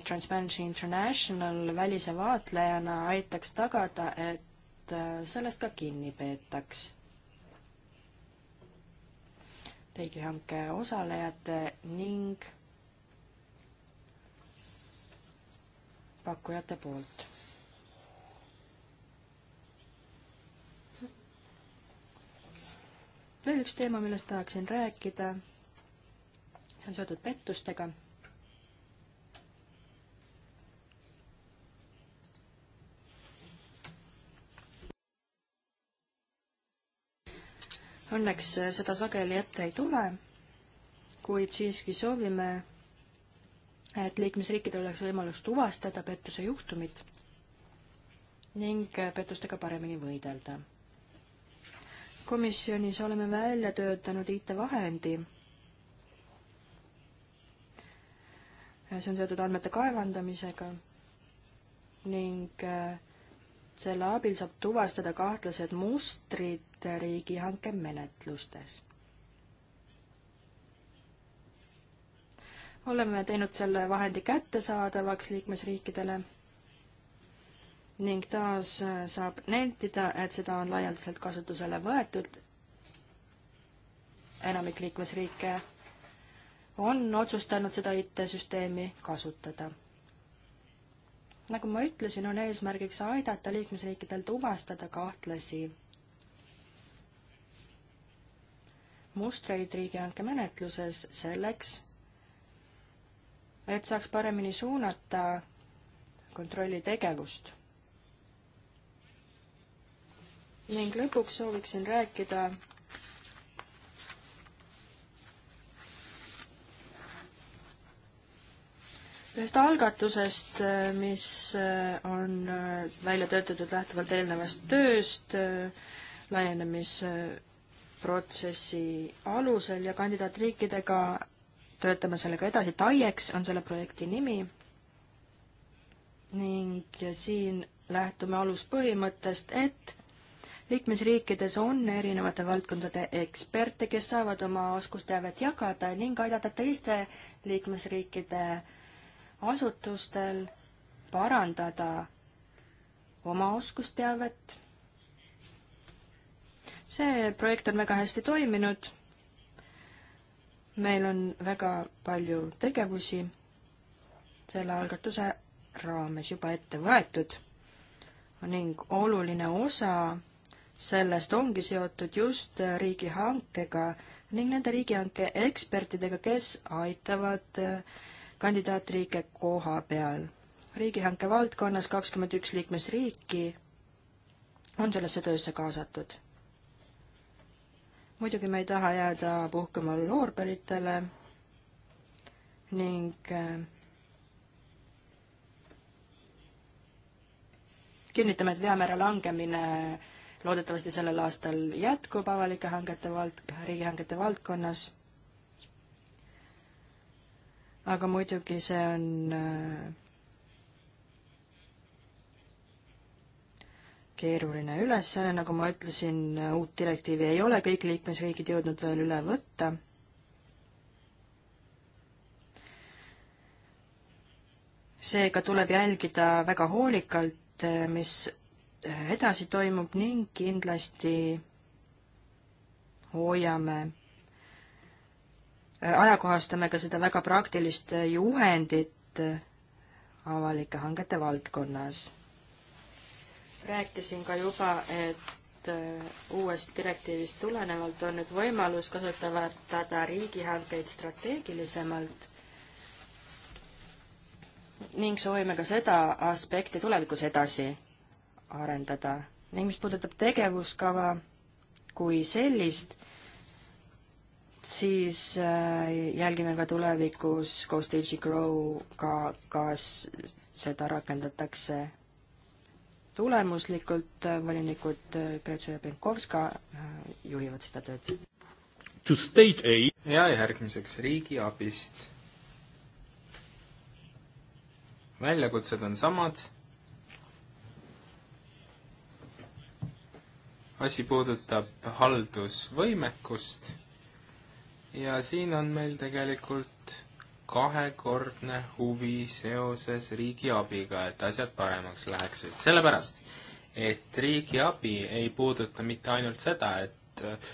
Transparency International välise vaatlejana aitaks tagada, et sellest ka kinni peetaks. riigihanke osalejate ning pakkujate poolt veel üks teema, millest tahaksin rääkida, see on seotud pettustega. Õnneks äh, seda sageli ette ei tule, kuid siiski soovime, et liikmesriikidel oleks võimalus tuvastada pettuse juhtumid ning äh, pettustega paremini võidelda. komisjonis oleme välja töötanud IT-vahendi see on seotud andmete kaevandamisega ning äh, selle abil saab tuvastada kahtlased mustrid riigihanke menetlustes. oleme teinud selle vahendi kättesaadavaks liikmesriikidele ning taas äh, saab nentida, et seda on laialdaselt kasutusele võetud. enamik liikmesriike on otsustanud seda IT-süsteemi kasutada. nagu ma ütlesin, on eesmärgiks aidata liikmesriikidel tuvastada kahtlasi mustreid riigihanke menetluses selleks, et saaks paremini suunata kontrolli tegevust. ning lõpuks sooviksin rääkida ühest algatusest, mis äh, on äh, välja töötatud lähtuvalt eelnevast tööst äh, laienemisprotsessi alusel ja kandidaatriikidega töötame sellega edasi. TAIEX on selle projekti nimi ning siin lähtume aluspõhimõttest, et liikmesriikides on erinevate valdkondade eksperte, kes saavad oma oskusteavet jagada ning aidata teiste liikmesriikide äh, asutustel parandada oma oskusteavet. see projekt on väga hästi toiminud. meil on väga palju tegevusi selle algatuse raames juba ette võetud ning oluline osa sellest ongi seotud just riigihankega ning nende riigihanke ekspertidega, kes aitavad äh, kandidaatriike koha peal. riigihanke valdkonnas kakskümmend üks liikmesriiki on sellesse töösse kaasatud. muidugi me ei taha jääda puhkama loorberitele ning äh, kinnitame, et veamäära langemine loodetavasti sellel aastal jätkub avalike hangete vald-, riigihangete valdkonnas aga muidugi see on äh, keeruline ülesanne, nagu ma ütlesin, uut direktiivi ei ole kõik liikmesriigid jõudnud veel üle võtta. seega tuleb jälgida väga hoolikalt, äh, mis äh, edasi toimub ning kindlasti hoiame ajakohastame ka seda väga praktilist juhendit avalike hangete valdkonnas. rääkisin ka juba, et äh, uuest direktiivist tulenevalt on nüüd võimalus kasutada riigihankeid strateegilisemalt ning soovime ka seda aspekti tulevikus edasi arendada. ning mis puudutab tegevuskava kui sellist, siis äh, jälgime ka tulevikus koos DigiGrow'ga, kas seda rakendatakse tulemuslikult, volinikud Gretšo ja Penkovska äh, juhivad seda tööd. To state A. ja järgmiseks riigiabist. väljakutsed on samad. asi puudutab haldusvõimekust ja siin on meil tegelikult kahekordne huvi seoses riigiabiga, et asjad paremaks läheksid, sellepärast et riigiabi ei puuduta mitte ainult seda, et äh,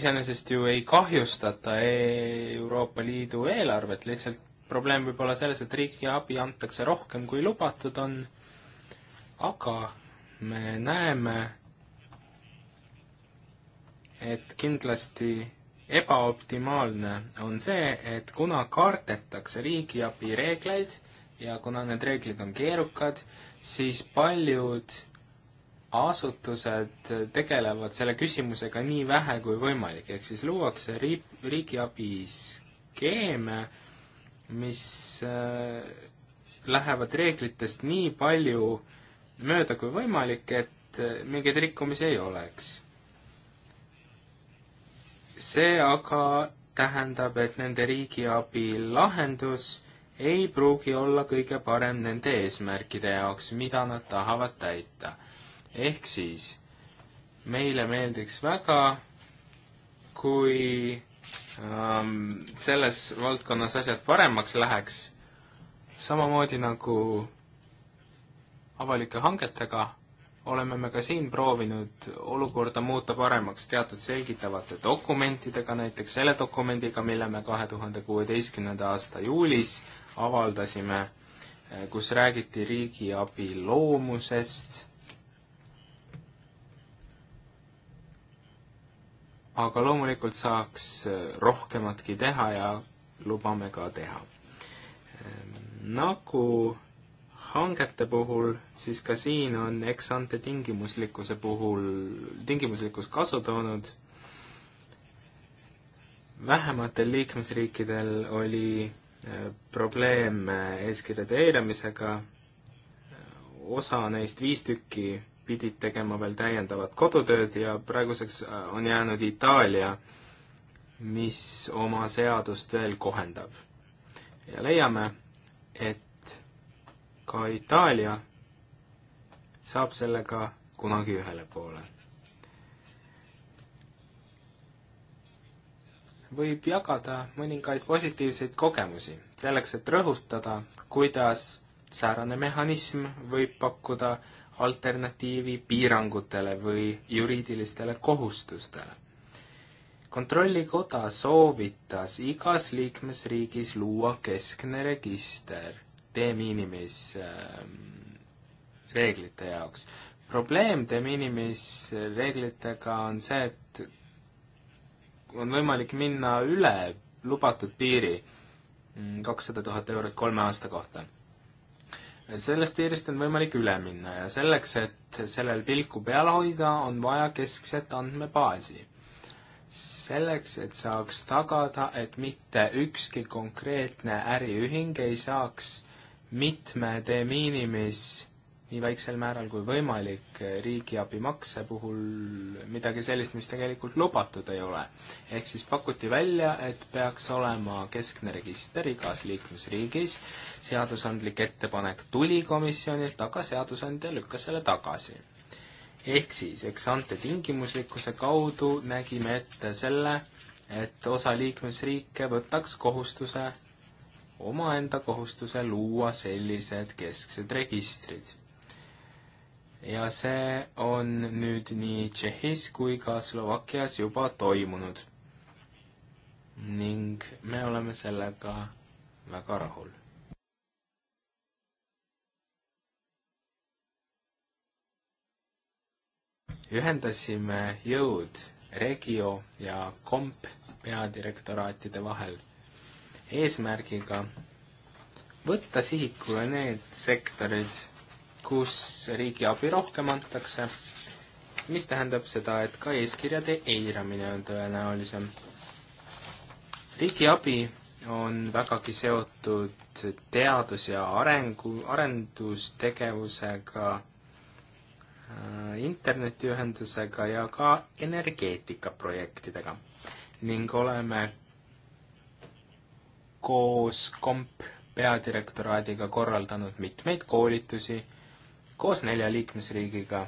iseenesest ju ei kahjustata e-, Euroopa Liidu eelarvet, lihtsalt probleem võib olla selles, et riigiabi antakse rohkem, kui lubatud on, aga me näeme, et kindlasti ebaoptimaalne on see, et kuna kardetakse riigiabi reegleid ja kuna need reeglid on keerukad, siis paljud asutused tegelevad selle küsimusega nii vähe kui võimalik, ehk siis luuakse riik, riigiabiskeeme, mis äh, lähevad reeglitest nii palju mööda kui võimalik, et mingeid rikkumisi ei oleks see aga tähendab, et nende riigiabi lahendus ei pruugi olla kõige parem nende eesmärkide jaoks, mida nad tahavad täita. ehk siis meile meeldiks väga, kui ähm, selles valdkonnas asjad paremaks läheks, samamoodi nagu avalike hangetega oleme me ka siin proovinud olukorda muuta paremaks teatud selgitavate dokumentidega, näiteks selle dokumendiga, mille me kahe tuhande kuueteistkümnenda aasta juulis avaldasime, eh, kus räägiti riigiabi loomusest, aga loomulikult saaks eh, rohkematki teha ja lubame ka teha. Ehm, nagu hangete puhul, siis ka siin on eksante tingimuslikkuse puhul, tingimuslikkus kasu toonud. vähematel liikmesriikidel oli äh, probleeme eeskirjade eiramisega, osa neist, viis tükki, pidid tegema veel täiendavat kodutööd ja praeguseks äh, on jäänud Itaalia, mis oma seadust veel kohendab. ja leiame, et ka Itaalia saab sellega kunagi ühele poole. võib jagada mõningaid positiivseid kogemusi selleks, et rõhutada, kuidas säärane mehhanism võib pakkuda alternatiivi piirangutele või juriidilistele kohustustele. kontrollikoda soovitas igas liikmesriigis luua keskne register de minimis ähm, reeglite jaoks. probleem de minimis reeglitega on see, et on võimalik minna üle lubatud piiri, mm, kakssada tuhat eurot kolme aasta kohta. sellest piirist on võimalik üle minna ja selleks, et sellel pilku peal hoida, on vaja keskset andmebaasi. selleks, et saaks tagada, et mitte ükski konkreetne äriühing ei saaks mitme de minimis nii väiksel määral kui võimalik riigiabi makse puhul midagi sellist, mis tegelikult lubatud ei ole. ehk siis pakuti välja, et peaks olema keskne register igas liikmesriigis, seadusandlik ettepanek tuli komisjonilt, aga seadusandja lükkas selle tagasi. ehk siis, eks ante tingimuslikkuse kaudu nägime ette selle, et osa liikmesriike võtaks kohustuse omaenda kohustuse luua sellised kesksed registrid. ja see on nüüd nii Tšehhis kui ka Slovakkias juba toimunud. ning me oleme sellega väga rahul. ühendasime jõud Regio ja Komp peadirektoraatide vahel eesmärgiga võtta sihikule need sektorid, kus riigiabi rohkem antakse, mis tähendab seda, et ka eeskirjade eiramine on tõenäolisem. riigiabi on vägagi seotud teadus- ja arengu, arendustegevusega, äh, internetiühendusega ja ka energeetikaprojektidega ning oleme koos komp peadirektoraadiga korraldanud mitmeid koolitusi koos nelja liikmesriigiga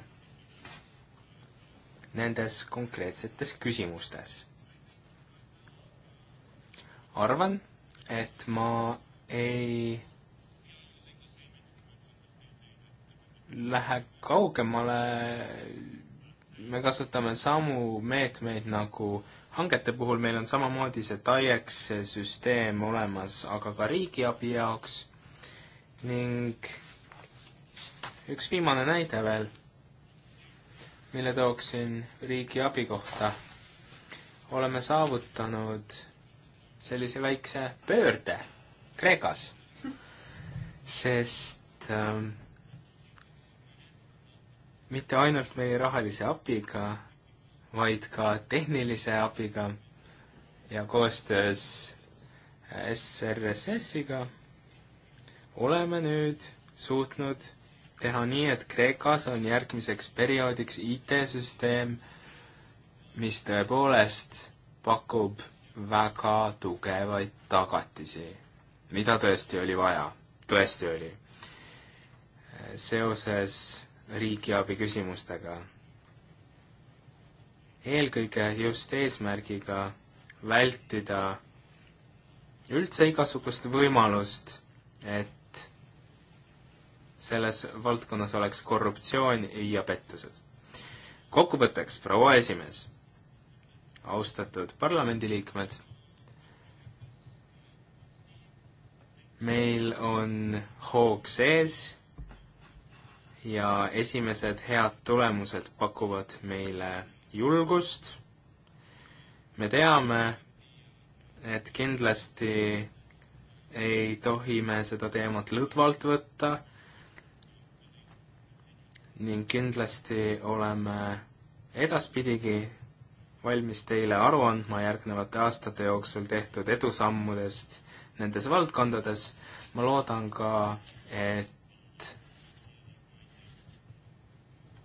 nendes konkreetsetes küsimustes. arvan, et ma ei lähe kaugemale, me kasutame samu meetmeid nagu äh, hangete puhul meil on samamoodi see TAIEX süsteem olemas, aga ka riigiabi jaoks ning üks viimane näide veel, mille tooksin riigiabi kohta. oleme saavutanud sellise väikse pöörde Kreekas, sest ähm, mitte ainult meie rahalise abiga, vaid ka tehnilise abiga ja koostöös SRSS-iga oleme nüüd suutnud teha nii, et Kreekas on järgmiseks perioodiks IT-süsteem, mis tõepoolest pakub väga tugevaid tagatisi, mida tõesti oli vaja, tõesti oli, seoses riigiabi küsimustega eelkõige just eesmärgiga vältida üldse igasugust võimalust, et selles valdkonnas oleks korruptsioon ja pettused. kokkuvõtteks, proua esimees, austatud parlamendiliikmed, meil on hoog sees ja esimesed head tulemused pakuvad meile julgust. me teame, et kindlasti ei tohi me seda teemat lõdvalt võtta ning kindlasti oleme edaspidigi valmis teile aru andma järgnevate aastate jooksul tehtud edusammudest nendes valdkondades. ma loodan ka, et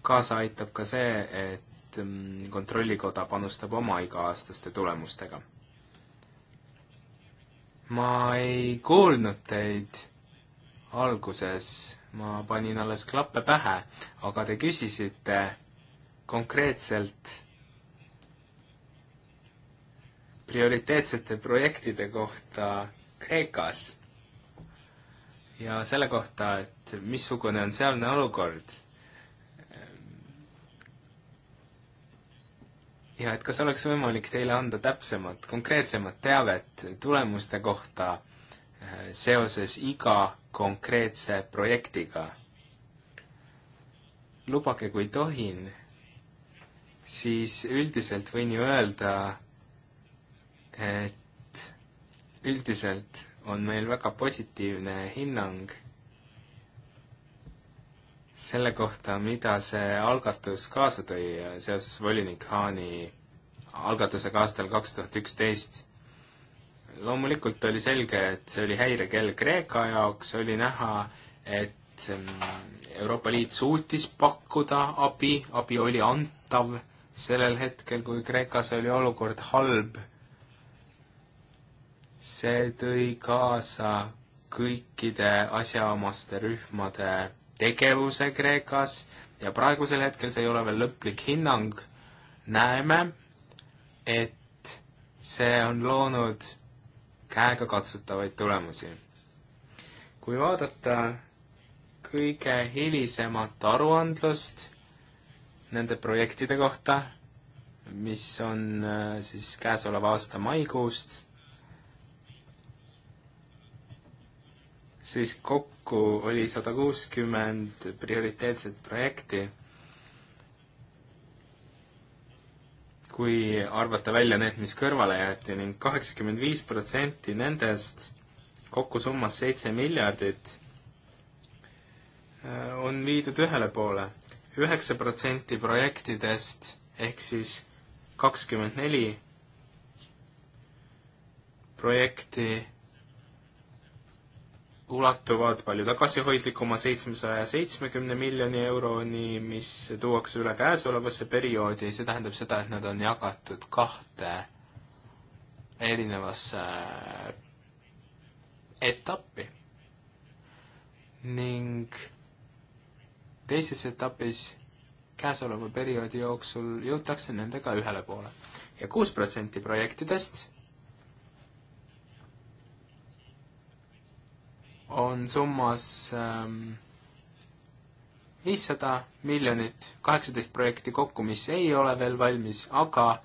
kaasa aitab ka see, et et mm, Kontrollikoda panustab oma iga-aastaste tulemustega. ma ei kuulnud teid alguses, ma panin alles klappe pähe, aga te küsisite konkreetselt prioriteetsete projektide kohta Kreekas ja selle kohta, et missugune on sealne olukord ja et kas oleks võimalik teile anda täpsemat, konkreetsemat teavet tulemuste kohta eh, seoses iga konkreetse projektiga. lubage, kui tohin, siis üldiselt võin ju öelda, et üldiselt on meil väga positiivne hinnang selle kohta, mida see algatus kaasa tõi seoses volinik Haani algatusega aastal kaks tuhat üksteist. loomulikult oli selge, et see oli häirekell Kreeka jaoks, oli näha, et mm, Euroopa Liit suutis pakkuda abi, abi oli antav sellel hetkel, kui Kreekas oli olukord halb. see tõi kaasa kõikide asjaomaste rühmade tegevuse Kreekas ja praegusel hetkel see ei ole veel lõplik hinnang, näeme, et see on loonud käegakatsutavaid tulemusi. kui vaadata kõige hilisemat aruandlust nende projektide kohta, mis on äh, siis käesoleva aasta maikuust, siis kokku kokku oli sada kuuskümmend prioriteetset projekti. kui arvata välja need, mis kõrvale jäeti ning kaheksakümmend viis protsenti nendest kokku summas seitse miljardit äh, on viidud ühele poole. üheksa protsenti projektidest ehk siis kakskümmend neli projekti ulatuvad palju tagasihoidlikuma seitsmesaja seitsmekümne miljoni euroni, mis tuuakse üle käesolevasse perioodi, see tähendab seda, et nad on jagatud kahte erinevasse etappi. ning teises etapis käesoleva perioodi jooksul jõutakse nendega ühele poole ja kuus protsenti projektidest on summas ähm, viissada miljonit, kaheksateist projekti kokku, mis ei ole veel valmis, aga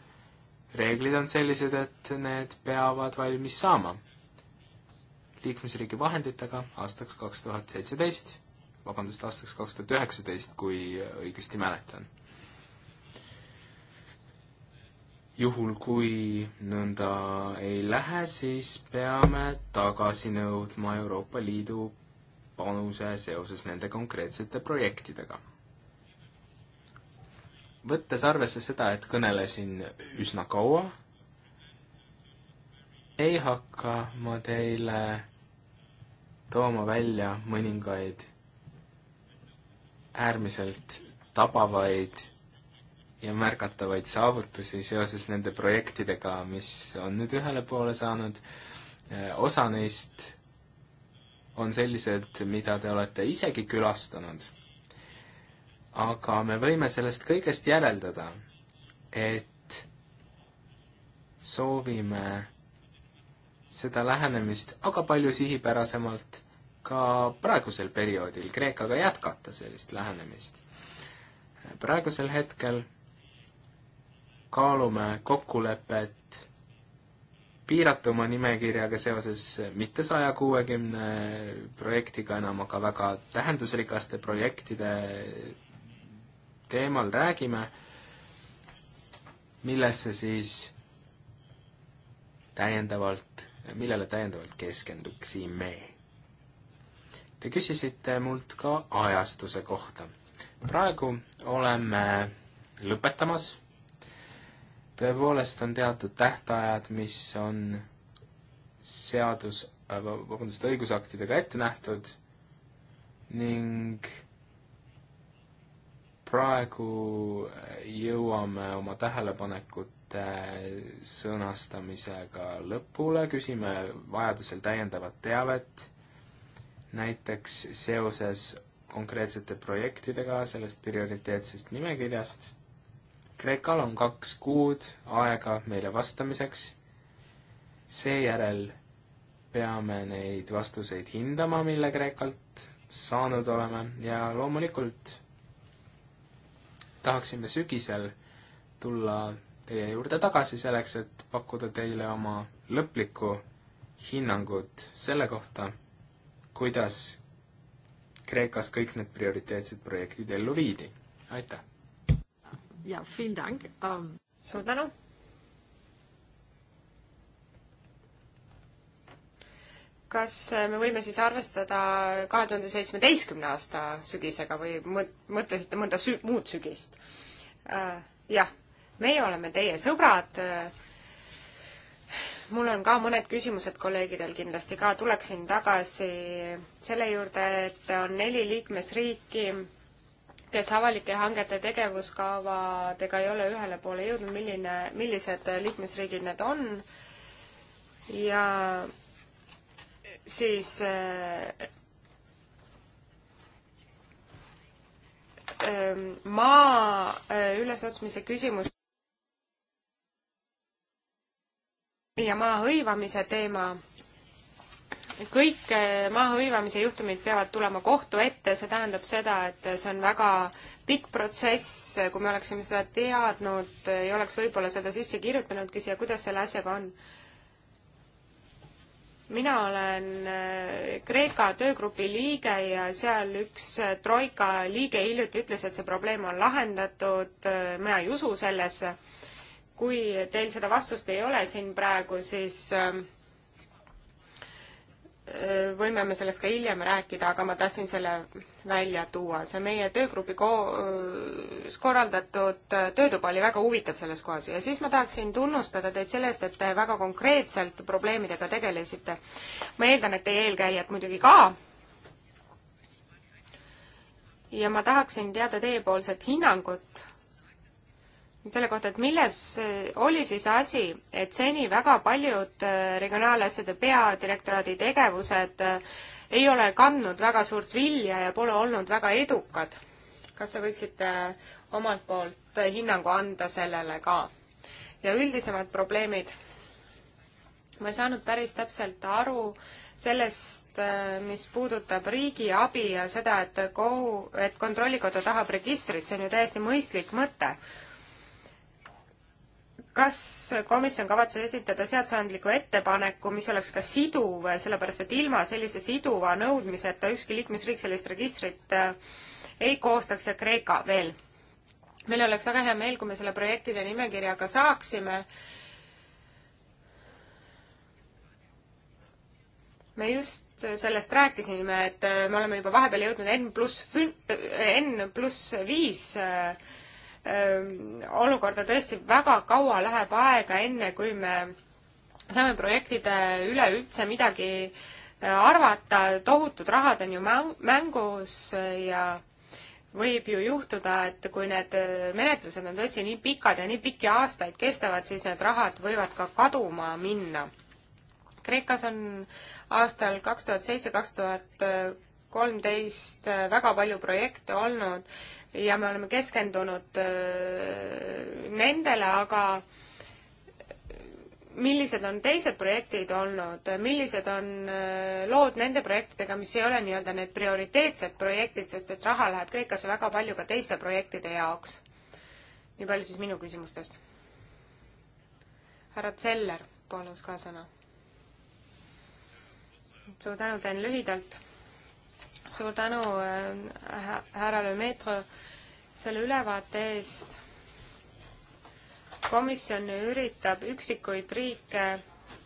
reeglid on sellised, et need peavad valmis saama liikmesriigi vahenditega aastaks kaks tuhat seitseteist, vabandust, aastaks kaks tuhat üheksateist, kui õigesti mäletan juhul, kui nõnda ei lähe, siis peame tagasi nõudma Euroopa Liidu panuse seoses nende konkreetsete projektidega. võttes arvesse seda, et kõnelesin üsna kaua, ei hakka ma teile tooma välja mõningaid äärmiselt tabavaid ja märgatavaid saavutusi seoses nende projektidega, mis on nüüd ühele poole saanud. Äh, osa neist on sellised, mida te olete isegi külastanud. aga me võime sellest kõigest järeldada, et soovime seda lähenemist aga palju sihipärasemalt ka praegusel perioodil Kreekaga jätkata sellist lähenemist. Äh, praegusel hetkel kaalume kokkulepet piirata oma nimekirjaga seoses mitte saja kuuekümne projektiga enam, aga väga tähendusrikaste projektide teemal räägime, millesse siis täiendavalt, millele täiendavalt keskenduksime. Te küsisite mult ka ajastuse kohta. praegu oleme lõpetamas tõepoolest on teatud tähtajad, mis on seadus, äh, vabandust, õigusaktidega ette nähtud ning praegu jõuame oma tähelepanekute sõnastamisega lõpule, küsime vajadusel täiendavat teavet, näiteks seoses konkreetsete projektidega sellest prioriteetsest nimekirjast Kreekal on kaks kuud aega meile vastamiseks, seejärel peame neid vastuseid hindama, mille Kreekalt saanud oleme ja loomulikult tahaksime sügisel tulla teie juurde tagasi selleks, et pakkuda teile oma lõplikku hinnangut selle kohta, kuidas Kreekas kõik need prioriteetsed projektid ellu viidi. aitäh! ja, vielen Dank um.... suur tänu. kas äh, me võime siis arvestada kahe tuhande seitsmeteistkümne aasta sügisega või mõtlesite mõnda sü-, muud sügist äh,? jah, meie oleme teie sõbrad äh, mul on ka mõned küsimused kolleegidel kindlasti ka, tuleksin tagasi selle juurde, et on neli liikmesriiki kes avalike hangete tegevuskavadega ei ole ühele poole jõudnud, milline, millised liikmesriigid need on ja siis äh, ähm, maa äh, ülesotsmise küsimus ja maa hõivamise teema kõik äh, mahahõivamise juhtumid peavad tulema kohtu ette, see tähendab seda, et see on väga pikk protsess, kui me oleksime seda teadnud, ei oleks võib-olla seda sisse kirjutanudki siia, kuidas selle asjaga on? mina olen äh, Kreeka töögrupi liige ja seal üks äh, troika liige hiljuti ütles, et see probleem on lahendatud, mina ei usu sellesse. kui teil seda vastust ei ole siin praegu, siis äh, võime me sellest ka hiljem rääkida, aga ma tahtsin selle välja tuua. see meie töögrupi koos korraldatud töötuba oli väga huvitav selles kohas ja siis ma tahaksin tunnustada teid selle eest, et te väga konkreetselt probleemidega tegelesite. ma eeldan, et teie eelkäijad muidugi ka. ja ma tahaksin teada teiepoolset hinnangut selle kohta, et milles äh, oli siis asi, et seni väga paljud äh, regionaalasjade peadirektoraadi tegevused äh, ei ole kandnud väga suurt vilja ja pole olnud väga edukad. kas te võiksite omalt poolt hinnangu anda sellele ka? ja üldisemad probleemid? ma ei saanud päris täpselt aru sellest, mis puudutab riigiabi ja seda, et kohu, et Kontrollikoda tahab registrit, see on ju täiesti mõistlik mõte kas komisjon kavatseb esitada seadusandliku ettepaneku, mis oleks ka siduv, sellepärast et ilma sellise siduva nõudmiseta ükski liikmesriik sellist registrit äh, ei koostaks ja Kreeka veel. meil oleks väga hea meel, kui me selle projektide nimekirjaga saaksime. me just sellest rääkisime, et me oleme juba vahepeal jõudnud N pluss, N pluss viis äh, Ehm, olukorda tõesti väga kaua läheb aega, enne kui me saame projektide üle üldse midagi eh, arvata, tohutud rahad on ju mängus eh, ja võib ju juhtuda, et kui need eh, menetlused on tõesti nii pikad ja nii pikki aastaid kestavad, siis need rahad võivad ka kaduma minna. Kreekas on aastal kaks tuhat seitse, kaks tuhat kolmteist väga palju projekte olnud ja me oleme keskendunud nendele, aga millised on teised projektid olnud, millised on lood nende projektidega, mis ei ole nii-öelda need prioriteetsed projektid, sest et raha läheb Kreekasse väga palju ka teiste projektide jaoks. nii palju siis minu küsimustest. härra Zeller palus ka sõna. suur tänu, teen lühidalt suur tänu äh, härra Lemetre selle ülevaate eest. komisjon üritab üksikuid riike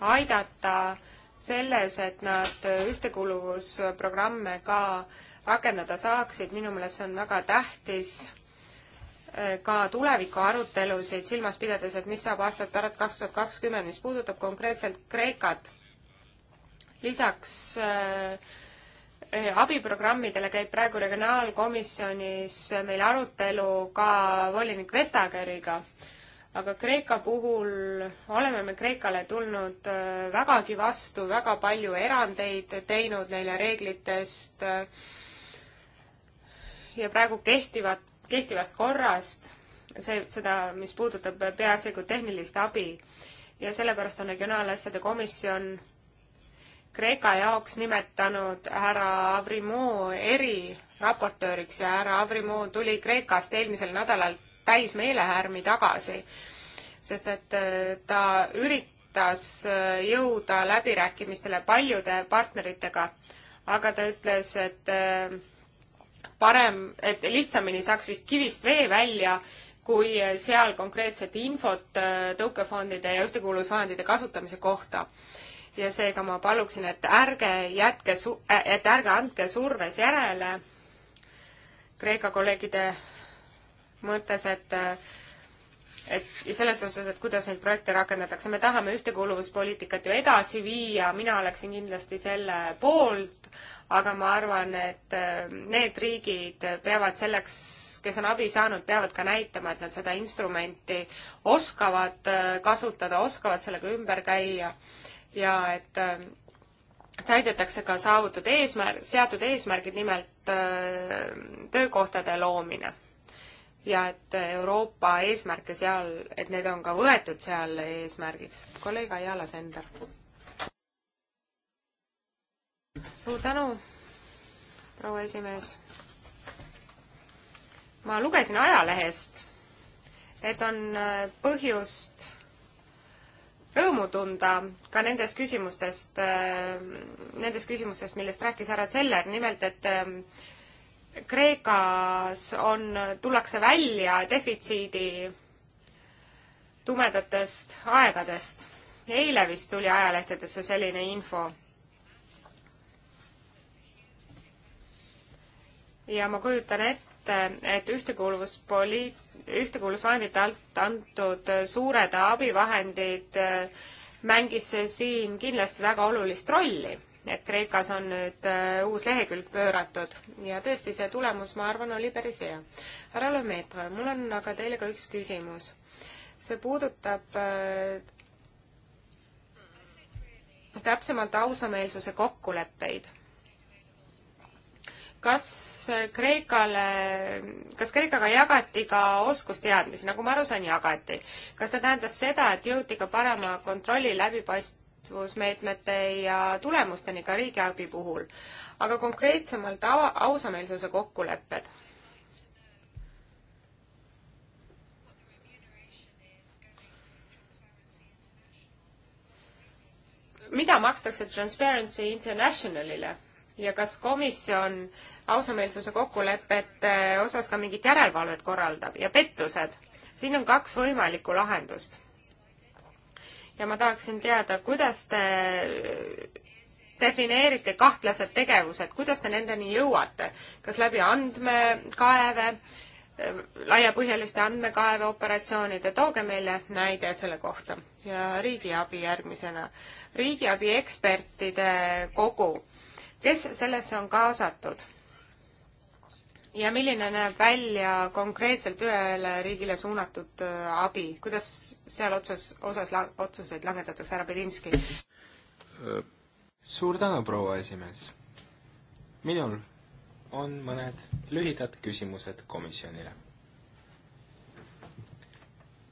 aidata selles, et nad ühtekuuluvusprogramme ka rakendada saaksid, minu meelest see on väga tähtis äh, ka tuleviku arutelusid silmas pidades, et mis saab aastat pärast kaks tuhat kakskümmend, mis puudutab konkreetselt Kreekat. lisaks äh, Eh, abiprogrammidele käib praegu regionaalkomisjonis meil arutelu ka volinik Vestageriga, aga Kreeka puhul oleme me Kreekale tulnud eh, vägagi vastu, väga palju erandeid teinud neile reeglitest eh, ja praegu kehtivat, kehtivast korrast, see, seda, mis puudutab peaasjagu tehnilist abi ja sellepärast on Regionaalasjade Komisjon Kreeka jaoks nimetanud härra Avrimoo eriraportööriks ja härra Avrimoo tuli Kreekast eelmisel nädalal täis meelehärmi tagasi, sest et äh, ta üritas äh, jõuda läbirääkimistele paljude partneritega, aga ta ütles, et äh, parem, et lihtsamini saaks vist kivist vee välja, kui seal konkreetset infot tõukefondide ja ühtekuuluvusvahendite kasutamise kohta ja seega ma paluksin, et ärge jätke su-, et ärge andke surves järele Kreeka kolleegide mõttes, et et selles osas, et kuidas neid projekte rakendatakse, me tahame ühtekuuluvuspoliitikat ju edasi viia, mina oleksin kindlasti selle poolt, aga ma arvan, et äh, need riigid peavad selleks, kes on abi saanud, peavad ka näitama, et nad seda instrumenti oskavad äh, kasutada, oskavad sellega ümber käia ja et täidetakse äh, ka saavutud eesmärk, seatud eesmärgid, nimelt äh, töökohtade loomine. ja et Euroopa eesmärke seal, et need on ka võetud seal eesmärgiks. kolleeg Ayala Sender. suur tänu, proua esimees. ma lugesin ajalehest, et on äh, põhjust rõõmu tunda ka nendest küsimustest, äh, nendest küsimustest, millest rääkis härra Zeller, nimelt et äh, Kreekas on, tullakse välja defitsiidi tumedatest aegadest. eile vist tuli ajalehtedesse selline info. ja ma kujutan ette, et ühtekuuluvuspoliit-, ühtekuuluvusvahendite alt antud suured abivahendid äh, mängis siin kindlasti väga olulist rolli, et Kreekas on nüüd äh, uus lehekülg pööratud ja tõesti, see tulemus, ma arvan, oli päris hea. härra Lemetre, mul on aga teile ka üks küsimus. see puudutab äh, täpsemalt ausameelsuse kokkuleppeid kas Kreekale, kas Kreekaga jagati ka oskusteadmisi, nagu ma aru sain, jagati. kas see tähendas seda, et jõuti ka parema kontrolli läbipaistvusmeetmete ja tulemusteni ka riigiabi puhul? aga konkreetsemalt au, ausameelsuse kokkulepped mida makstakse Transparency Internationalile? ja kas komisjon ausameelsuse kokkulepete osas ka mingit järelevalvet korraldab ja pettused? siin on kaks võimalikku lahendust. ja ma tahaksin teada, kuidas te defineerite kahtlased tegevused, kuidas te nendeni jõuate, kas läbi andmekaeve, laiapõhjaliste andmekaeve operatsioonide, tooge meile näide selle kohta. ja riigiabi järgmisena, riigiabi ekspertide kogu kes sellesse on kaasatud? ja milline näeb välja konkreetselt ühele riigile suunatud äh, abi, kuidas seal otsas, osas la-, otsuseid langetatakse, härra Belinski? suur tänu, proua esimees. minul on mõned lühidad küsimused komisjonile.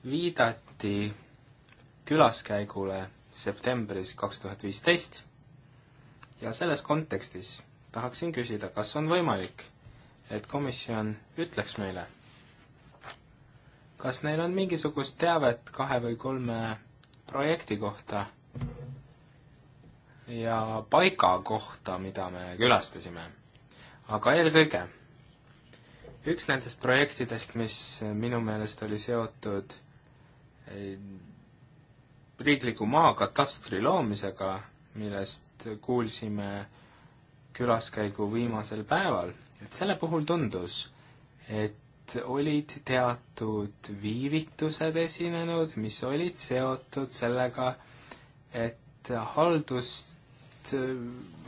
viidati külaskäigule septembris kaks tuhat viisteist ja selles kontekstis tahaksin küsida, kas on võimalik, et komisjon ütleks meile, kas neil on mingisugust teavet kahe või kolme projekti kohta ja paiga kohta, mida me külastasime. aga eelkõige, üks nendest projektidest, mis minu meelest oli seotud riikliku maakatastri loomisega millest kuulsime külaskäigu viimasel päeval, et selle puhul tundus, et olid teatud viivitused esinenud, mis olid seotud sellega, et haldust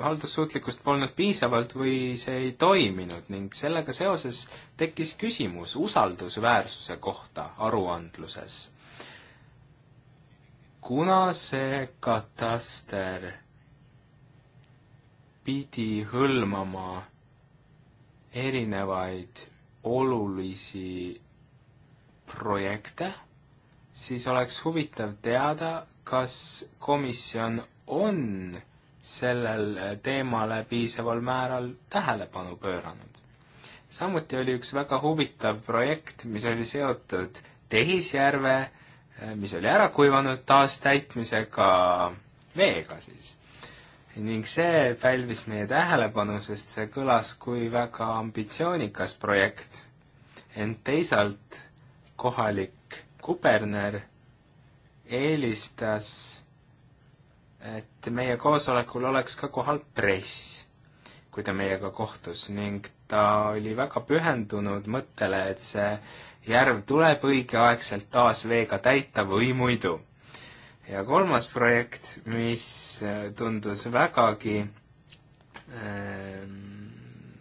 haldussuutlikkust polnud piisavalt või see ei toiminud ning sellega seoses tekkis küsimus usaldusväärsuse kohta aruandluses kuna see kataster pidi hõlmama erinevaid olulisi projekte, siis oleks huvitav teada, kas komisjon on sellele teemale piisaval määral tähelepanu pööranud. samuti oli üks väga huvitav projekt, mis oli seotud Tehisjärve mis oli ära kuivanud taastäitmisega veega siis. ning see pälvis meie tähelepanu, sest see kõlas kui väga ambitsioonikas projekt, ent teisalt kohalik kuberner eelistas, et meie koosolekul oleks ka kohal press, kui ta meiega kohtus ning ta oli väga pühendunud mõttele, et see järv tuleb õigeaegselt taas veega täita või muidu. ja kolmas projekt, mis äh, tundus vägagi äh,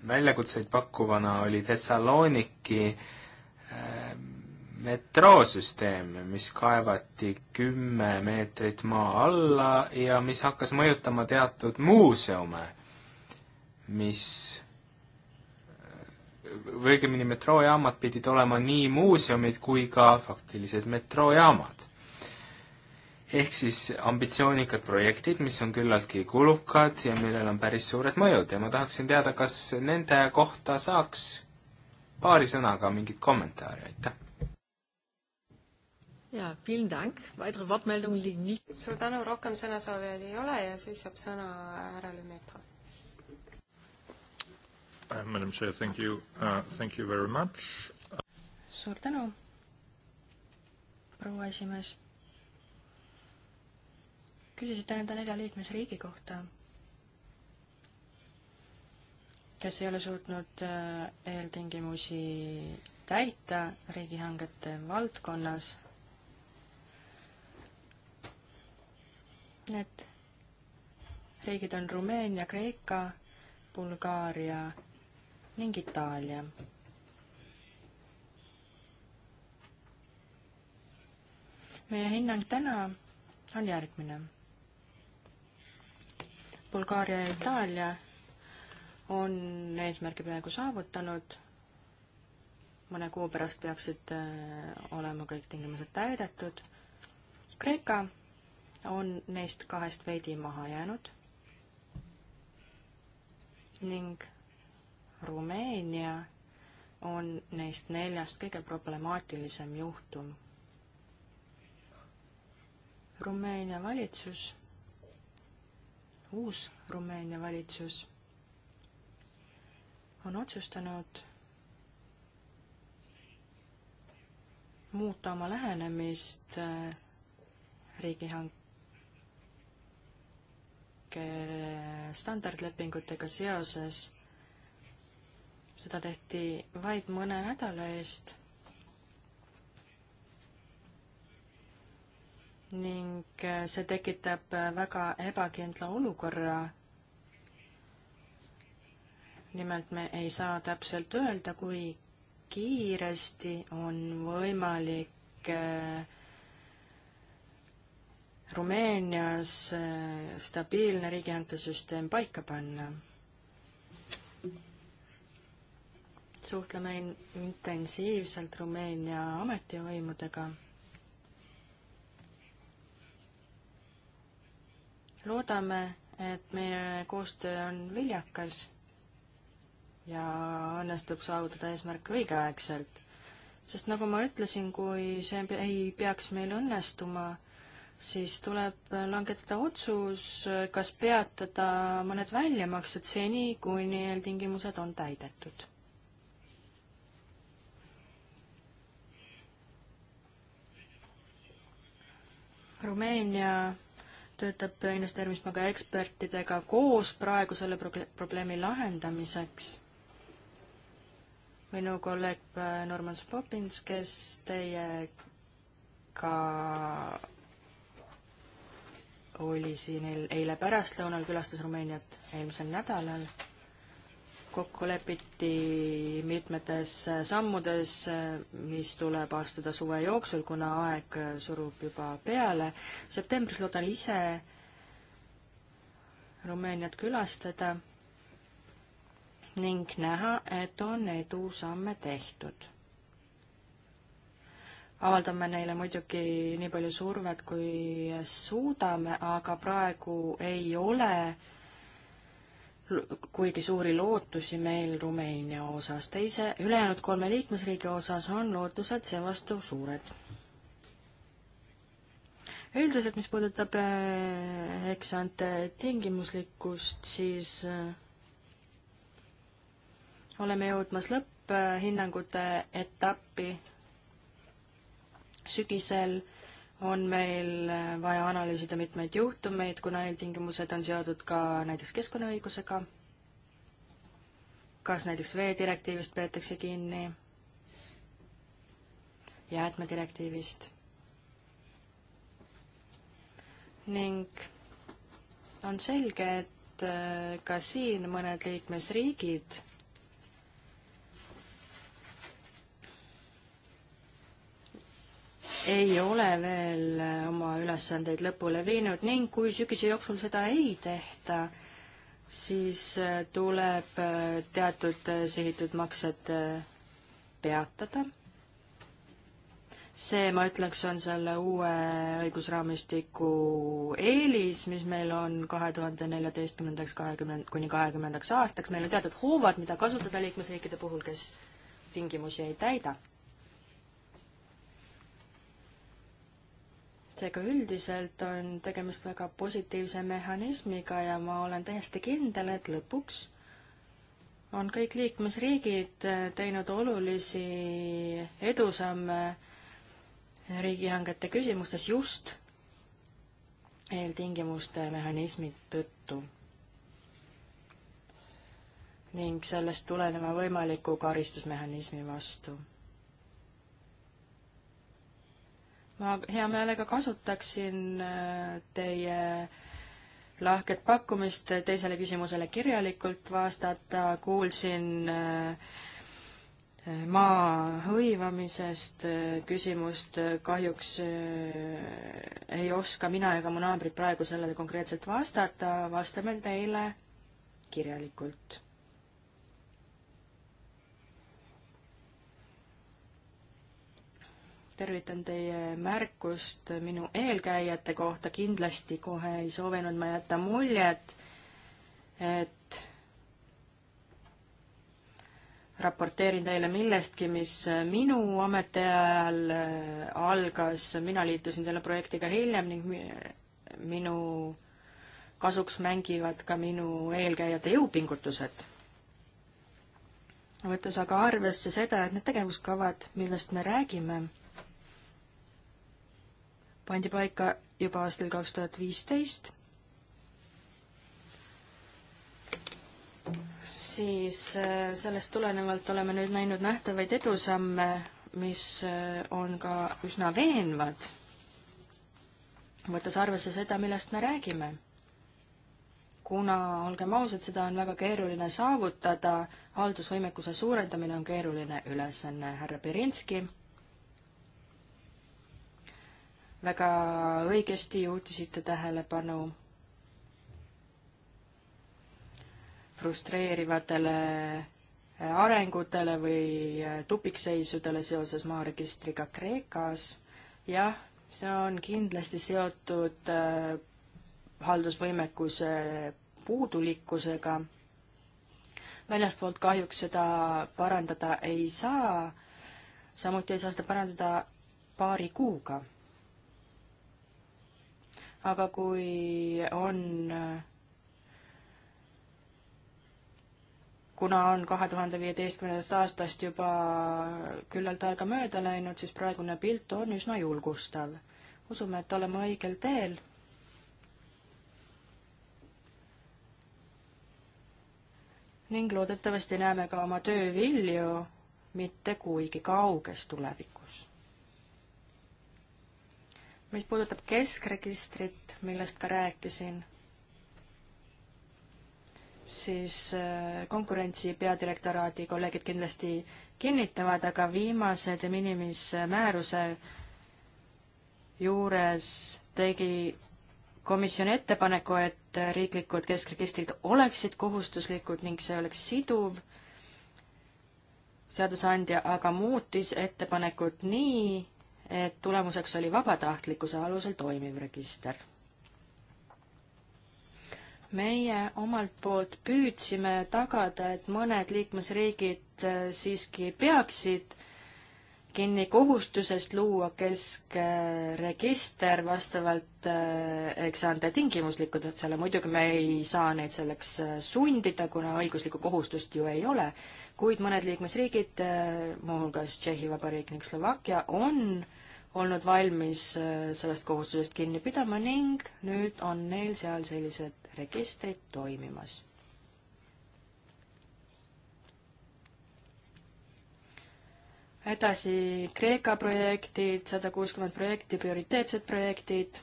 väljakutseid pakkuvana, oli Thessaloniki äh, metroosüsteem, mis kaevati kümme meetrit maa alla ja mis hakkas mõjutama teatud muuseume, mis või õigemini metroojaamad pidid olema nii muuseumid kui ka faktilised metroojaamad. ehk siis ambitsioonikad projektid, mis on küllaltki kulukad ja millel on päris suured mõjud ja ma tahaksin teada, kas nende kohta saaks paari sõnaga mingit kommentaari, aitäh! jaa, vielen Dank, weitere Wortmeldungen liegen nicht. suur tänu, rohkem sõnasoovijaid ei ole ja siis saab sõna härra Lümetov Uh, Madam Chair, thank you uh,, thank you very much. suur tänu, proua esimees. küsisite nende nelja liikmesriigi kohta, kes ei ole suutnud äh, eeltingimusi täita riigihangete valdkonnas. Need riigid on Rumeenia, Kreeka, Bulgaaria ning Itaalia. meie hinnang täna on järgmine. Bulgaaria ja Itaalia on eesmärgi peaaegu saavutanud, mõne kuu pärast peaksid äh, olema kõik tingimused täidetud. Kreeka on neist kahest veidi maha jäänud ning Rumeenia on neist neljast kõige problemaatilisem juhtum. Rumeenia valitsus, uus Rumeenia valitsus on otsustanud muuta oma lähenemist äh, riigihanke standardlepingutega seoses seda tehti vaid mõne nädala eest. ning äh, see tekitab äh, väga ebakindla olukorra. nimelt me ei saa täpselt öelda, kui kiiresti on võimalik äh, Rumeenias stabiilne riigihankesüsteem paika panna suhtleme intensiivselt Rumeenia ametivõimudega. loodame, et meie koostöö on viljakas ja õnnestub saavutada eesmärk õigeaegselt. sest nagu ma ütlesin, kui see ei peaks meil õnnestuma, siis tuleb langetada otsus, kas peatada mõned väljamaksed seni, kuni eeltingimused on täidetud Rumeenia töötab investeerimispanga ekspertidega koos praegu selle probleemi lahendamiseks. minu kolleeg äh, Norman Spopins, kes teiega oli siin eile pärastlõunal, külastas Rumeeniat eelmisel nädalal kokku lepiti mitmetes sammudes, mis tuleb astuda suve jooksul, kuna aeg surub juba peale. septembris loodan ise Rumeeniat külastada ning näha, et on edusamme tehtud. avaldame neile muidugi nii palju survet, kui suudame, aga praegu ei ole kuigi suuri lootusi meil Rumeenia osas. teise, ülejäänud kolme liikmesriigi osas on lootused seevastu suured. üldiselt, mis puudutab eh, eksante tingimuslikkust, siis eh, oleme jõudmas lõpphinnangute eh, etappi sügisel on meil äh, vaja analüüsida mitmeid juhtumeid, kuna eeltingimused on seotud ka näiteks keskkonnaõigusega, kas näiteks veedirektiivist peetakse kinni, jäätmedirektiivist ning on selge, et äh, ka siin mõned liikmesriigid ei ole veel äh, oma ülesandeid lõpule viinud ning kui sügise jooksul seda ei tehta, siis äh, tuleb äh, teatud sihitud maksed peatada. see, ma ütleks, on selle uue õigusraamistiku eelis, mis meil on kahe tuhande neljateistkümnendaks, kahekümne, kuni kahekümnendaks aastaks, meil on teatud hoovad, mida kasutada liikmesriikide puhul, kes tingimusi ei täida seega üldiselt on tegemist väga positiivse mehhanismiga ja ma olen täiesti kindel, et lõpuks on kõik liikmesriigid äh, teinud olulisi edusamme riigihangete küsimustes just eeltingimuste mehhanismi tõttu ning sellest tuleneva võimaliku karistusmehhanismi vastu ma hea meelega kasutaksin äh, teie lahket pakkumist teisele küsimusele kirjalikult vastata, kuulsin äh, maa hõivamisest äh, küsimust, kahjuks ei oska mina ega mu naabrid praegu sellele konkreetselt vastata, vastame teile kirjalikult tervitan teie märkust minu eelkäijate kohta, kindlasti kohe ei soovinud ma jätta muljet, et raporteerin teile millestki, mis minu ametiajal äh, algas, mina liitusin selle projektiga hiljem ning minu kasuks mängivad ka minu eelkäijate jõupingutused. võttes aga arvesse seda, et need tegevuskavad, millest me räägime, pandi paika juba aastal kaks tuhat viisteist, siis äh, sellest tulenevalt oleme nüüd näinud nähtavaid edusamme, mis äh, on ka üsna veenvad, võttes arvesse seda, millest me räägime. kuna, olgem ausad, seda on väga keeruline saavutada, haldusvõimekuse suurendamine on keeruline ülesanne, härra Berinski väga õigesti juhtisite tähelepanu frustreerivatele arengutele või tupikseisudele seoses maaregistriga Kreekas. jah, see on kindlasti seotud äh, haldusvõimekuse puudulikkusega. väljastpoolt kahjuks seda parandada ei saa, samuti ei saa seda parandada paari kuuga aga kui on kuna on kahe tuhande viieteistkümnendast aastast juba küllalt aega mööda läinud, siis praegune pilt on üsna julgustav. usume, et oleme õigel teel. ning loodetavasti näeme ka oma töö vilju mitte kuigi kauges tulevikus mis puudutab keskregistrit, millest ka rääkisin, siis äh, konkurentsi peadirektoraadi kolleegid kindlasti kinnitavad, aga viimase de minimis äh, määruse juures tegi komisjon ettepaneku, et äh, riiklikud keskregistrid oleksid kohustuslikud ning see oleks siduv. seadusandja aga muutis ettepanekut nii, et tulemuseks oli vabatahtlikkuse alusel toimiv register. meie omalt poolt püüdsime tagada, et mõned liikmesriigid äh, siiski peaksid kinni kohustusest luua keskregister äh, vastavalt äh, eksante tingimuslikkusele, muidugi me ei saa neid selleks sundida, kuna õiguslikku kohustust ju ei ole, kuid mõned liikmesriigid, muuhulgas Tšehhi Vabariik ning Slovakkia, on äh, olnud valmis äh, sellest kohustusest kinni pidama ning nüüd on neil seal sellised registrid toimimas. edasi Kreeka projektid, sada kuuskümmend projekti, prioriteetsed projektid.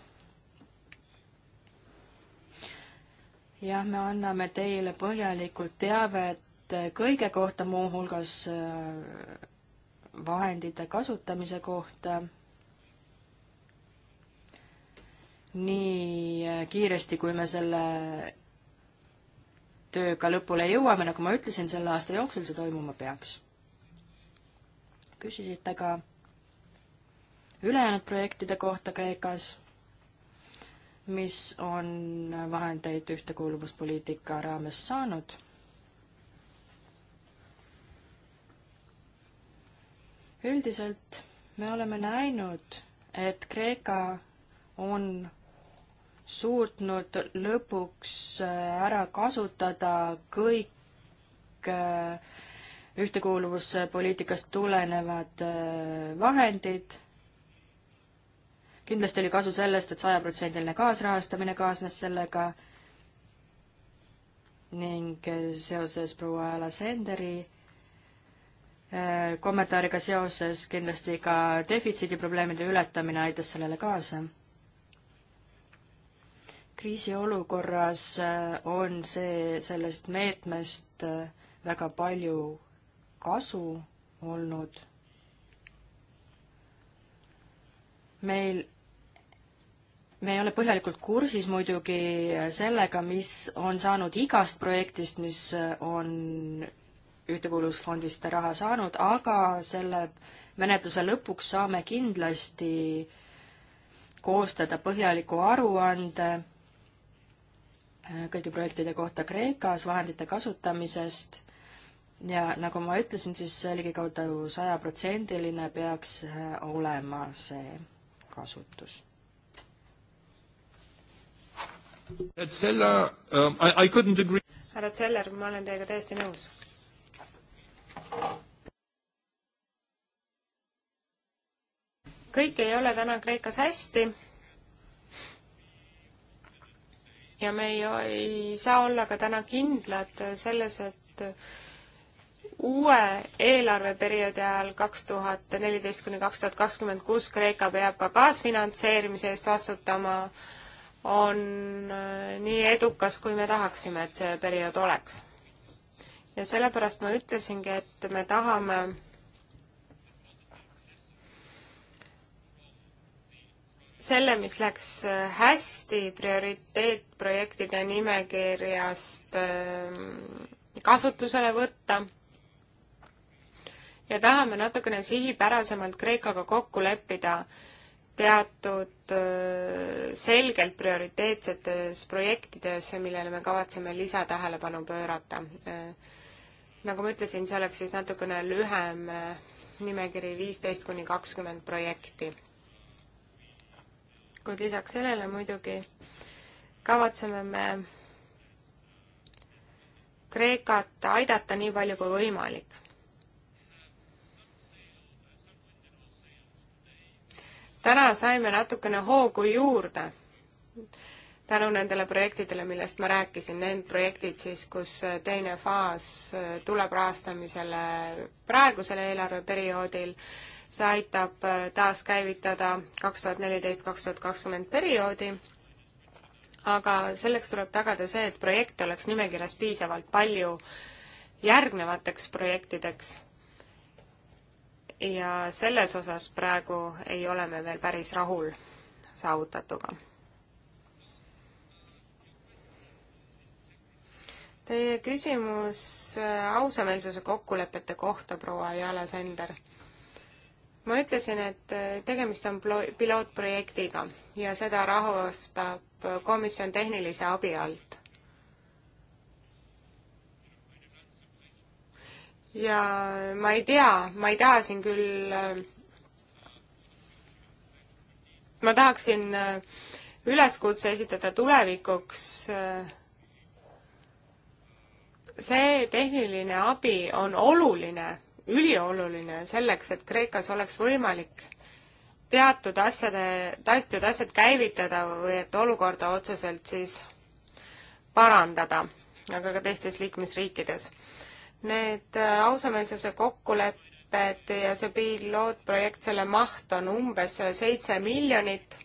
jah, me anname teile põhjalikult teavet kõige kohta, muuhulgas äh, vahendite kasutamise kohta nii äh, kiiresti, kui me selle tööga lõpule jõuame, nagu ma ütlesin, selle aasta jooksul see toimuma peaks. küsisite ka ülejäänud projektide kohta Kreekas, mis on vahendeid ühtekuuluvuspoliitika raames saanud. üldiselt me oleme näinud, et Kreeka on suutnud lõpuks äh, ära kasutada kõik äh, ühtekuuluvuspoliitikast tulenevad äh, vahendid. kindlasti oli kasu sellest et, et sajaprotsendiline kaasrahastamine kaasnes sellega ning seoses proua Alasenderi kommentaariga seoses kindlasti ka defitsiidiprobleemide ületamine aitas sellele kaasa kriisiolukorras äh, on see, sellest meetmest äh, väga palju kasu olnud. meil, me ei ole põhjalikult kursis muidugi sellega, mis on saanud igast projektist, mis äh, on Ühtekuuluvusfondist raha saanud, aga selle menetluse lõpuks saame kindlasti koostada põhjaliku aruande kõigi projektide kohta Kreekas, vahendite kasutamisest ja nagu ma ütlesin, siis ligikaudu sajaprotsendiline peaks äh, olema see kasutus. et selle um,, I, I couldn't agree. härra Zeller, ma olen teiega täiesti nõus. kõik ei ole täna Kreekas hästi ja me ei, ei saa olla ka täna kindlad selles, et uue eelarveperioodi ajal kaks tuhat neliteist kuni kaks tuhat kakskümmend kuus Kreeka peab ka kaasfinantseerimise eest vastutama, on äh, nii edukas, kui me tahaksime, et see periood oleks. ja sellepärast ma ütlesingi, et me tahame selle, mis läks äh, hästi prioriteetprojektide nimekirjast ähm, kasutusele võtta ja tahame natukene sihipärasemalt Kreekaga kokku leppida teatud äh, selgelt prioriteetsetes projektides, millele me kavatseme lisatähelepanu pöörata. Äh, nagu ma ütlesin, see oleks siis natukene lühem nimekiri, viisteist kuni kakskümmend projekti kuid lisaks sellele muidugi kavatseme me Kreekat aidata nii palju kui võimalik. täna saime natukene hoogu juurde tänu nendele projektidele, millest ma rääkisin, need projektid siis, kus teine faas tuleb rahastamisele praegusel eelarveperioodil see aitab äh, taaskäivitada kaks tuhat neliteist, kaks tuhat kakskümmend perioodi, aga selleks tuleb tagada see, et projekte oleks nimekirjas piisavalt palju järgnevateks projektideks. ja selles osas praegu ei ole me veel päris rahul saavutatuga. Teie küsimus äh, ausameelsuse kokkulepete kohta, proua Jala Sender ma ütlesin, et äh, tegemist on pilootprojektiga ja seda rahastab äh, komisjon tehnilise abi alt. ja ma ei tea, ma ei taha siin küll, äh, ma tahaksin üleskutse esitada tulevikuks see tehniline abi on oluline ülioluline selleks, et Kreekas oleks võimalik teatud asjade, teatud asjad käivitada või et olukorda otseselt siis parandada, aga ka teistes liikmesriikides. Need äh, ausameelsuse kokkulepped ja see pilootprojekt, selle maht on umbes seitse miljonit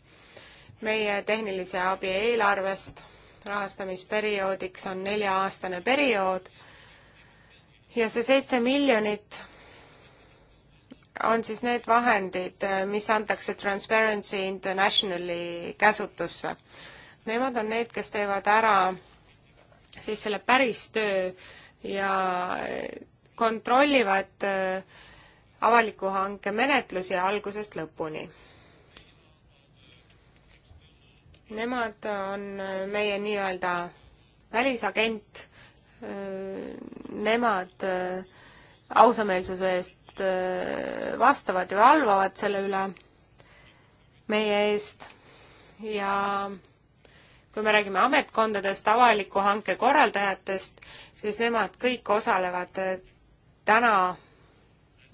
meie tehnilise abi eelarvest. rahastamisperioodiks on nelja-aastane periood ja see seitse miljonit on siis need vahendid, äh, mis antakse Transparency Internationali käsutusse. Nemad on need, kes teevad ära siis selle päris töö ja äh, kontrollivad äh, avaliku hanke menetlusi algusest lõpuni. Nemad on meie nii-öelda välisagent, nemad ausameelsuse eest nad äh, vastavad ja valvavad selle üle meie eest ja kui me räägime ametkondadest, avaliku hanke korraldajatest, siis nemad kõik osalevad äh, täna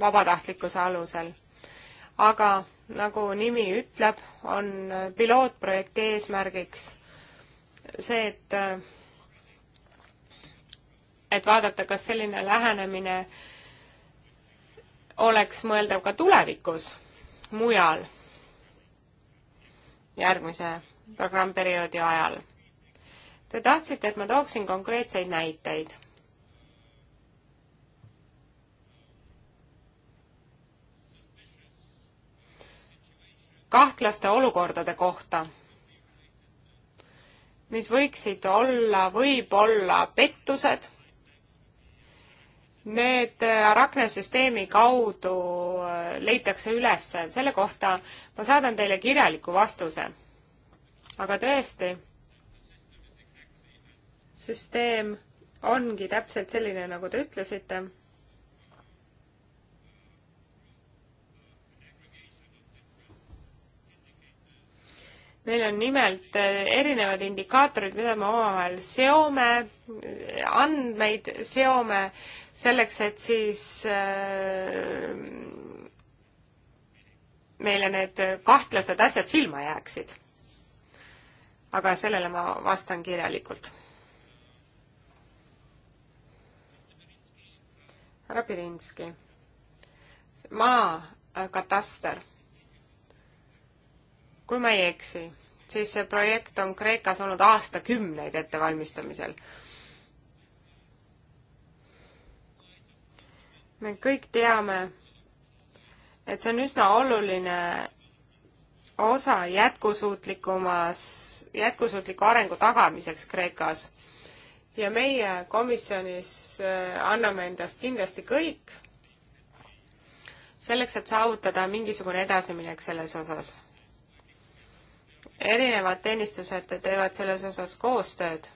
vabatahtlikkuse alusel. aga nagu nimi ütleb, on äh, pilootprojekti eesmärgiks see, et et vaadata, kas selline lähenemine äh, oleks mõeldav ka tulevikus mujal järgmise programmperioodi ajal. Te tahtsite, et ma tooksin konkreetseid näiteid. kahtlaste olukordade kohta, mis võiksid olla võib-olla pettused Need Arachne äh, süsteemi kaudu äh, leitakse üles, selle kohta ma saadan teile kirjaliku vastuse. aga tõesti, süsteem ongi täpselt selline, nagu te ütlesite meil on nimelt äh, erinevad indikaatorid, mida me omavahel seome, andmeid seome selleks, et siis äh, meile need kahtlased asjad silma jääksid. aga sellele ma vastan kirjalikult. härra Pirinski, maakataster, äh, kui ma ei eksi, siis see projekt on Kreekas olnud aastakümneid ettevalmistamisel me kõik teame, et see on üsna oluline osa jätkusuutlikumas, jätkusuutliku arengu tagamiseks Kreekas. ja meie komisjonis äh, anname endast kindlasti kõik, selleks, et saavutada mingisugune edasiminek selles osas. erinevad teenistused teevad selles osas koostööd.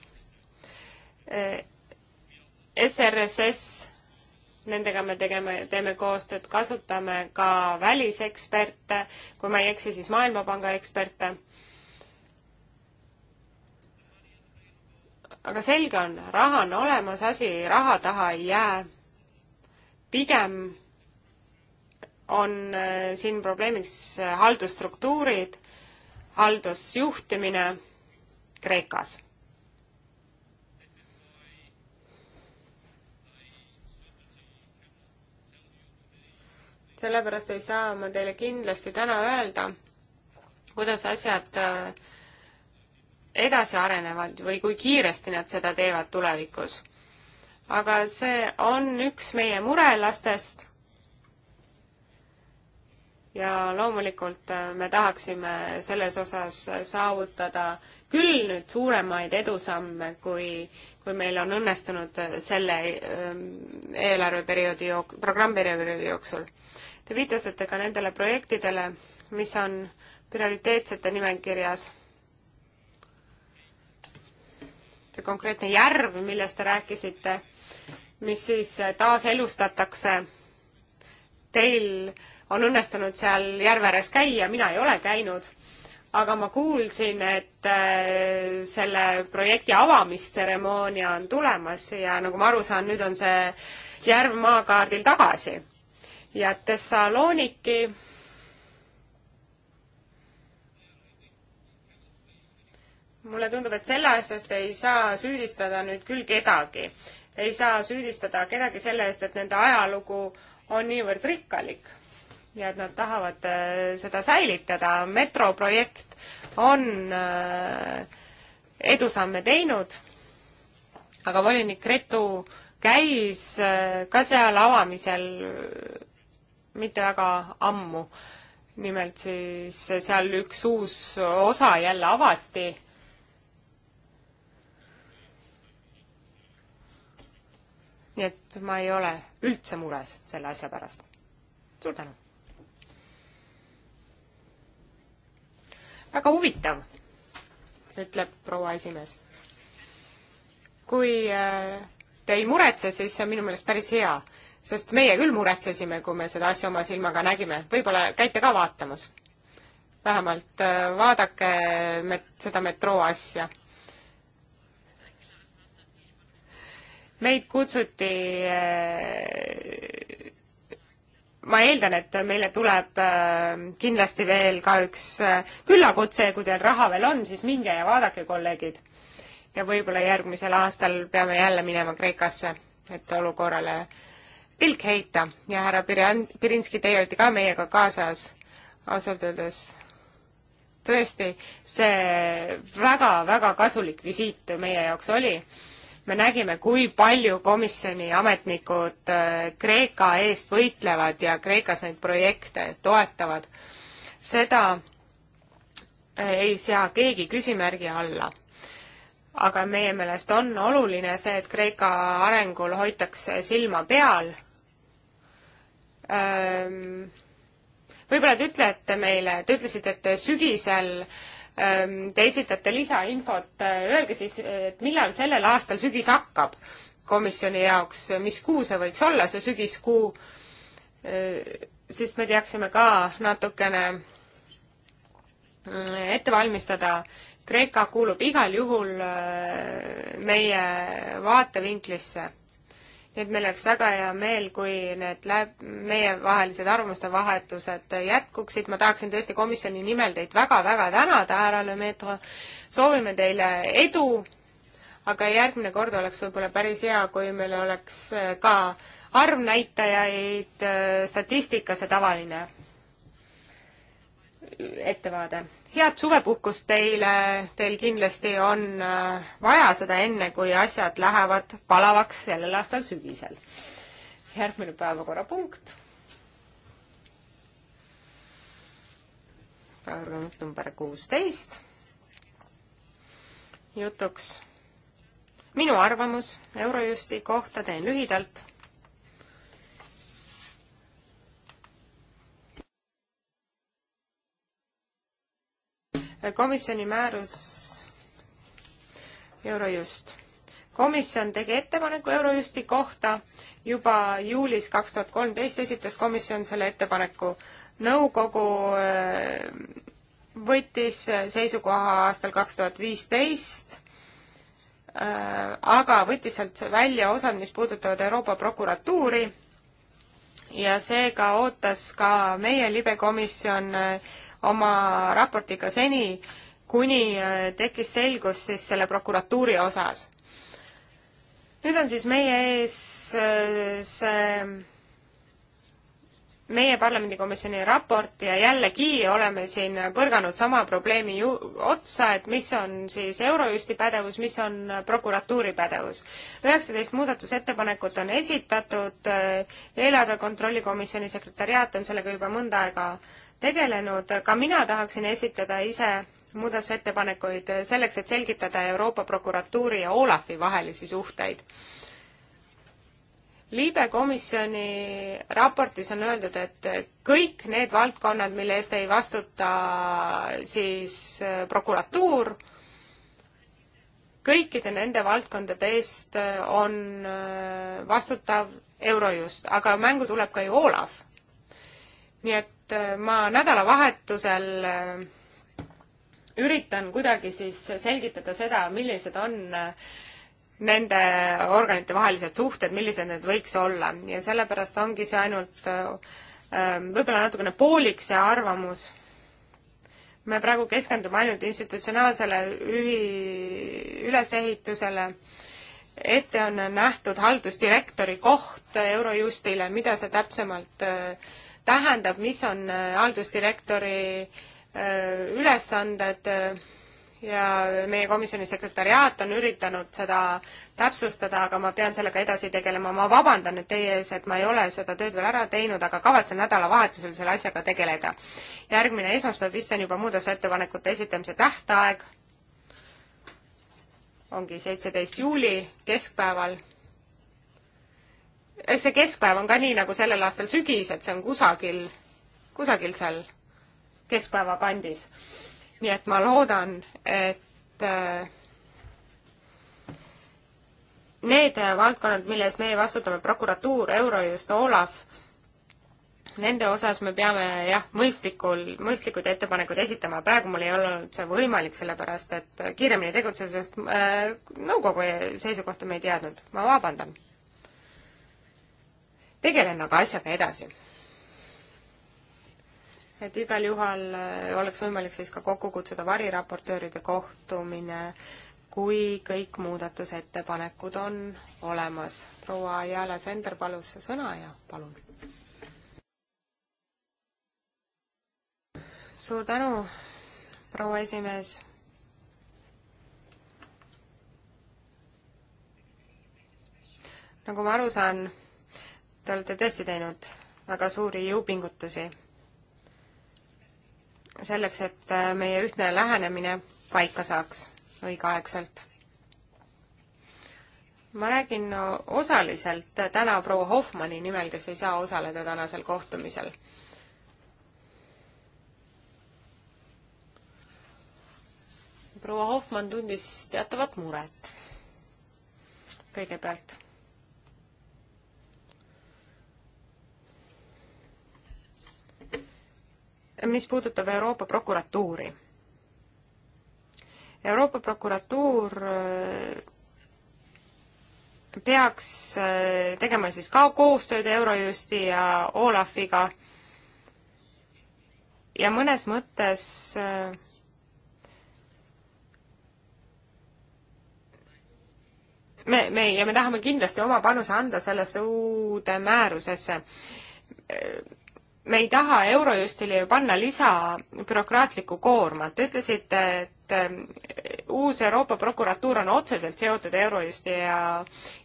SRSS äh, nendega me tegeme, teeme koostööd, kasutame ka väliseksperte, kui ma ei eksi, siis Maailmapanga eksperte. aga selge on, raha on olemas, asi raha taha ei jää. pigem on äh, siin probleemiks äh, haldusstruktuurid, haldusjuhtimine Kreekas sellepärast ei saa ma teile kindlasti täna öelda, kuidas asjad äh, edasi arenevad või kui kiiresti nad seda teevad tulevikus. aga see on üks meie murelastest ja loomulikult äh, me tahaksime selles osas saavutada küll nüüd suuremaid edusamme, kui, kui meil on õnnestunud selle ähm, eelarveperioodi jook-, programmperioodi jooksul. Te viitasite ka nendele projektidele, mis on prioriteetsete nimekirjas. see konkreetne järv, millest te rääkisite, mis siis taaselustatakse, teil on õnnestunud seal järve ääres käia, mina ei ole käinud aga ma kuulsin, et äh, selle projekti avamistseremoonia on tulemas ja nagu ma aru saan, nüüd on see järv maakaardil tagasi ja Thessaloniki. mulle tundub, et selle asjast ei saa süüdistada nüüd küll kedagi. ei saa süüdistada kedagi selle eest, et nende ajalugu on niivõrd rikkalik ja et nad tahavad äh, seda säilitada. metroprojekt on äh, edusamme teinud, aga volinik Retu käis äh, ka seal avamisel mitte väga ammu. nimelt siis seal üks uus osa jälle avati nii et ma ei ole üldse mures selle asja pärast. suur tänu! väga huvitav, ütleb proua esimees. kui äh, te ei muretse, siis see on minu meelest päris hea sest meie küll muretsesime, kui me seda asja oma silmaga nägime. võib-olla käite ka vaatamas? vähemalt äh, vaadake met-, seda metroo asja. meid kutsuti äh, ma eeldan, et meile tuleb äh, kindlasti veel ka üks küllakutse ja kui teil raha veel on, siis minge ja vaadake, kolleegid. ja võib-olla järgmisel aastal peame jälle minema Kreekasse, et olukorrale äh, pilk heita ja härra Pirjan-, Pirinski, teie olite ka meiega kaasas, ausalt öeldes tõesti, see väga-väga kasulik visiit meie jaoks oli. me nägime, kui palju komisjoni ametnikud äh, Kreeka eest võitlevad ja Kreekas neid projekte toetavad. seda äh, ei sea keegi küsimärgi alla. aga meie meelest on oluline see, et Kreeka arengul hoitakse silma peal Ehm, võib-olla te ütlete meile, te ütlesite, et sügisel ehm, te esitate lisainfot, eh, öelge siis, et millal sellel aastal sügis hakkab komisjoni jaoks, mis kuu see võiks olla, see sügiskuu, eh, siis me teaksime ka natukene mm, ette valmistada. Kreeka kuulub igal juhul eh, meie vaatevinklisse nii et meil oleks väga hea meel, kui need läb-, meievahelised arvamuste vahetused jätkuksid, ma tahaksin tõesti komisjoni nimel teid väga-väga tänada, härra Lemetro, soovime teile edu, aga järgmine kord oleks võib-olla päris hea, kui meil oleks äh, ka arvnäitajaid, äh, statistika, see tavaline ettevaade head suvepuhkust teile, teil kindlasti on äh, vaja seda enne, kui asjad lähevad palavaks sellel aastal sügisel. järgmine päevakorrapunkt päevakorrapunkt number kuusteist. jutuks minu arvamus Eurojusti kohta teen lühidalt. komisjoni määrus Eurojust. komisjon tegi ettepaneku Eurojusti kohta juba juulis kaks tuhat kolmteist esitas komisjon selle ettepaneku. nõukogu äh, võttis seisukoha aastal kaks tuhat viisteist, äh, aga võttis sealt välja osad, mis puudutavad Euroopa prokuratuuri ja seega ootas ka meie libekomisjon äh, oma raportiga seni, kuni äh, tekkis selgus siis selle prokuratuuri osas. nüüd on siis meie ees äh, see meie parlamendikomisjoni raport ja jällegi oleme siin põrganud sama probleemi ju otsa, et mis on siis Eurojusti pädevus, mis on prokuratuuri pädevus. üheksateist muudatusettepanekut on esitatud, äh, eelarve kontrolli komisjoni sekretäriaat on sellega juba mõnda aega tegelenud, ka mina tahaksin esitada ise muudatusettepanekuid selleks, et selgitada Euroopa Prokuratuuri ja Olafi vahelisi suhteid. Liibe komisjoni raportis on öeldud, et kõik need valdkonnad, mille eest ei vastuta siis prokuratuur, kõikide nende valdkondade eest on vastutav Eurojust, aga mängu tuleb ka ju Olav. nii et et äh, ma nädalavahetusel äh, üritan kuidagi siis selgitada seda, millised on äh, nende organite vahelised suhted, millised need võiks olla ja sellepärast ongi see ainult võib-olla natukene poolik see arvamus. me praegu keskendume ainult institutsionaalsele ühi-, ülesehitusele. ette on nähtud haldusdirektori koht Eurojustile, mida see täpsemalt äh, tähendab, mis on äh, haldusdirektori äh, ülesanded äh, ja meie komisjoni sekretäriaat on üritanud seda täpsustada, aga ma pean sellega edasi tegelema. ma vabandan nüüd teie ees, et ma ei ole seda tööd veel ära teinud, aga kavatsen nädalavahetusel selle asjaga tegeleda. järgmine esmaspäev vist on juba muudatusettepanekute esitamise tähtaeg, ongi seitseteist juuli keskpäeval see keskpäev on ka nii nagu sellel aastal sügis, et see on kusagil, kusagil seal keskpäeva kandis. nii et ma loodan, et äh, need valdkonnad, mille eest meie vastutame, prokuratuur, Eurojust, Olav, nende osas me peame jah, mõistlikul, mõistlikuid ettepanekuid esitama, praegu mul ei olnud see võimalik, sellepärast et kiiremini tegutseda, sest äh, nõukogu seisukohta me ei teadnud, ma vabandan tegelen aga asjaga edasi. et igal juhul äh, oleks võimalik siis ka kokku kutsuda variraportööride kohtumine, kui kõik muudatusettepanekud on olemas. proua Jala Sender palus sõna ja palun. suur tänu, proua esimees nagu ma aru saan, Te olete tõesti teinud väga suuri jõupingutusi selleks, et äh, meie ühtne lähenemine paika saaks õigeaegselt. ma räägin osaliselt äh, täna proua Hoffmanni nimel, kes ei saa osaleda tänasel kohtumisel. proua Hoffmann tundis teatavat muret kõigepealt mis puudutab Euroopa prokuratuuri. Euroopa prokuratuur äh, peaks äh, tegema siis ka koostööd Eurojusti ja Olafiga ja mõnes mõttes äh, me, me ja me tahame kindlasti oma panuse anda sellesse uude määrusesse me ei taha Eurojustile ju panna lisabürokraatlikku koormat. Te ütlesite, et eh, uus Euroopa prokuratuur on otseselt seotud Eurojusti ja,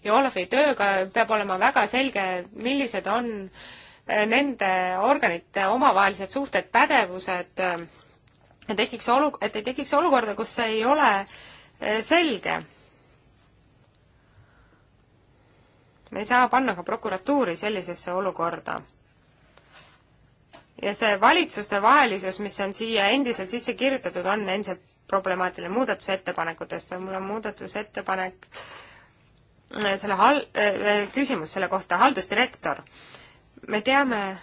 ja Olavi tööga, peab olema väga selge, millised on eh, nende organite omavahelised suhted, pädevused, eh, et tekiks olu-, et ei tekiks olukorda, kus see ei ole selge. me ei saa panna ka prokuratuuri sellisesse olukorda ja see valitsustevahelisus, mis on siia endiselt sisse kirjutatud, on endiselt problemaatiline. muudatusettepanekutest on mul on muudatusettepanek, äh, selle hal-, äh, äh, küsimus selle kohta, haldusdirektor. me teame,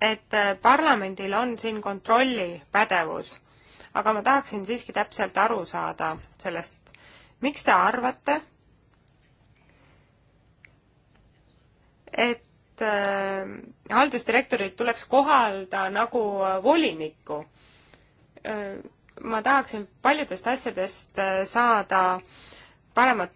et parlamendil on siin kontrollipädevus, aga ma tahaksin siiski täpselt aru saada sellest, miks te arvate, et et äh, haldusdirektorit tuleks kohalda nagu äh, volinikku. Äh, ma tahaksin paljudest asjadest saada paremat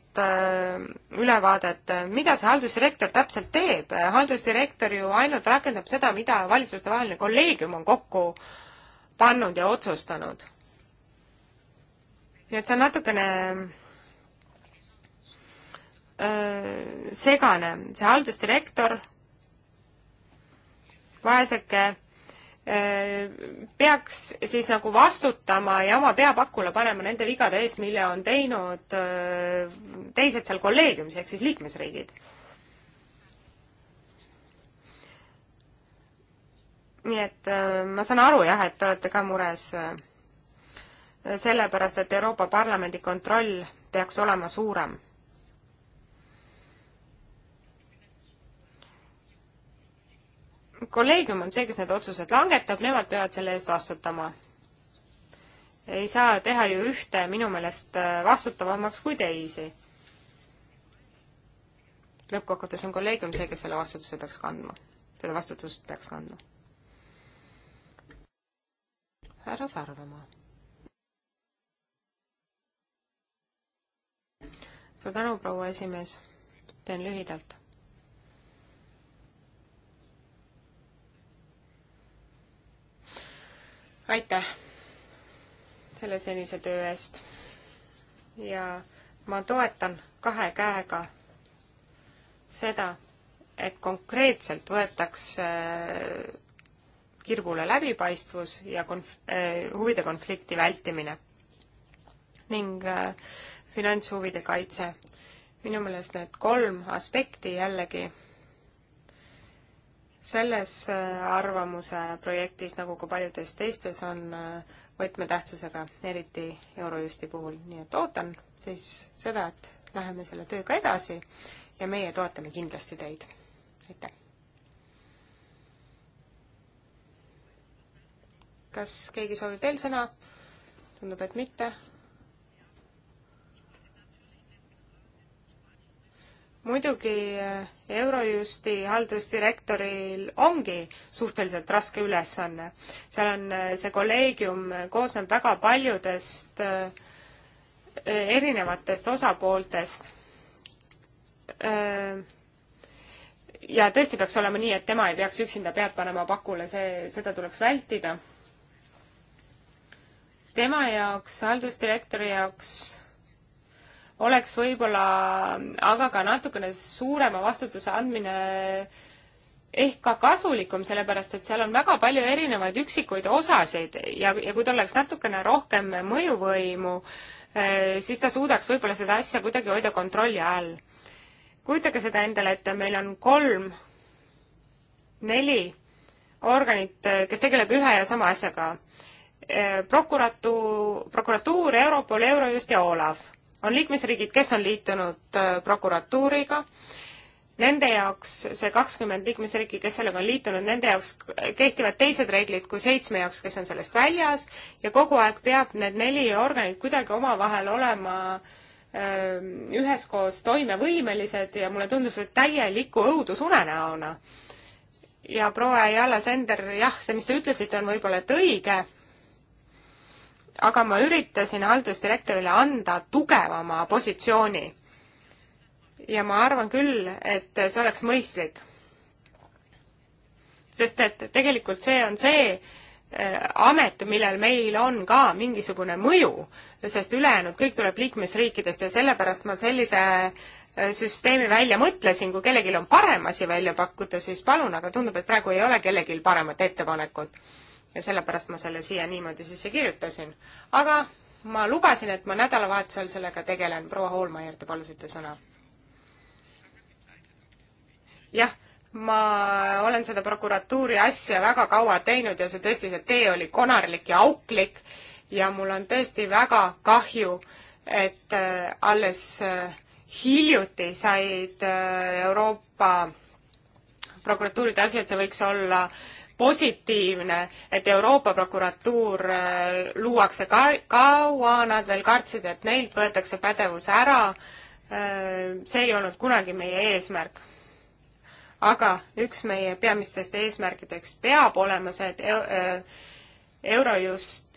ülevaadet, mida see haldusdirektor täpselt teeb. haldusdirektor ju ainult rakendab seda, mida valitsustevaheline kolleegium on kokku pannud ja otsustanud. nii et see on natukene segane, see haldusdirektor vaeseke eh, peaks siis nagu vastutama ja oma peapakule panema nende vigade ees, mille on teinud eh, teised seal kolleegiumis ehk siis liikmesriigid. nii et eh, ma saan aru jah, et te olete ka mures sellepärast, et Euroopa Parlamendi kontroll peaks olema suurem kolleegium on see, kes need otsused langetab, nemad peavad selle eest vastutama. ei saa teha ju ühte minu meelest äh, vastutavamaks kui teisi. lõppkokkuvõttes on kolleegium see, kes selle vastutuse peaks kandma, seda vastutust peaks kandma. härra Sarvemaa. suur tänu, proua esimees. teen lühidalt aitäh selle senise töö eest ja ma toetan kahe käega seda, et konkreetselt võetaks äh, kirgule läbipaistvus ja konf-, äh, huvide konflikti vältimine ning äh, finantshuvide kaitse. minu meelest need kolm aspekti jällegi selles äh, arvamuse projektis, nagu ka paljudes teistes, on äh, võtmetähtsusega, eriti Eurojusti puhul, nii et ootan siis seda, et läheme selle tööga edasi ja meie toetame kindlasti teid. aitäh! kas keegi soovib veel sõna? tundub, et mitte muidugi eh, Eurojusti haldusdirektoril ongi suhteliselt raske ülesanne. seal on eh, see kolleegium koosneb väga paljudest eh, erinevatest osapooltest. ja tõesti peaks olema nii, et tema ei peaks üksinda pead panema pakule, see, seda tuleks vältida. tema jaoks, haldusdirektori jaoks oleks võib-olla aga ka natukene suurema vastutuse andmine ehk ka kasulikum, sellepärast et seal on väga palju erinevaid üksikuid osasid ja, ja kui tal oleks natukene rohkem mõjuvõimu, eh, siis ta suudaks võib-olla seda asja kuidagi hoida kontrolli all. kujutage seda endale ette, meil on kolm, neli organit, eh, kes tegeleb ühe ja sama asjaga. Eh, prokuratu-, prokuratuur, Europol, Eurojust ja Olav on liikmesriigid, kes on liitunud äh, prokuratuuriga, nende jaoks see kakskümmend liikmesriiki, kes sellega on liitunud, nende jaoks kehtivad teised reeglid kui seitsme jaoks, kes on sellest väljas ja kogu aeg peab need neli organit kuidagi omavahel olema öö, ähm, üheskoos toimevõimelised ja mulle tundub see täieliku õudusunenäona. ja proua Jalla Sender, jah, see, mis te ütlesite, on võib-olla et õige, aga ma üritasin haldusdirektorile anda tugevama positsiooni. ja ma arvan küll, et see oleks mõistlik. sest et tegelikult see on see äh, amet, millel meil on ka mingisugune mõju, sest ülejäänud kõik tuleb liikmesriikidest ja sellepärast ma sellise äh, süsteemi välja mõtlesin, kui kellelgi on parem asi välja pakkuda, siis palun, aga tundub, et praegu ei ole kellelgi paremat ettepanekut ja sellepärast ma selle siia niimoodi sisse kirjutasin. aga ma lubasin, et ma nädalavahetusel sellega tegelen, proua Hoolmaier, te palusite sõna. jah, ma olen seda prokuratuuri asja väga kaua teinud ja see tõesti, see tee oli konarlik ja auklik ja mul on tõesti väga kahju, et äh, alles äh, hiljuti said äh, Euroopa prokuratuuride asjad, see võiks olla äh, positiivne, et Euroopa prokuratuur äh, luuakse ka, kaua nad veel kartsid, et neilt võetakse pädevus ära, äh, see ei olnud kunagi meie eesmärk. aga üks meie peamistest eesmärkideks peab olema see, et äh, Eurojust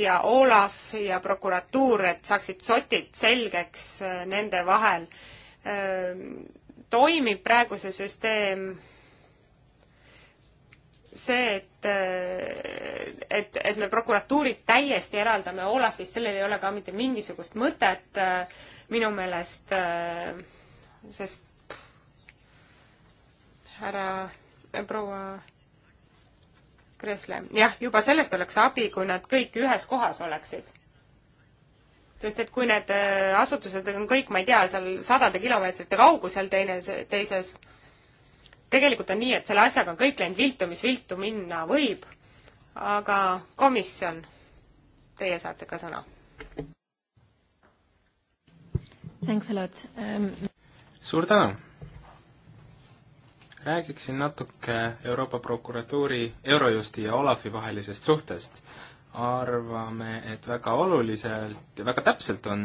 ja Olav ja prokuratuur, et saaksid sotid selgeks nende vahel. toimib praegu see süsteem see, et, et, et me prokuratuurid täiesti eraldame Olafist, sellel ei ole ka mitte mingisugust mõtet äh, minu meelest, äh, sest härra äh, proua Kresle, jah, juba sellest oleks abi, kui nad kõik ühes kohas oleksid. sest et kui need asutused on kõik, ma ei tea, seal sadade kilomeetrite kaugusel teine, teisest, tegelikult on nii, et selle asjaga on kõik läinud viltu, mis viltu minna võib, aga komisjon, teie saate ka sõna. Um... suur tänu! räägiksin natuke Euroopa Prokuratuuri, Eurojusti ja Olafi vahelisest suhtest arvame, et väga oluliselt ja väga täpselt on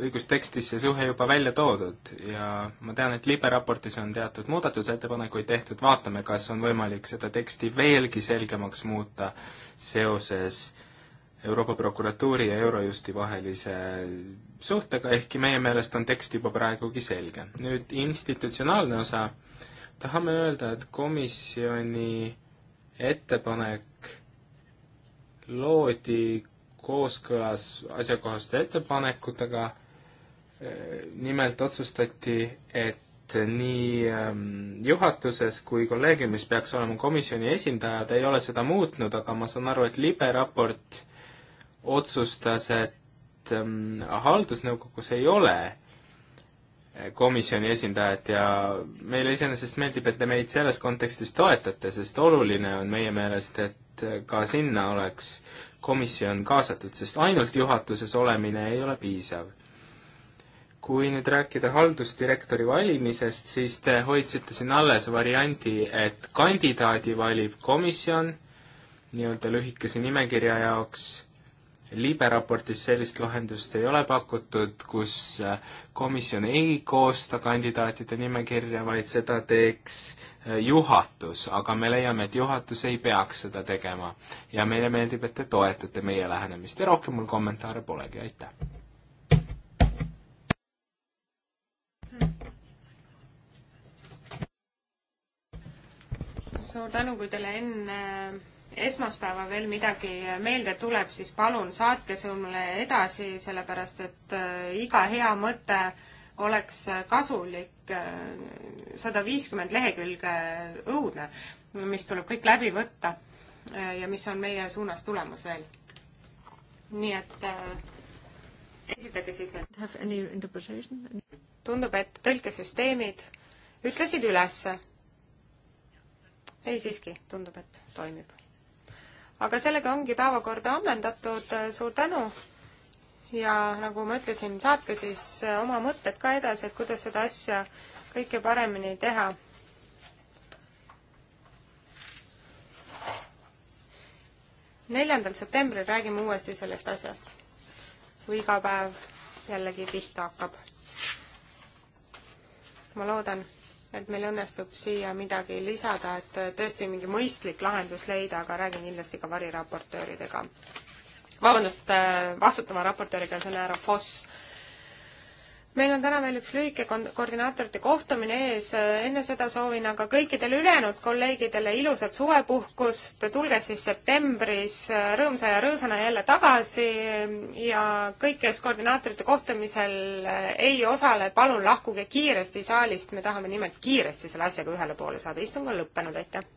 õigustekstis see suhe juba välja toodud ja ma tean, et liberaportis on teatud muudatusettepanekuid tehtud, vaatame, kas on võimalik seda teksti veelgi selgemaks muuta seoses Euroopa Prokuratuuri ja Eurojusti vahelise suhtega, ehkki meie meelest on tekst juba praegugi selge. nüüd institutsionaalne osa, tahame öelda, et komisjoni ettepanek loodi kooskõlas asjakohaste ettepanekutega nimelt otsustati, et nii ähm, juhatuses kui kolleegiumis peaks olema komisjoni esindajad, ei ole seda muutnud, aga ma saan aru, et libe raport otsustas, et ähm, haldusnõukogus ei ole äh, komisjoni esindajat ja meile iseenesest meeldib, et te meid selles kontekstis toetate, sest oluline on meie meelest, et äh, ka sinna oleks komisjon kaasatud, sest ainult juhatuses olemine ei ole piisav kui nüüd rääkida haldusdirektori valimisest, siis te hoidsite siin alles variandi, et kandidaadi valib komisjon nii-öelda lühikese nimekirja jaoks libe raportis sellist lahendust ei ole pakutud, kus komisjon ei koosta kandidaatide nimekirja, vaid seda teeks juhatus, aga me leiame, et juhatus ei peaks seda tegema. ja meile meeldib, et te toetate meie lähenemist ja rohkem mul kommentaare polegi, aitäh! suur tänu, kui teile enne äh, esmaspäeva veel midagi äh, meelde tuleb, siis palun saatke see mulle edasi, sellepärast et äh, iga hea mõte oleks kasulik, sada viiskümmend lehekülge õudne, mis tuleb kõik läbi võtta ja mis on meie suunas tulemas veel. nii et esitage siis need. tundub, et tõlkesüsteemid ütlesid ülesse ei, siiski, tundub, et toimib. aga sellega ongi päevakorda ammendatud, suur tänu! ja nagu ma ütlesin, saatke siis oma mõtted ka edasi, et kuidas seda asja kõike paremini teha. neljandal septembril räägime uuesti sellest asjast, kui iga päev jällegi pihta hakkab. ma loodan et meil õnnestub siia midagi lisada, et tõesti mingi mõistlik lahendus leida, aga räägin kindlasti ka variraportööridega. vabandust, äh, vastutava raportööriga, see on härra Foss, meil on täna veel üks lühike koordinaatorite kohtumine ees, enne seda soovin aga kõikidele ülejäänud kolleegidele ilusat suvepuhkust, tulge siis septembris rõõmsa ja rõõsana jälle tagasi ja kõik, kes koordinaatorite kohtumisel ei osale, palun lahkuge kiiresti saalist, me tahame nimelt kiiresti selle asjaga ühele poole saada, istung on lõppenud, aitäh!